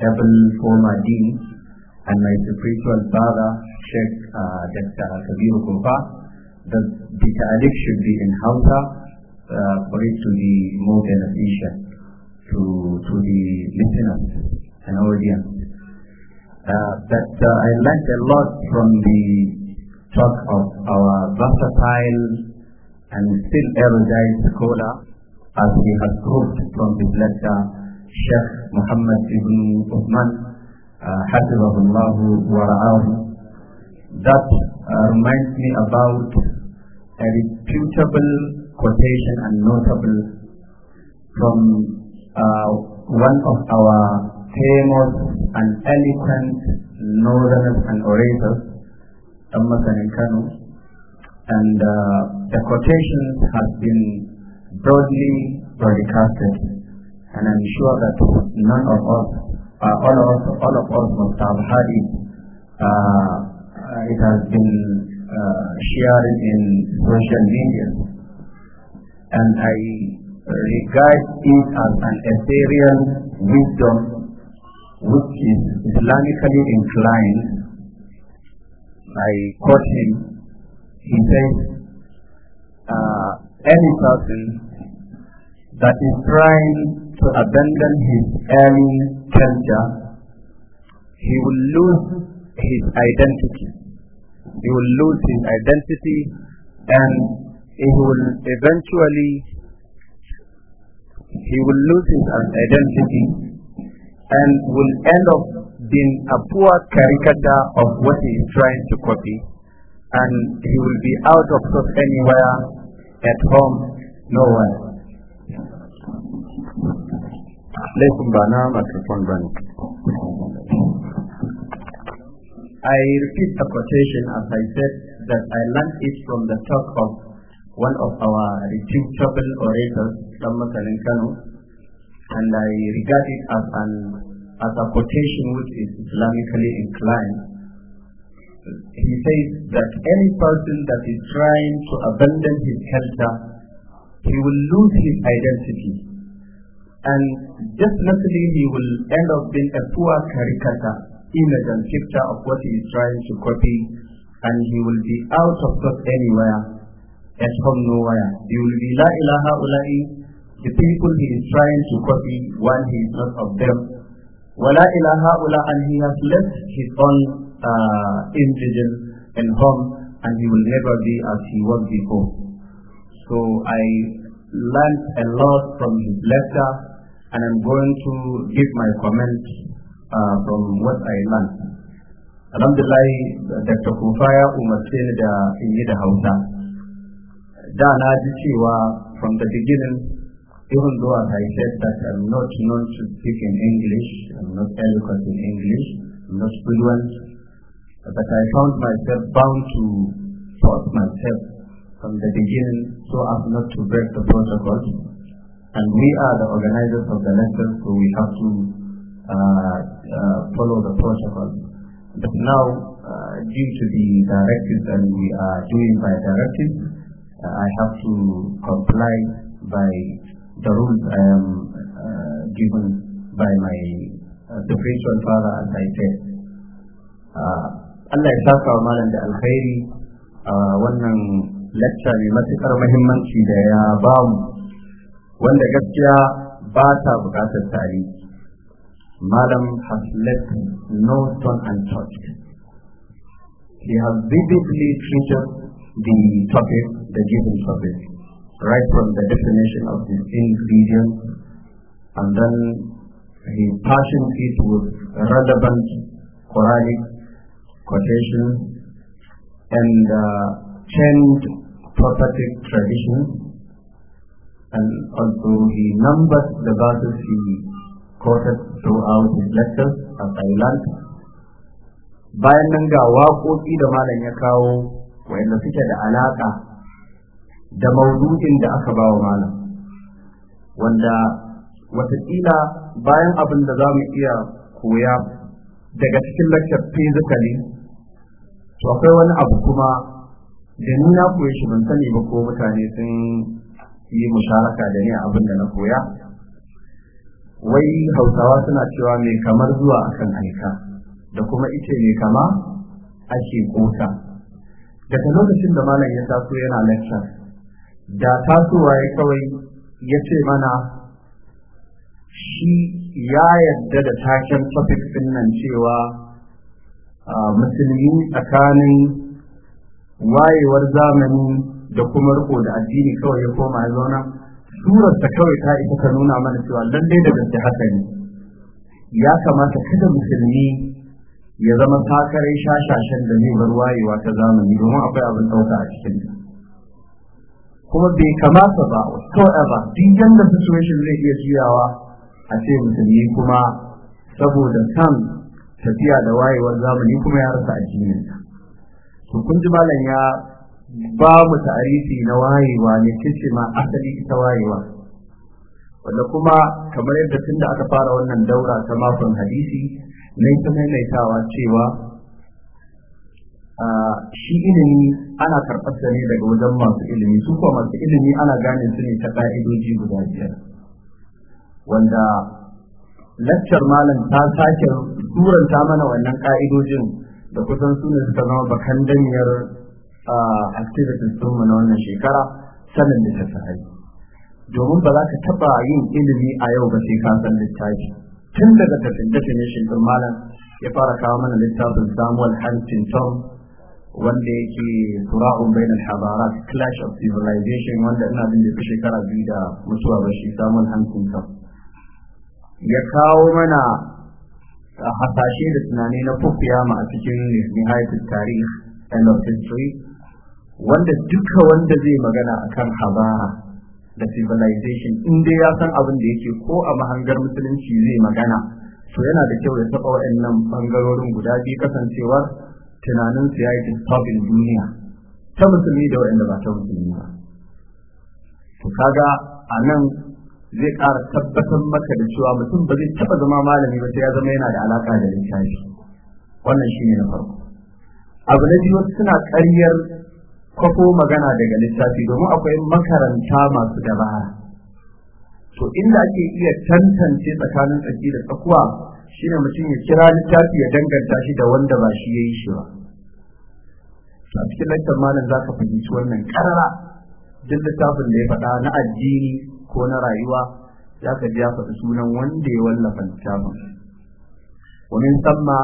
S1: able former dean and my spiritual father, Sheikh uh, Dr. Kabir Kofa, that the ta'alif should be in Hausa uh, for it to be more beneficial to, to the listeners and audience. Uh, but uh, I learned a lot from the talk of our versatile and still erudite scholar, as he has proved from his letter, Sheikh Muhammad ibn Uthman, Hafizahullah uh, wa That uh, reminds me about a reputable quotation and notable from uh, one of our famous and eloquent northerners and orators, Ammasan And uh, the quotation has been broadly broadcasted. And I'm sure that none of us, uh, all of us, all of us must have heard it. Uh, uh, it has been uh, shared in social media and I regard it as an Ethereal wisdom which is Islamically inclined. I quote him. He says, uh, any person that is trying to abandon his early culture, he will lose his identity. He will lose his identity and he will eventually he will lose his identity and will end up being a poor caricature of what he is trying to copy and he will be out of touch anywhere at home nowhere laifin na I repeat the quotation as I said that I learned it from the talk of one of our reputable orators, Dhammakalin Kano, and I regard it as an as a quotation which is Islamically inclined. He says that any person that is trying to abandon his culture, he will lose his identity. And definitely he will end up being a poor caricature, image and picture of what he is trying to copy, and he will be out of touch anywhere as from nowhere. He will be La ilaha ulai, the people he is trying to copy one he is not of them. Wala ilaha ula, and he has left his own uh, indigenous and home, and he will never be as he was before. So I learned a lot from his letter, and I'm going to give my comments uh, from what I learned. Alhamdulillah, Dr. Kufaya umarce da in yi da Hausa da na ji cewa from the beginning even though as I said that I'm not known to speak in English, I'm not eloquent in English, I'm not fluent, but I found myself bound to force myself from the beginning so as not to break the protocol. And we are the organizers of the lesson, so we have to uh, uh, follow the protocol. But now, uh, due to the directives and we are doing by directives, I have to comply by the rules I am uh, given by my uh, spiritual father, as I said. Uh, Allah ya saka wa malam da alkhairi wannan lacca mai matuƙar muhimmanci da ya ba mu wanda gaskiya ba ta buƙatar tarihi Madam has left no stone untouched. She has vividly treated the topic the given subject, right from the definition of the ingredients, and then he passions it with relevant Quranic quotations and uh, changed prophetic traditions and also he numbers the verses he quoted throughout his lectures as I learned. Bayan nan ga waƙoƙi da malam ya kawo waɗanda suke da alaƙa da maudu'in da aka ba wa malam wanda watakila bayan abin da zamu iya koya daga cikin lakcar physically to akwai wani abu kuma da ni na koya shi ban sani ba ko mutane sun yi musharaka da ni abin da na koya
S2: wai hausawa
S1: suna cewa mai kamar zuwa akan aika da kuma ice mai kama ake kota daga lokacin da malam ya taso yana lakcar da tasowa ya kawai ya ce mana shi ya yarda da taken topic din nan cewa musulmi tsakanin wayewar zamani da kuma riko da addini kawai ya koma ya zauna surarsa kawai ta isa ta nuna mana cewa lallai da gaske haka ne ya kamata kada musulmi ya zama takarai shashashen da zai bar wayewa ta zamani domin akwai abin ɗauka a cikin kuma bai kamata ba ba duk yadda situation zai iya juyawa a ce mutane, kuma saboda kan tafiya da wayewar zamani kuma ya rasa addinin. to kun ji malam ya ba mu ta'arifi na wayewa ne kace ma asali ita wayewa wanda kuma kamar yadda tunda aka fara wannan daura ta makon hadisi na ita maimaitawa cewa shi ilimi ana karɓar da ne daga wajen masu ilimi su kuma masu ilimi ana gane su ne ta ƙa'idoji guda biyar wanda laccar malam ta sake turanta mana wannan ƙa'idojin da kusan su ne suka zama bakan danyar activities sun na wannan shekara sanin da ta sahari domin ba za ka taɓa yin ilimi a yau ba sai ka san littafi tun daga tafin definition ɗin malam ya fara kawo mana littafin samuel tom wanda yake sura'un bainal Habara clash of civilization wanda ina bin da shekara biyu da mutuwa ba shi samun hankinsa ya kawo mana hasashe da tunani na fufiyama a cikin nihayatul tarih end of history wanda duka wanda zai magana akan habara da civilization in dai ya san abin da yake ko a mahangar musulunci zai magana to yana da kyau ya taɓa waɗannan ɓangarorin guda biyu kasancewar tunanin su ya yi duniya ta musulmi da waɗanda ba ta musulmi ba to kaga a nan zai ƙara tabbatar maka da cewa mutum ba zai taɓa zama malami ba sai ya zama yana da alaƙa da littafi wannan shi ne na farko abu na biyu suna ƙaryar kwafo magana daga littafi domin akwai makaranta masu dabara to inda ake iya tantance tsakanin tsaki da tsakuwa shine mutum ya kira littafi ya danganta shi da wanda ba shi ya yi shi ba a cikin lantar malam za ka fahimci wannan karara duk littafin da ya faɗa na addini ko na rayuwa ya ka ya faɗi sunan wanda ya wallafa littafin Wani samma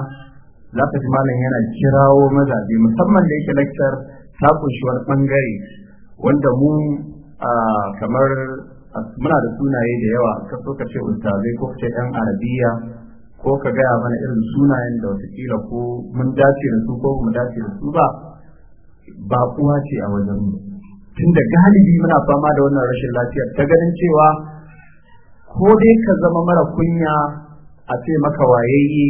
S1: za ka ji malam yana kirawo mazaje musamman da yake lantar ta kunshi ɓangare wanda mu kamar muna da sunaye da yawa ka so ka ce ustazai ko ka ce ɗan arabiya ko ka gaya mana irin sunayen da watakila ko mun dace da su ko mu dace da su ba ba kuwa ce a wajen mu tunda galibi muna fama da wannan rashin lafiyar ta ganin cewa ko dai ka zama mara kunya a ce maka wayayye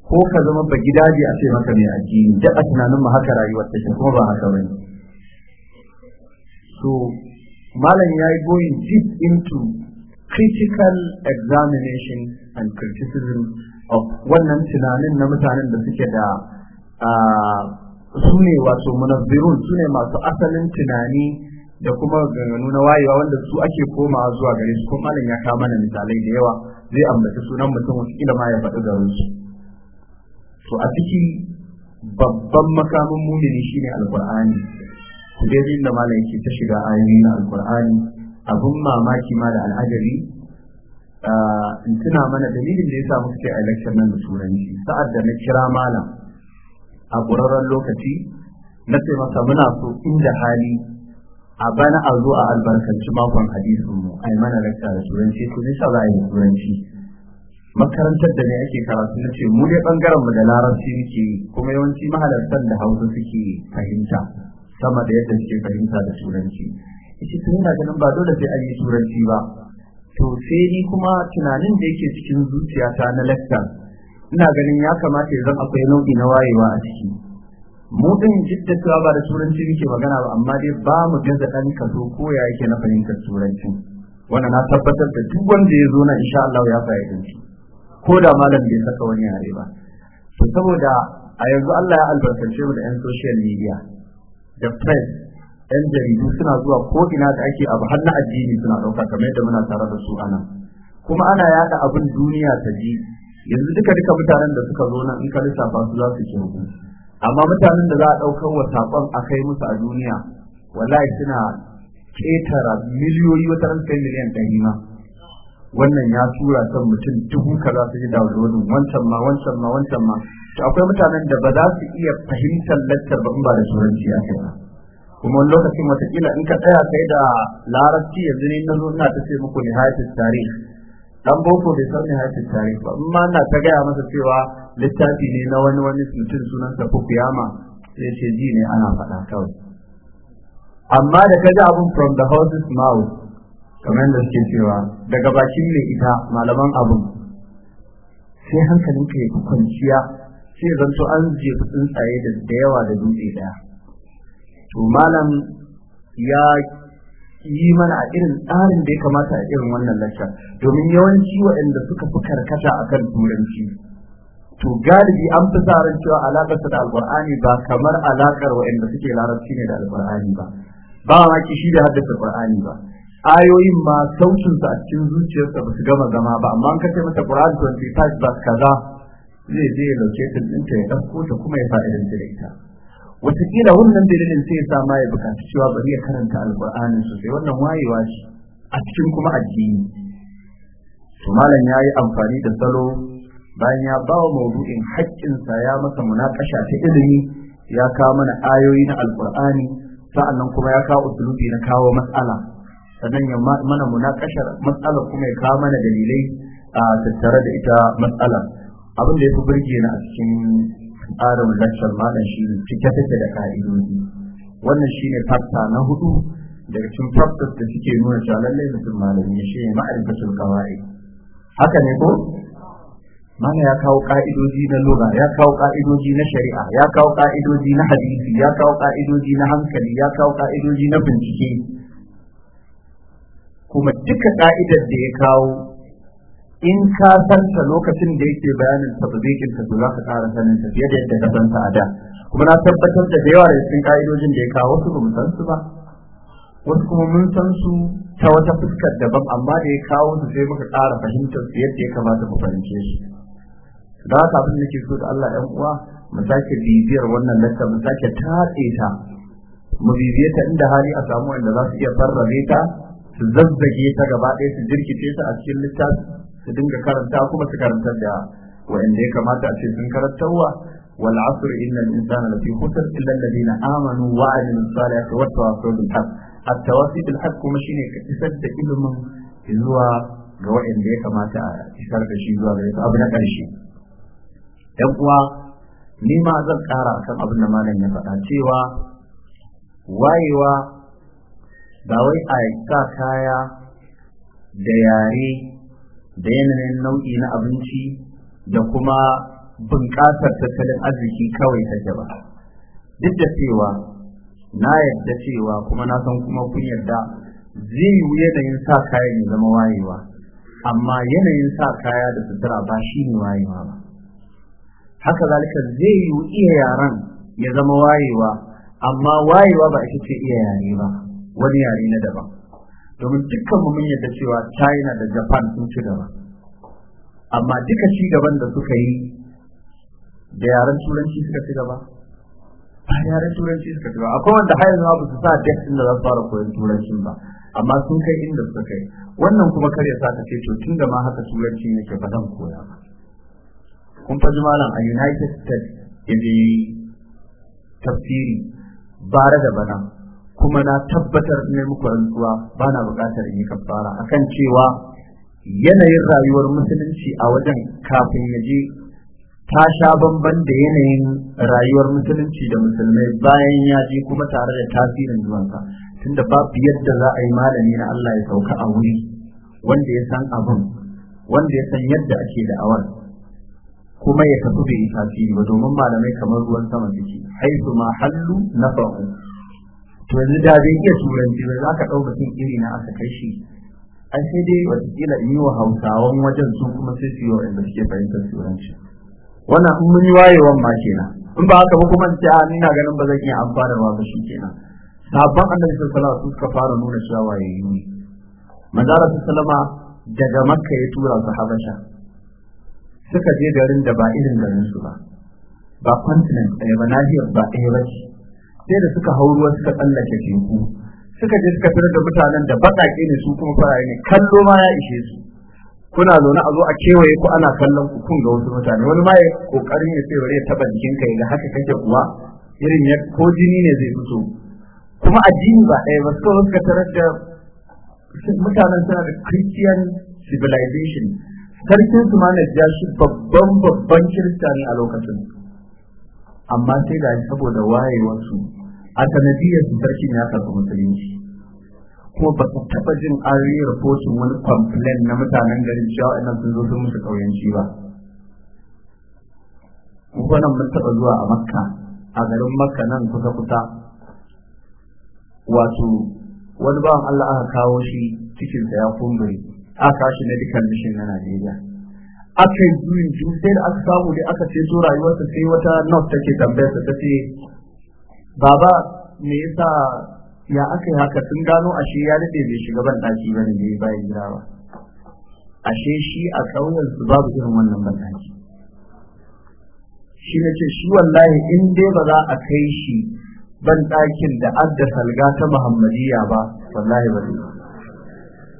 S1: ko ka zama ba gidaje a ce maka mai addini da a tunanin mu haka rayuwar ce kuma ba haka bane so malam yayi going deep into critical examination and criticism of wannan tunanin na mutanen da suke da su ne wato munazzirun su masu asalin tunani da kuma ganganu na wayewa wanda su ake koma zuwa gare su kuma malam ya kawo mana misalai da yawa zai ambaci sunan mutum kila ma ya faɗi garin su to a cikin babban makamin ne shine alqur'ani ku dai da malam yake ta shiga ayoyi na alqur'ani abun mamaki ma da al'adari. Ah, in tuna mana dalilin da ya samu suke a lakcin nan da turanci sa'ad da na kira malam a ƙurarren lokaci na ce masa muna so inda hali a bana a zo a albarkanci makon hadisin mu a yi mana lecture da turanci to zai sa a yi turanci makarantar da ne ake karatu na ce mu dai bangaren mu da larabci muke kuma yawanci mahalartan da hausa suke fahimta sama da yadda suke fahimta da turanci ita tun ina ganin ba dole sai a yi turanci ba to sai ni kuma tunanin da yake cikin zuciyata na lakta ina ganin ya kamata ya zama akwai nau'i na wayewa a ciki mu din jiddatuwa ba da turanci yake magana ba amma dai ba mu gaza dan kaso ko ya yake na fahimtar turancin wannan na tabbatar da duk wanda ya zo na insha Allah ya fahimci ko da malam bai saka wani yare ba to saboda a yanzu Allah ya albarkace mu da yan social media da press yan jaridu suna zuwa ko ina da ake abu har na addini suna ɗauka kamar yadda muna tare da su ana kuma ana yada abin duniya ta ji yanzu duka duka mutanen da suka zo nan in ka lissafa su za su ci muku amma mutanen da za a ɗaukar wa saƙon a kai musu a duniya wallahi suna ƙetara miliyoyi wata ran kai miliyan ɗari ma wannan ya tura kan mutum dubu kaza su ji wani wancan ma wancan ma wancan ma to akwai mutanen da ba za su iya fahimtar lantarki ba in ba da turanci a kai ba kuma lokacin watakila in ka tsaya sai da larabci yanzu ne na zuwa ta ce muku haifin tarihi. dan boko bai san haifin tarihi. ba amma na ta gaya masa cewa littafi ne na wani wani mutum sunansa Fukuyama sai ce ji ne ana faɗa kawai amma da ka ji abun from the horse's mouth kamar da suke cewa daga bakin mai ita malaman abun sai hankalinka ya fi kwanciya sai zanto an jefa tsuntsaye da yawa da dutse daya to malam ya yi mana a irin tsarin da ya kamata a irin wannan lacca domin yawanci waɗanda suka fi karkata akan turanci to galibi an fi sa ran cewa alaƙar da alƙur'ani ba kamar alaƙar waɗanda suke larabci ne da alƙur'ani ba ba ma shi da haddasa alƙur'ani ba ayoyin ma sautinsa a cikin zuciyarsa ba su gama zama ba amma an kace mata Qur'an 25 ba kaza zai je ya lauce ta dinta ya ɗauko ta kuma ya fa'idanta da ita wataƙila wannan dalilin sai ya sa ma ya bukaci cewa bari ya karanta alƙur'ani sosai wannan wayewa ce a cikin kuma addini to malam ya yi amfani da salo bayan ya ba wa maudu'in haƙƙinsa ya masa munaƙasha ta ilimi ya kawo mana ayoyi na alƙur'ani sa'annan kuma ya kawo usulubi na kawo matsala sannan ya mana munaƙashar matsalar kuma ya kawo mana dalilai a tattare da ita matsalar abin da ya fi burge na a cikin tsarin lakcar malam shi ne cike take da ka'idodi wannan shi ne fasta na hudu daga cikin fastas da suke nuna cewa lallai mutum malami ne shi ne ma'aikacin kawai haka ne ko mana ya kawo ka'idoji na lura ya kawo ka'idoji na shari'a ya kawo ka'idoji na hadisi ya kawo ka'idoji na hankali ya kawo ka'idoji na bincike kuma duka ka'idar da ya kawo in ka san ta lokacin da yake bayanin ta ba zai to za ka ƙara sanin ta fiye da yadda ka san ta a da kuma na tabbatar da da yawa da cikin ka'idojin da ya kawo su ba mu san su ba wasu kuma mun san su ta wata fuskar daban amma da ya kawo su sai muka ƙara fahimtar su yadda ya kamata mu fahimce su da haka abin da ke so da Allah ƴan uwa mu sake bibiyar wannan lakka mu sake tatse ta mu bibiye ta inda hali a samu wanda za su iya farrabe ta su zazzage ta gaba ɗaya su jirkice ta a cikin littafi su dinga karanta kuma su karantar da wa'anda ya kamata a ce sun karantarwa wal asr inna al insana lafi khusr illa alladhina amanu wa amilu salihati wa tawassaw bil haqq at tawassi bil haqq kuma shine ka isar da ilimin zuwa ga wa'anda ya kamata a isar da shi zuwa ga abu na karshe yan uwa ni ma zan kara akan abin da malam ya faɗa cewa wayewa ba wai a sa kaya da yare da yanayin nau'i na abinci da kuma bunƙasar tattalin arziki kawai ta ba duk da cewa na yadda cewa kuma na san kuma kun yarda zai yi yanayin sa kaya ya zama wayewa amma yanayin sa kaya da sutura ba shi ne wayewa ba haka zalika zai yi iya yaran ya zama wayewa amma wayewa ba ita ce iya yare ba wani yare na daban domin dukkan mun yadda cewa China da Japan sun ci gaba amma duka ci gaban da suka yi da yaren turanci suka ci gaba a yaren turanci suka ci gaba akwai wanda har yanzu ba su sa dex din da za su fara koyon turancin ba amma sun kai inda suka kai wannan kuma kar ya sa ka ce to tun da ma haka turanci yake ba zan koya ba kun fa malam a United States in tafsiri bare da bana kuma na tabbatar ne muku rantsuwa ba na buƙatar yi kafara akan cewa yanayin rayuwar musulunci a wajen kafin ya je ta sha bamban da yanayin rayuwar musulunci da musulmai bayan ya je kuma tare da tasirin zuwansa tunda babu yadda za a yi malami na Allah ya sauka a wuri wanda ya san abin wanda ya san yadda ake awar, kuma ya tafi bai tasiri ba domin malamai kamar ruwan sama suke haifu ma hallu na farko yanzu da bai iya turanci ba za ka ɗau cin iri na aka kai shi an sai dai watakila in yi wa hausawan wajen sun kuma sai su yi wa inda suke fahimtar turanci wannan in mun yi wayewan ma kenan in ba haka ba kuma ce a ni na ganin ba zan iya amfana ba shi kenan sabon annabi sallallahu alaihi wasallam suka fara nuna cewa wayayi ne manzara sallama daga makka ya tura su habasha suka je garin da ba irin garin su ba ba continent ɗaya ba nahiyar ba ɗaya ba ce sai da suka hau ruwa suka tsallake teku suka je suka fitar da mutanen da baƙaƙe ne su kuma farare ne kallo ma ya ishe su kuna zaune a zo a kewaye ku ana kallon ku kun ga wasu mutane wani ma ya kokarin ya sai ya taba jikin ka yadda haka kake kuwa irin ya ko jini ne zai fito kuma addini ba ɗaya ba suka suka tarar da mutanen suna da Christian civilization sarkin su ma ja shi babban babban kirista ne a lokacin amma sai da saboda wayewarsu a sanadiyar su sarkin ya karɓi musulunci kuma ba su taɓa jin an yi rahoton wani complain na mutanen garin cewa ina sun zo sun musu ƙauyenci ba wannan mun taɓa zuwa a makka a garin makka nan kusa kusa wato wani bawan Allah aka kawo shi cikinsa ya kumbure aka kawo shi medical mission na Najeriya aka yi juyin sai da aka samu dai aka so rayuwarsa sai wata nurse take tambayarsa ta ce baba me yasa ya aka yi haka sun gano ashe ya daɗe bai shiga banɗaki ɗaki ba ne bai bayan gida ba ashe shi a ƙauyen su babu irin wannan banɗaki. shi na ce shi wallahi in dai ba za a kai shi banɗakin da adda salga ta muhammadiyya ba wallahi ba zai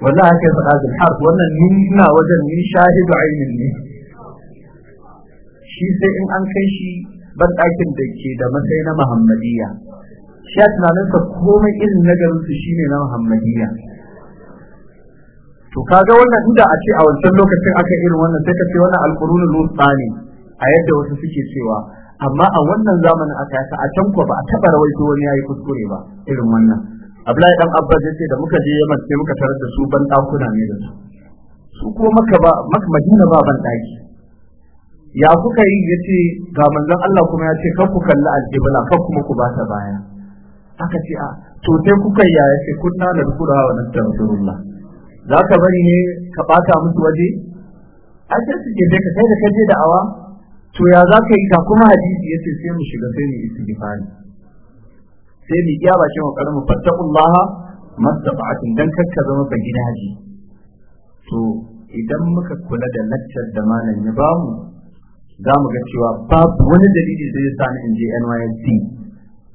S1: wallahi haka faɗa har wannan ni ina wajen ni shahidu ainin ne shi sai in an kai shi ban ɗakin da ke da matsayi na muhammadiyya shi a tunaninsa komai irin nagarin shi ne na muhammadiyya to kaga wannan inda a ce a wancan lokacin aka irin wannan sai ka ce wannan alqurunul wusta ne a yadda wasu suke cewa amma a wannan zamanin aka yasa a can ba a taba rawaito wani yi kuskure ba irin wannan Abdullahi dan Abbas ce da muka je ya sai muka tarar da su ban ɗakuna ne da su su ko maka ba maka Madina ba ban ya kuka yi ya ce ga manzon Allah kuma ya ce kan ku kalli aljibla kan kuma ku bata baya aka ce a to sai kuka yi ya ce kun tana da kura wa nan tarurullah za ka bari ne ka bata musu waje a ce su ke ka kai da
S3: kaje da awa to ya za ka yi ka kuma
S1: hadisi ya ce sai mu shiga sai mu istighfari sai mu iya bakin kokarin mu fattaqullah mastata'atun dan kakka zama ba gidaje to idan muka kula da laccar da malam ya bamu za mu ga cewa babu wani dalili da ya sani in je NYSC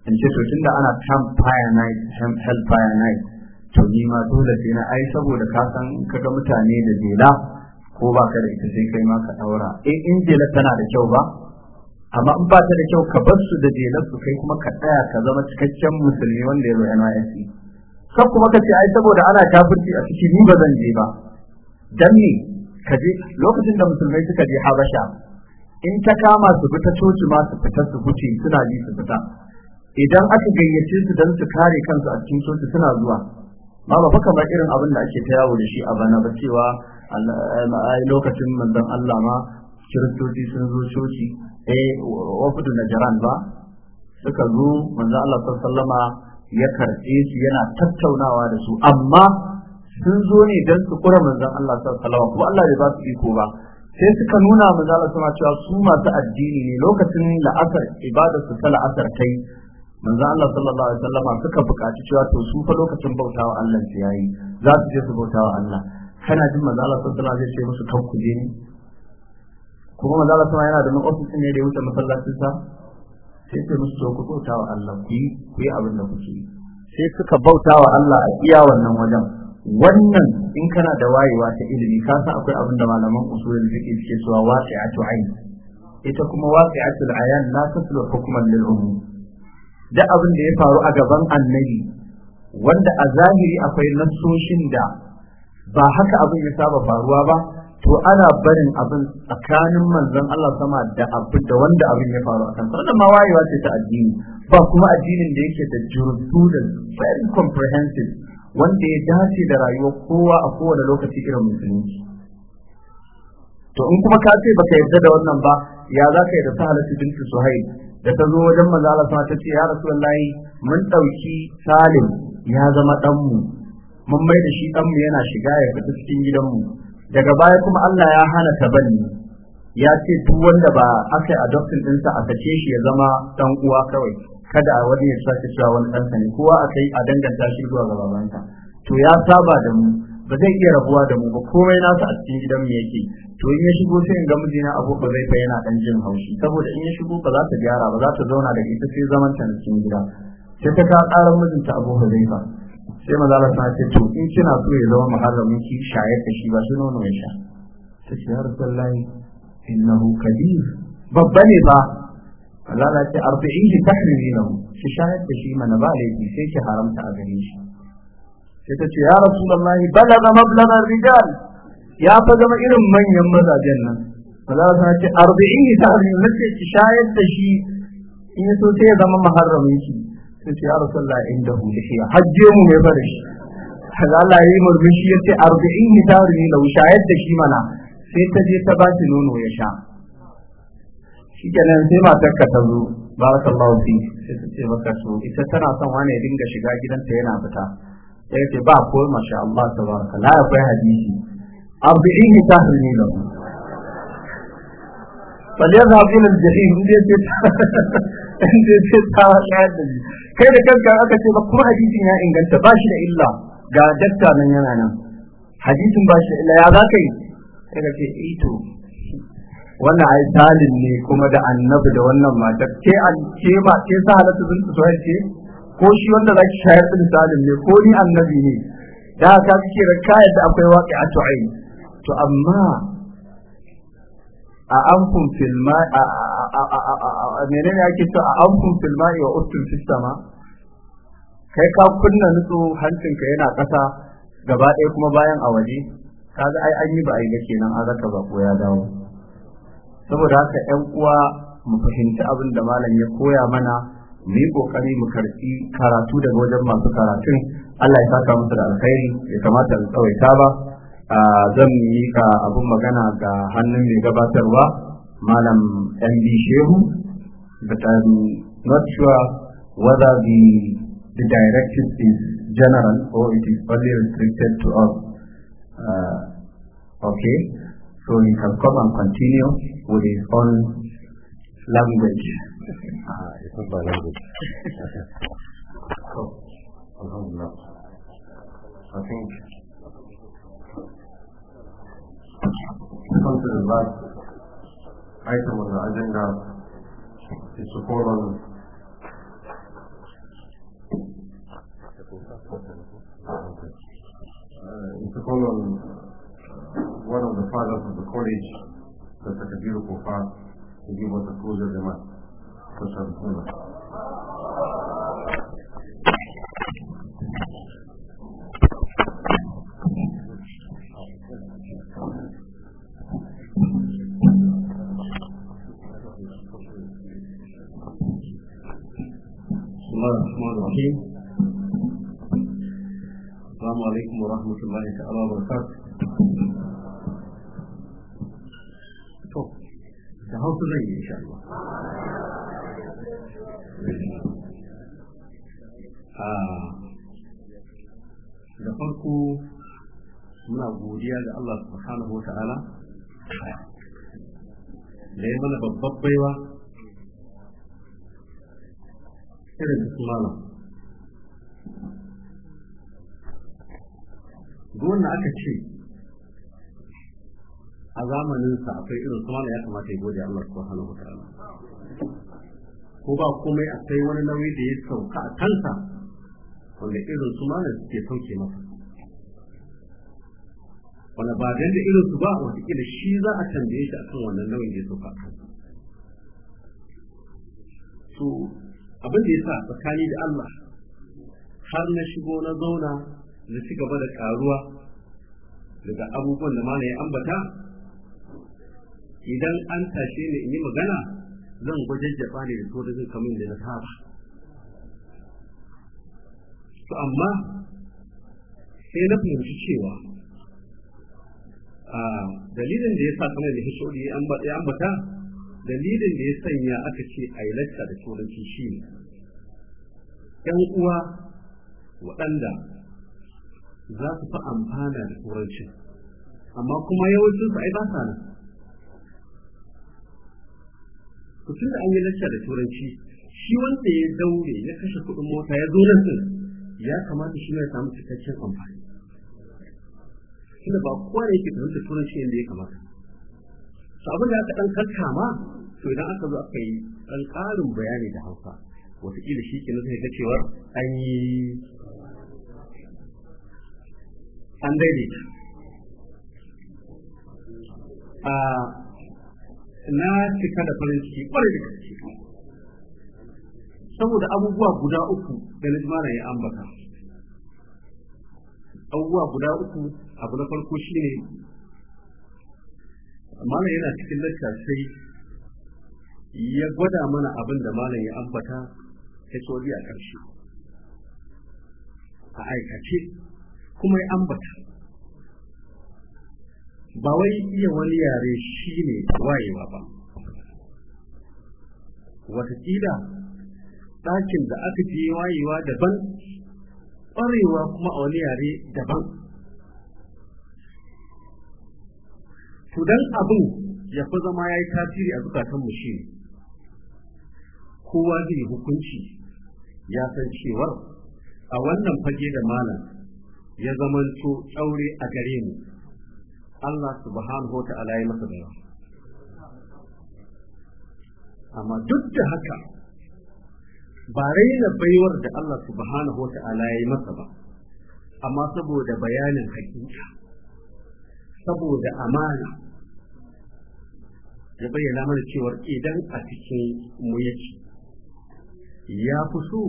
S1: in ce to tunda ana campfire night hellfire night to ni ma dole sai na ai saboda ka san kaga mutane da jela ko ba ka da ita sai kai ma ka daura eh in jela tana da kyau ba amma in ba ta da kyau ka bar su da jela su kai kuma ka tsaya ka zama cikakken musulmi wanda ya zo NYSC sai kuma ka ce ai saboda ana kafirci a cikin ni ba zan je ba dan ne ka je lokacin da musulmai suka je Habasha in ta kama su fita coci ma su fita su huce suna ji su fita idan aka gayyace su don su kare kansu a cikin coci suna zuwa ba ba kamar irin abin da ake ta yawo da shi a bana ba cewa lokacin manzon Allah ma kiristoci sun zo coci eh wafudu na jaran ba suka zo manzon Allah sallama ya karɓe su yana tattaunawa da su amma sun zo ne don su kura manzon Allah sallama kuma Allah bai ba su iko ba sai suka nuna manzala sama cewa su masu addini ne lokacin la'asar ibada su ta la'asar kai manzo Allah sallallahu alaihi wasallama suka buƙaci cewa to su fa lokacin bautawa Allah su yayi za su je su bautawa Allah kana jin manzo Allah sallallahu alaihi zai ce musu kan je ne kuma manzo Allah yana da ofis ne da ya wuce masallacin sa sai ce musu to ku bautawa Allah ku yi ku abin da kuke sai suka bautawa Allah a iya wannan wajen wannan in kana da wayewa ta ilimi ka san akwai abin da malaman usulul fiqh suke cewa waqi'atu ayn ita kuma waqi'atul ayan la taslu hukman lil umum da abin da ya faru a gaban annabi wanda a zahiri akwai nassoshin da ba haka abin ya saba faruwa ba to ana barin abin tsakanin manzon Allah sama da abin da wanda abin ya faru a sa wannan ma wayewa ce ta addini ba kuma addinin da yake da jurdu da very comprehensive wanda ya dace da rayuwar kowa a kowane lokaci irin musulunci to in kuma ka ce ba ka yarda da wannan ba ya za ka yi da sahalatu su suhail da ta zo wajen mazalafa ta ce ya rasulullahi mun ɗauki salim ya zama ɗanmu mun mai da shi ɗanmu yana shiga ya fita cikin gidan mu daga baya kuma Allah ya hana ta tabanni ya ce duk wanda ba aka yi adoption ɗinsa a sace shi ya zama ɗan uwa kawai kada a wani ya sake cewa wani ɗansa ne kowa a kai a danganta shi zuwa ga babansa to ya saba da mu ba zai iya rabuwa da mu ba komai nasa a cikin gidan mu yake to in ya shigo sai in ga mijina abu ba zai fa yana dan jin haushi saboda in ya shigo ba za ta gyara ba za ta zauna da ita sai zaman ta cikin gida sai ta ka ƙara mijinta abu ba zai fa sai maza ta ce to in kina so ya zama muharramin ki shayar da shi ba shi nono ya sha ta ce ya rasulullahi innahu kadir babba ne ba Allah ya ce arba'in ki tahrimi lahu shi shayar da shi mana ba laifi sai ki haramta a gare shi sai ta ce ya rasu da rasulullah balaga mablaga rijal ya fa zama irin manyan mazajen nan Allah ya ce arba'in ki tahrimi nace ki shayar da shi in yaso sai ya zama muharramin ki sai ce ya rasulullah inda hu shi ya hajje mu mai bare shi Allah ya yi murmushi ya ce arba'in ki tahrimi lahu shayar da shi mana sai ta je ta ba shi nono ya sha shi kenan sai matar ka ta zo barakallahu fi sai ta ce maka so ita tana son wani ya dinga shiga gidanta yana fita sai ce ba ko masha Allah tabaraka la akwai hadisi arba'in tahrimi lahu ku. الى الجحيم inda sai ta shayar ta ni kai da kanka aka ce ba kuma hadisi ya inganta ba shi da illa ga dakta nan yana nan hadisin ba shi da illa ya za ka yi sai ka ce ito eh wannan ai talin ne kuma da annabi da wannan matar ke an ke ma ke sa halatta zunta soyayya ce ko shi wanda zaki shayar da talin ne ko ni annabi ne da ka kike da kayan da akwai waƙi a tu'ai to amma a anfun filma a menene ake to a anfun filma wa ustun fis sama kai ka kunna nutsu hancinka yana ƙasa gaba ɗaya kuma bayan a waje kaga ai an yi ba yi ga kenan an raka ba ko ya dawo saboda haka ƴan uwa mu fahimci abin da malam ya koya mana mu yi kokari mu karɓi karatu daga wajen masu karatun Allah ya saka musu da alkhairi ya kamata kawai tsawaita ba zan yi ka abin magana ga hannun mai gabatarwa malam MD Shehu but I'm not sure whether the the directive is general or it is only restricted to us. Uh, okay. So he can come and continue with his own language. Ah, it's not my language.
S2: I think come to the last item on the agenda is to call on uh,
S1: is to call on one of the fathers of the college, that's a beautiful
S2: father, to give us a closer remark. الله الرحمن الرحيم
S1: السلام عليكم da hausa zan ah, farko muna godiya ga Allah subhanahu ta'ala da ya mana babbar da aka ce a zamanin sa akwai irin su ya kamata ya gode Allah subhanahu wa ta'ala ko ba komai akwai wani nauyi da ya sauka a kansa wanda irin su mana suke sauke masa wanda ba da irin su ba wataƙila shi za a tambaye shi akan wannan nauyin da ya sauka a kansa to abin da ya sa tsakani da Allah har na shigo na zauna na ci gaba da karuwa daga abubuwan da mana ya ambata idan an tashe ni in yi magana zan gwajajjafa ne da turizin kamun da na saba to amma sai na fahimci cewa a dalilin da ya sa kamar da hishori ya ambata dalilin da ya sanya aka ce a yi lacca da turanci shi ne ‘yan uwa waɗanda za su fi amfana da turancin amma kuma yawancin su ai ba sa nan tun da an yi lacca da turanci shi wanda ya daure ya kashe kuɗin mota ya zo nan din ya kamata shi ya samu cikakken amfani tunda ba kowa ne yake fahimta turanci yadda ya kamata to abin da aka ɗan karka ma to idan aka zo aka yi ɗan ƙarin bayani da hausa wataƙila shi ke nufin ga cewa an yi an daidaita ah, na cika da farin ciki kwarai da gaske saboda abubuwa guda uku da lismana ya ambata abubuwa guda uku abu na farko shi ne malam yana cikin lakka sai ya gwada mana abin da malam ya ambata ya tsori a ƙarshe a aikace kuma ya ambata ba wai iya wani yare shi ne wayewa ba watakila ɗakin da aka je wayewa daban ƙwarewa kuma a wani yare daban to dan abin ya fi zama ya yi tasiri a zukatanmu shi ne kowa zai hukunci ya san cewar a wannan fage da malam ya zamanto aure a gare mu Allah subhanahu wa ta'ala ya masa bayani amma duk da haka ba raina baiwar da Allah subhanahu wa ta'ala ya masa ba amma saboda bayanin hakika saboda amana ya bayyana mana cewar idan a cikin mu yake ya fi so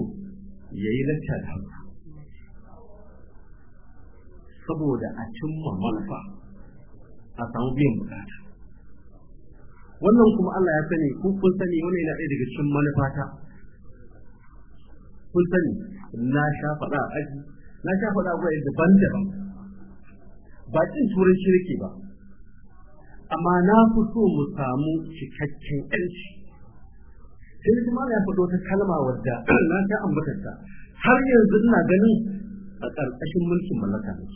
S1: ya yi lacca da saboda a cimma manufa a samu biyan bukata wannan kuma Allah ya sani ko kun sani wani yana ɗaya daga cikin manufata kun sani na sha faɗa a aji na sha faɗa a gwaye daban-daban ba cin turan shirki ba amma na fi so mu samu cikakken ƴanci sai kuma ya faɗo ta kalma wadda na ta ambatarta har yanzu ina ganin a ƙarƙashin mulkin mallaka ne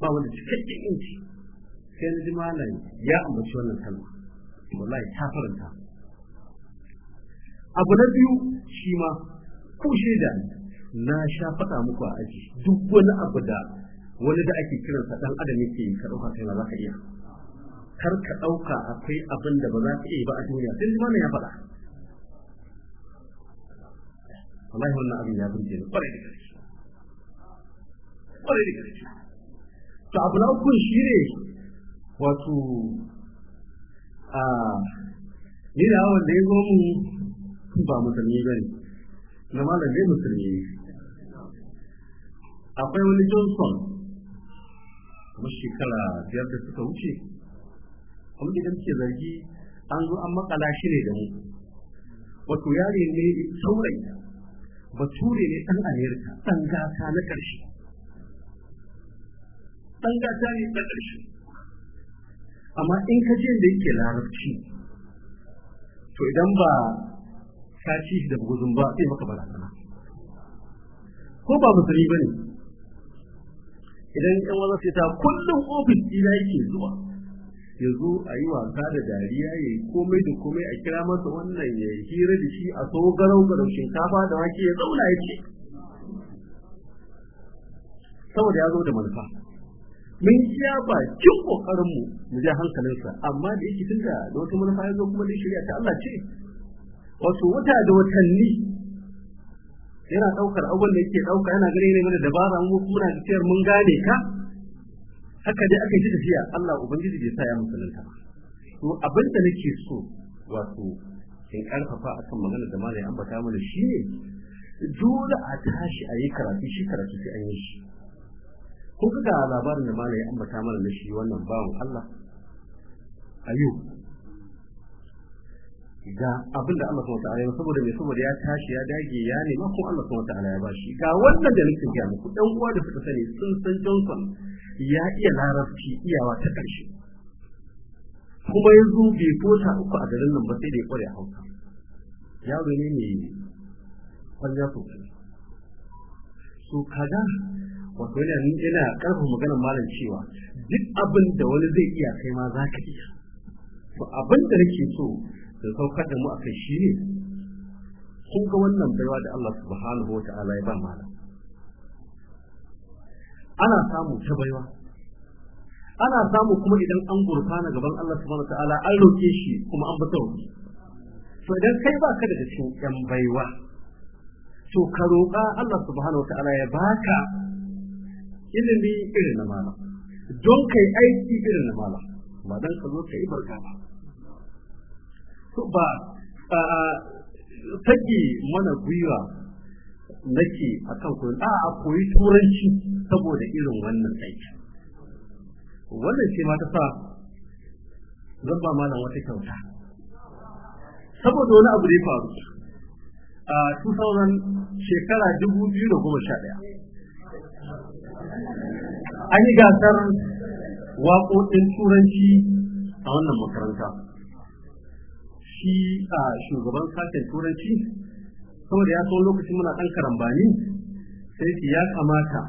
S1: ba wanda cikakken ƴanci sai ji malam ya ambaci wannan kalma wallahi ta faranta abu na biyu shi ma ko da na sha faɗa muku a aji duk wani abu da wani da ake kiransa ɗan adam yake yi ka ɗauka kai na za ka iya kar ka ɗauka akwai abin da ba za ka iya ba a duniya sai ma ya faɗa wallahi wannan abin ya burge ni kwarai da gaske kwarai da gaske to abu na uku shi ne wato a ni da awon da ya zo mu ba musulmi ba ne na malam ne musulmi ne akwai wani johnson kamar shekara biyar da suka wuce kuma idan ke zargi an zo an makala shi ne da mu wato yare ne saurayi bature ne ɗan amerika ɗan gata na ƙarshe ɗan gata ne na ƙarshe amma in ka je da yake larabci to idan ba ka ci da gudun ba sai maka barazana ko ba musulmi bane idan yan wani sai ta kullum ofis ina yake zuwa ya a yi wasa da dariya ya yi komai da komai a kira masa wannan ya hira da shi a sau garau garau shinkafa da wake ya zauna ya ce saboda ya zo da manufa mun iya ba kin kokarin mu mu ja hankalinsa amma da yake tunda da wata manufa ya zo kuma da shirya ta Allah ce wato wata da watanni yana daukar abin da yake dauka yana gare ne mana dabara mu kuma da cewa mun gane ka haka dai aka yi tafiya Allah ubangiji bai sa ya musulunta ba to abin da nake so wato in karfafa akan magana da malai bata mana shi ne dole a tashi a yi karatu shi karatu sai an yi shi ko kuka labarin da malai ambata mana na shi wannan bawan Allah ayu ga abin da Allah ya saboda mai saboda ya tashi ya dage ya nema ko Allah subhanahu wataala ya bashi ga wannan da nake ga muku dan uwa da suka sani sun san Johnson ya iya larabci iyawa ta karshe kuma yanzu bai kota uku a garin nan ba sai da ya kware Hausa yaro ne mai kwanja sosai so kaga wato yana yana karfafa maganar malam cewa duk abin da wani zai iya kai ma za ka iya to abin da nake so da saukar da mu a kai shi ne kun ga wannan baiwa da Allah subhanahu wa ta'ala ya ba malam ana samu ta baiwa ana samu kuma idan an gurfana gaban Allah subhanahu wa ta'ala an roke shi kuma an bata roƙi to idan kai ba ka da cikin yan baiwa to ka roƙa Allah subhanahu wa ta'ala ya baka ilimi irin na malam don kai aiki irin na malam ba dan ka zo ka yi barka ba to ba sake mana gwiwa nake akan koyon a a koyi turanci saboda irin wannan aiki wannan ce ma ta sa zan ba malam wata kyauta saboda wani abu da ya faru a 2000 shekara 2011 an yi gasar waƙoƙin turanci a wannan makaranta shi a shugaban sashen turanci saboda ya tsohon lokacin muna ɗan karambani sai ki ya kamata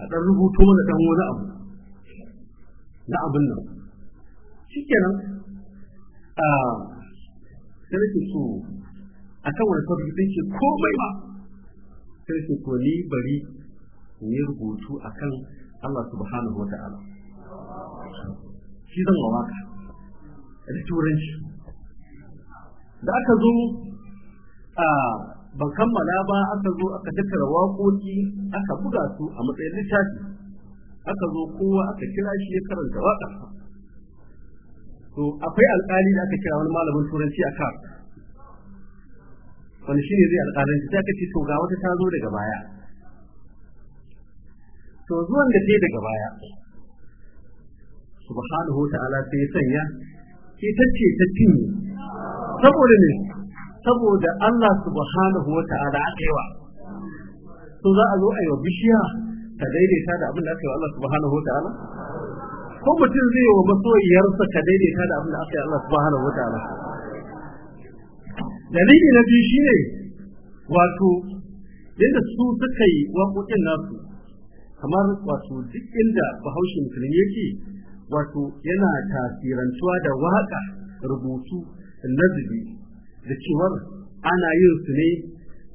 S1: a ɗan rubuto mana ɗan wani abu na abin nan shi kenan a sai nake a kan wani ke komai ba sai ke ni bari yi rubutu a kan Allah subhanahu wa ta'ala shi zan wa waka da turanci da aka zo a ban kammala ba aka zo aka tattara waƙoƙi aka buga su a matsayin littafi aka zo kowa aka kira shi ya karanta waƙa to akwai alƙali da aka kira wani malamin turanci a kan wani shine zai alƙalin sai ta ce to ga wata ta zo daga baya to zuwan da ke daga baya subhanahu ta'ala sai ya sanya ita ce ta cinye saboda ne saboda Allah subhanahu wa ta'ala aka yi wa to za a zo a yi wa bishiya ta daidaita da abin da aka yi wa Allah subhanahu wa ta'ala ko mutum zai yi wa masoyiyarsa ta daidaita da abin da aka yi Allah subhanahu wa ta'ala dalili na biyu shine wato yadda su suka yi waƙoƙin nasu kamar wato duk inda bahaushe musulmi yake wato yana tasirantuwa da waka rubutu zube, da cewar ana yin su ne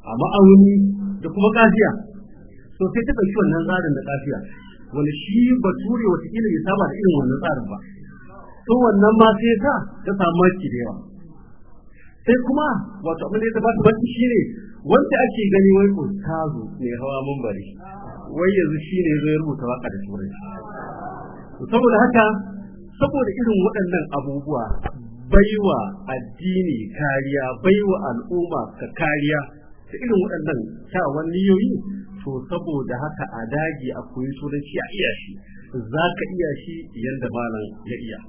S1: a ma'auni da kuma kafiya so sai ta ɗauki wannan tsarin da kafiya wani shi bature wata ila ya saba da irin wannan tsarin ba to wannan ma sai ta ta samu maki da yawa sai kuma wato abin da ya tabbata shi ne wanda ake gani wai ustazu ne hawa mambari wai yanzu shine zai rubuta waka da turai. saboda haka saboda irin waɗannan abubuwa baiwa addini kariya baiwa al'umma ka kariya da irin waɗannan kyawawan niyoyi to saboda haka a dage a koyi turanci a iya shi za ka iya shi yadda malam ya iya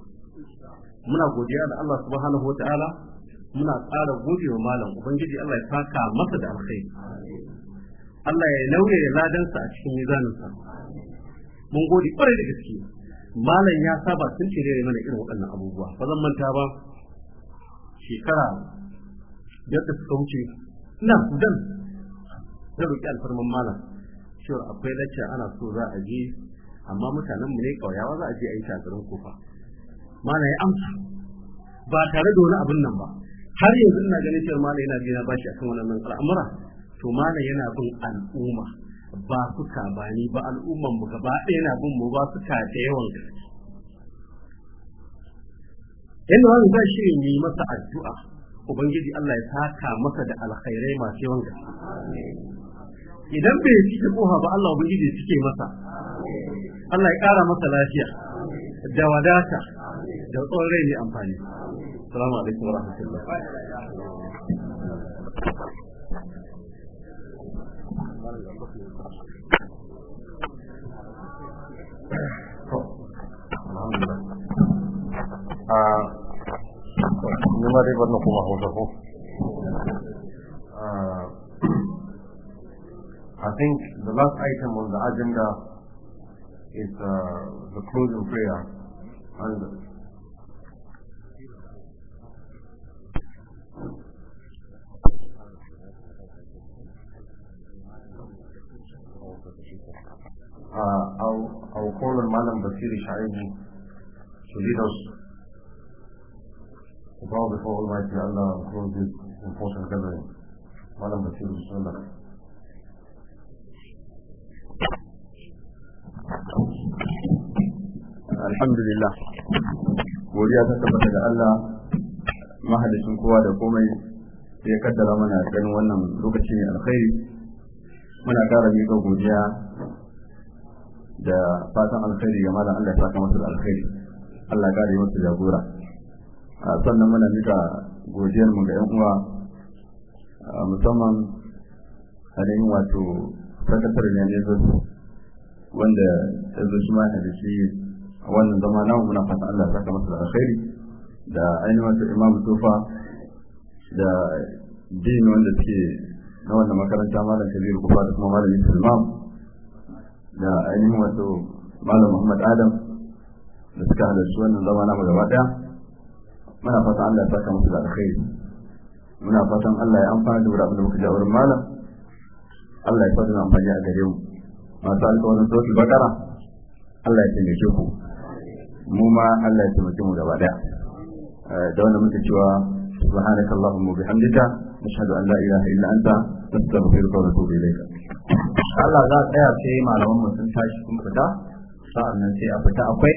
S1: muna godiya da Allah subhanahu wa ta'ala muna ƙara gode wa malam ubangiji Allah ya saka masa da alkhairi Allah ya nauye ladansa a cikin mizaninsa mun gode kwarai da gaske malam ya saba sun shirye mana irin waɗannan abubuwa ba zan manta ba shekara yadda suka wuce ina sudan zan roƙi alfarman malam cewa akwai lacca ana so za a je amma mutanenmu ne ƙauyawa za a je a yi tasirin kofa malam ya amsa ba tare da wani abin nan ba har yanzu ina ganin cewa malam yana biya bashi akan wannan amma to malam yana bin al'umma ba su ba ni ba al'umman mu gaba ɗaya yana bin mu ba su ka da yawan gaske yanda wani za shi ne masa addu'a ubangiji Allah ya saka masa da alkhairai masu yawan gaske idan bai cike koha ba Allah ubangiji ya cike masa Allah ya ƙara masa lafiya da wadata da tsoron rai mai amfani السلام عليكم
S2: ورحمة الله Numarribar
S1: uh, I think the last item on the agenda is uh,
S2: the closing prayer. And أو أو قول المعلم
S1: بصير شعيبي to lead before
S2: Almighty Allah and close this important gathering. Madam Bashir, Bismillah.
S1: Alhamdulillah. Godiya ta tabbata da Allah mahalicin kowa da komai ya kaddara mana ganin wannan lokaci alkhairi muna ƙara miƙa godiya da fatan alkhairi ga malam Allah ta kama masa da alkhairi Allah ya kare masa jagora sannan muna mika godiyar mu ga yan uwa musamman halin wato sakatar ne ne wanda ya zo shi ma da shi wannan zama na muna fatan Allah ya kama masa da alkhairi da ainihin wato imamu tufa da din wanda suke na wannan makaranta malam kabiru kufa da kuma malam yusuf imam da ainihin wato malam muhammad adam da suka halarci wannan zama namu gaba daya muna fatan allah ya saka musu da alkhairi muna fatan allah ya amfana da wuri abin da muka ji wurin malam allah ya fatan amfani a gare mu masu alkawarin sauki bakara allah ya taimake ku mu ma allah ya taimake mu gaba daya eh, da wanda muke cewa subhanakallahumma bihamdika nashhadu an la ilaha illa anta nastaghfiruka wa natubu ilayka Allah za a tsaya sai malaman mutum tashi sun fita nan sai a fita akwai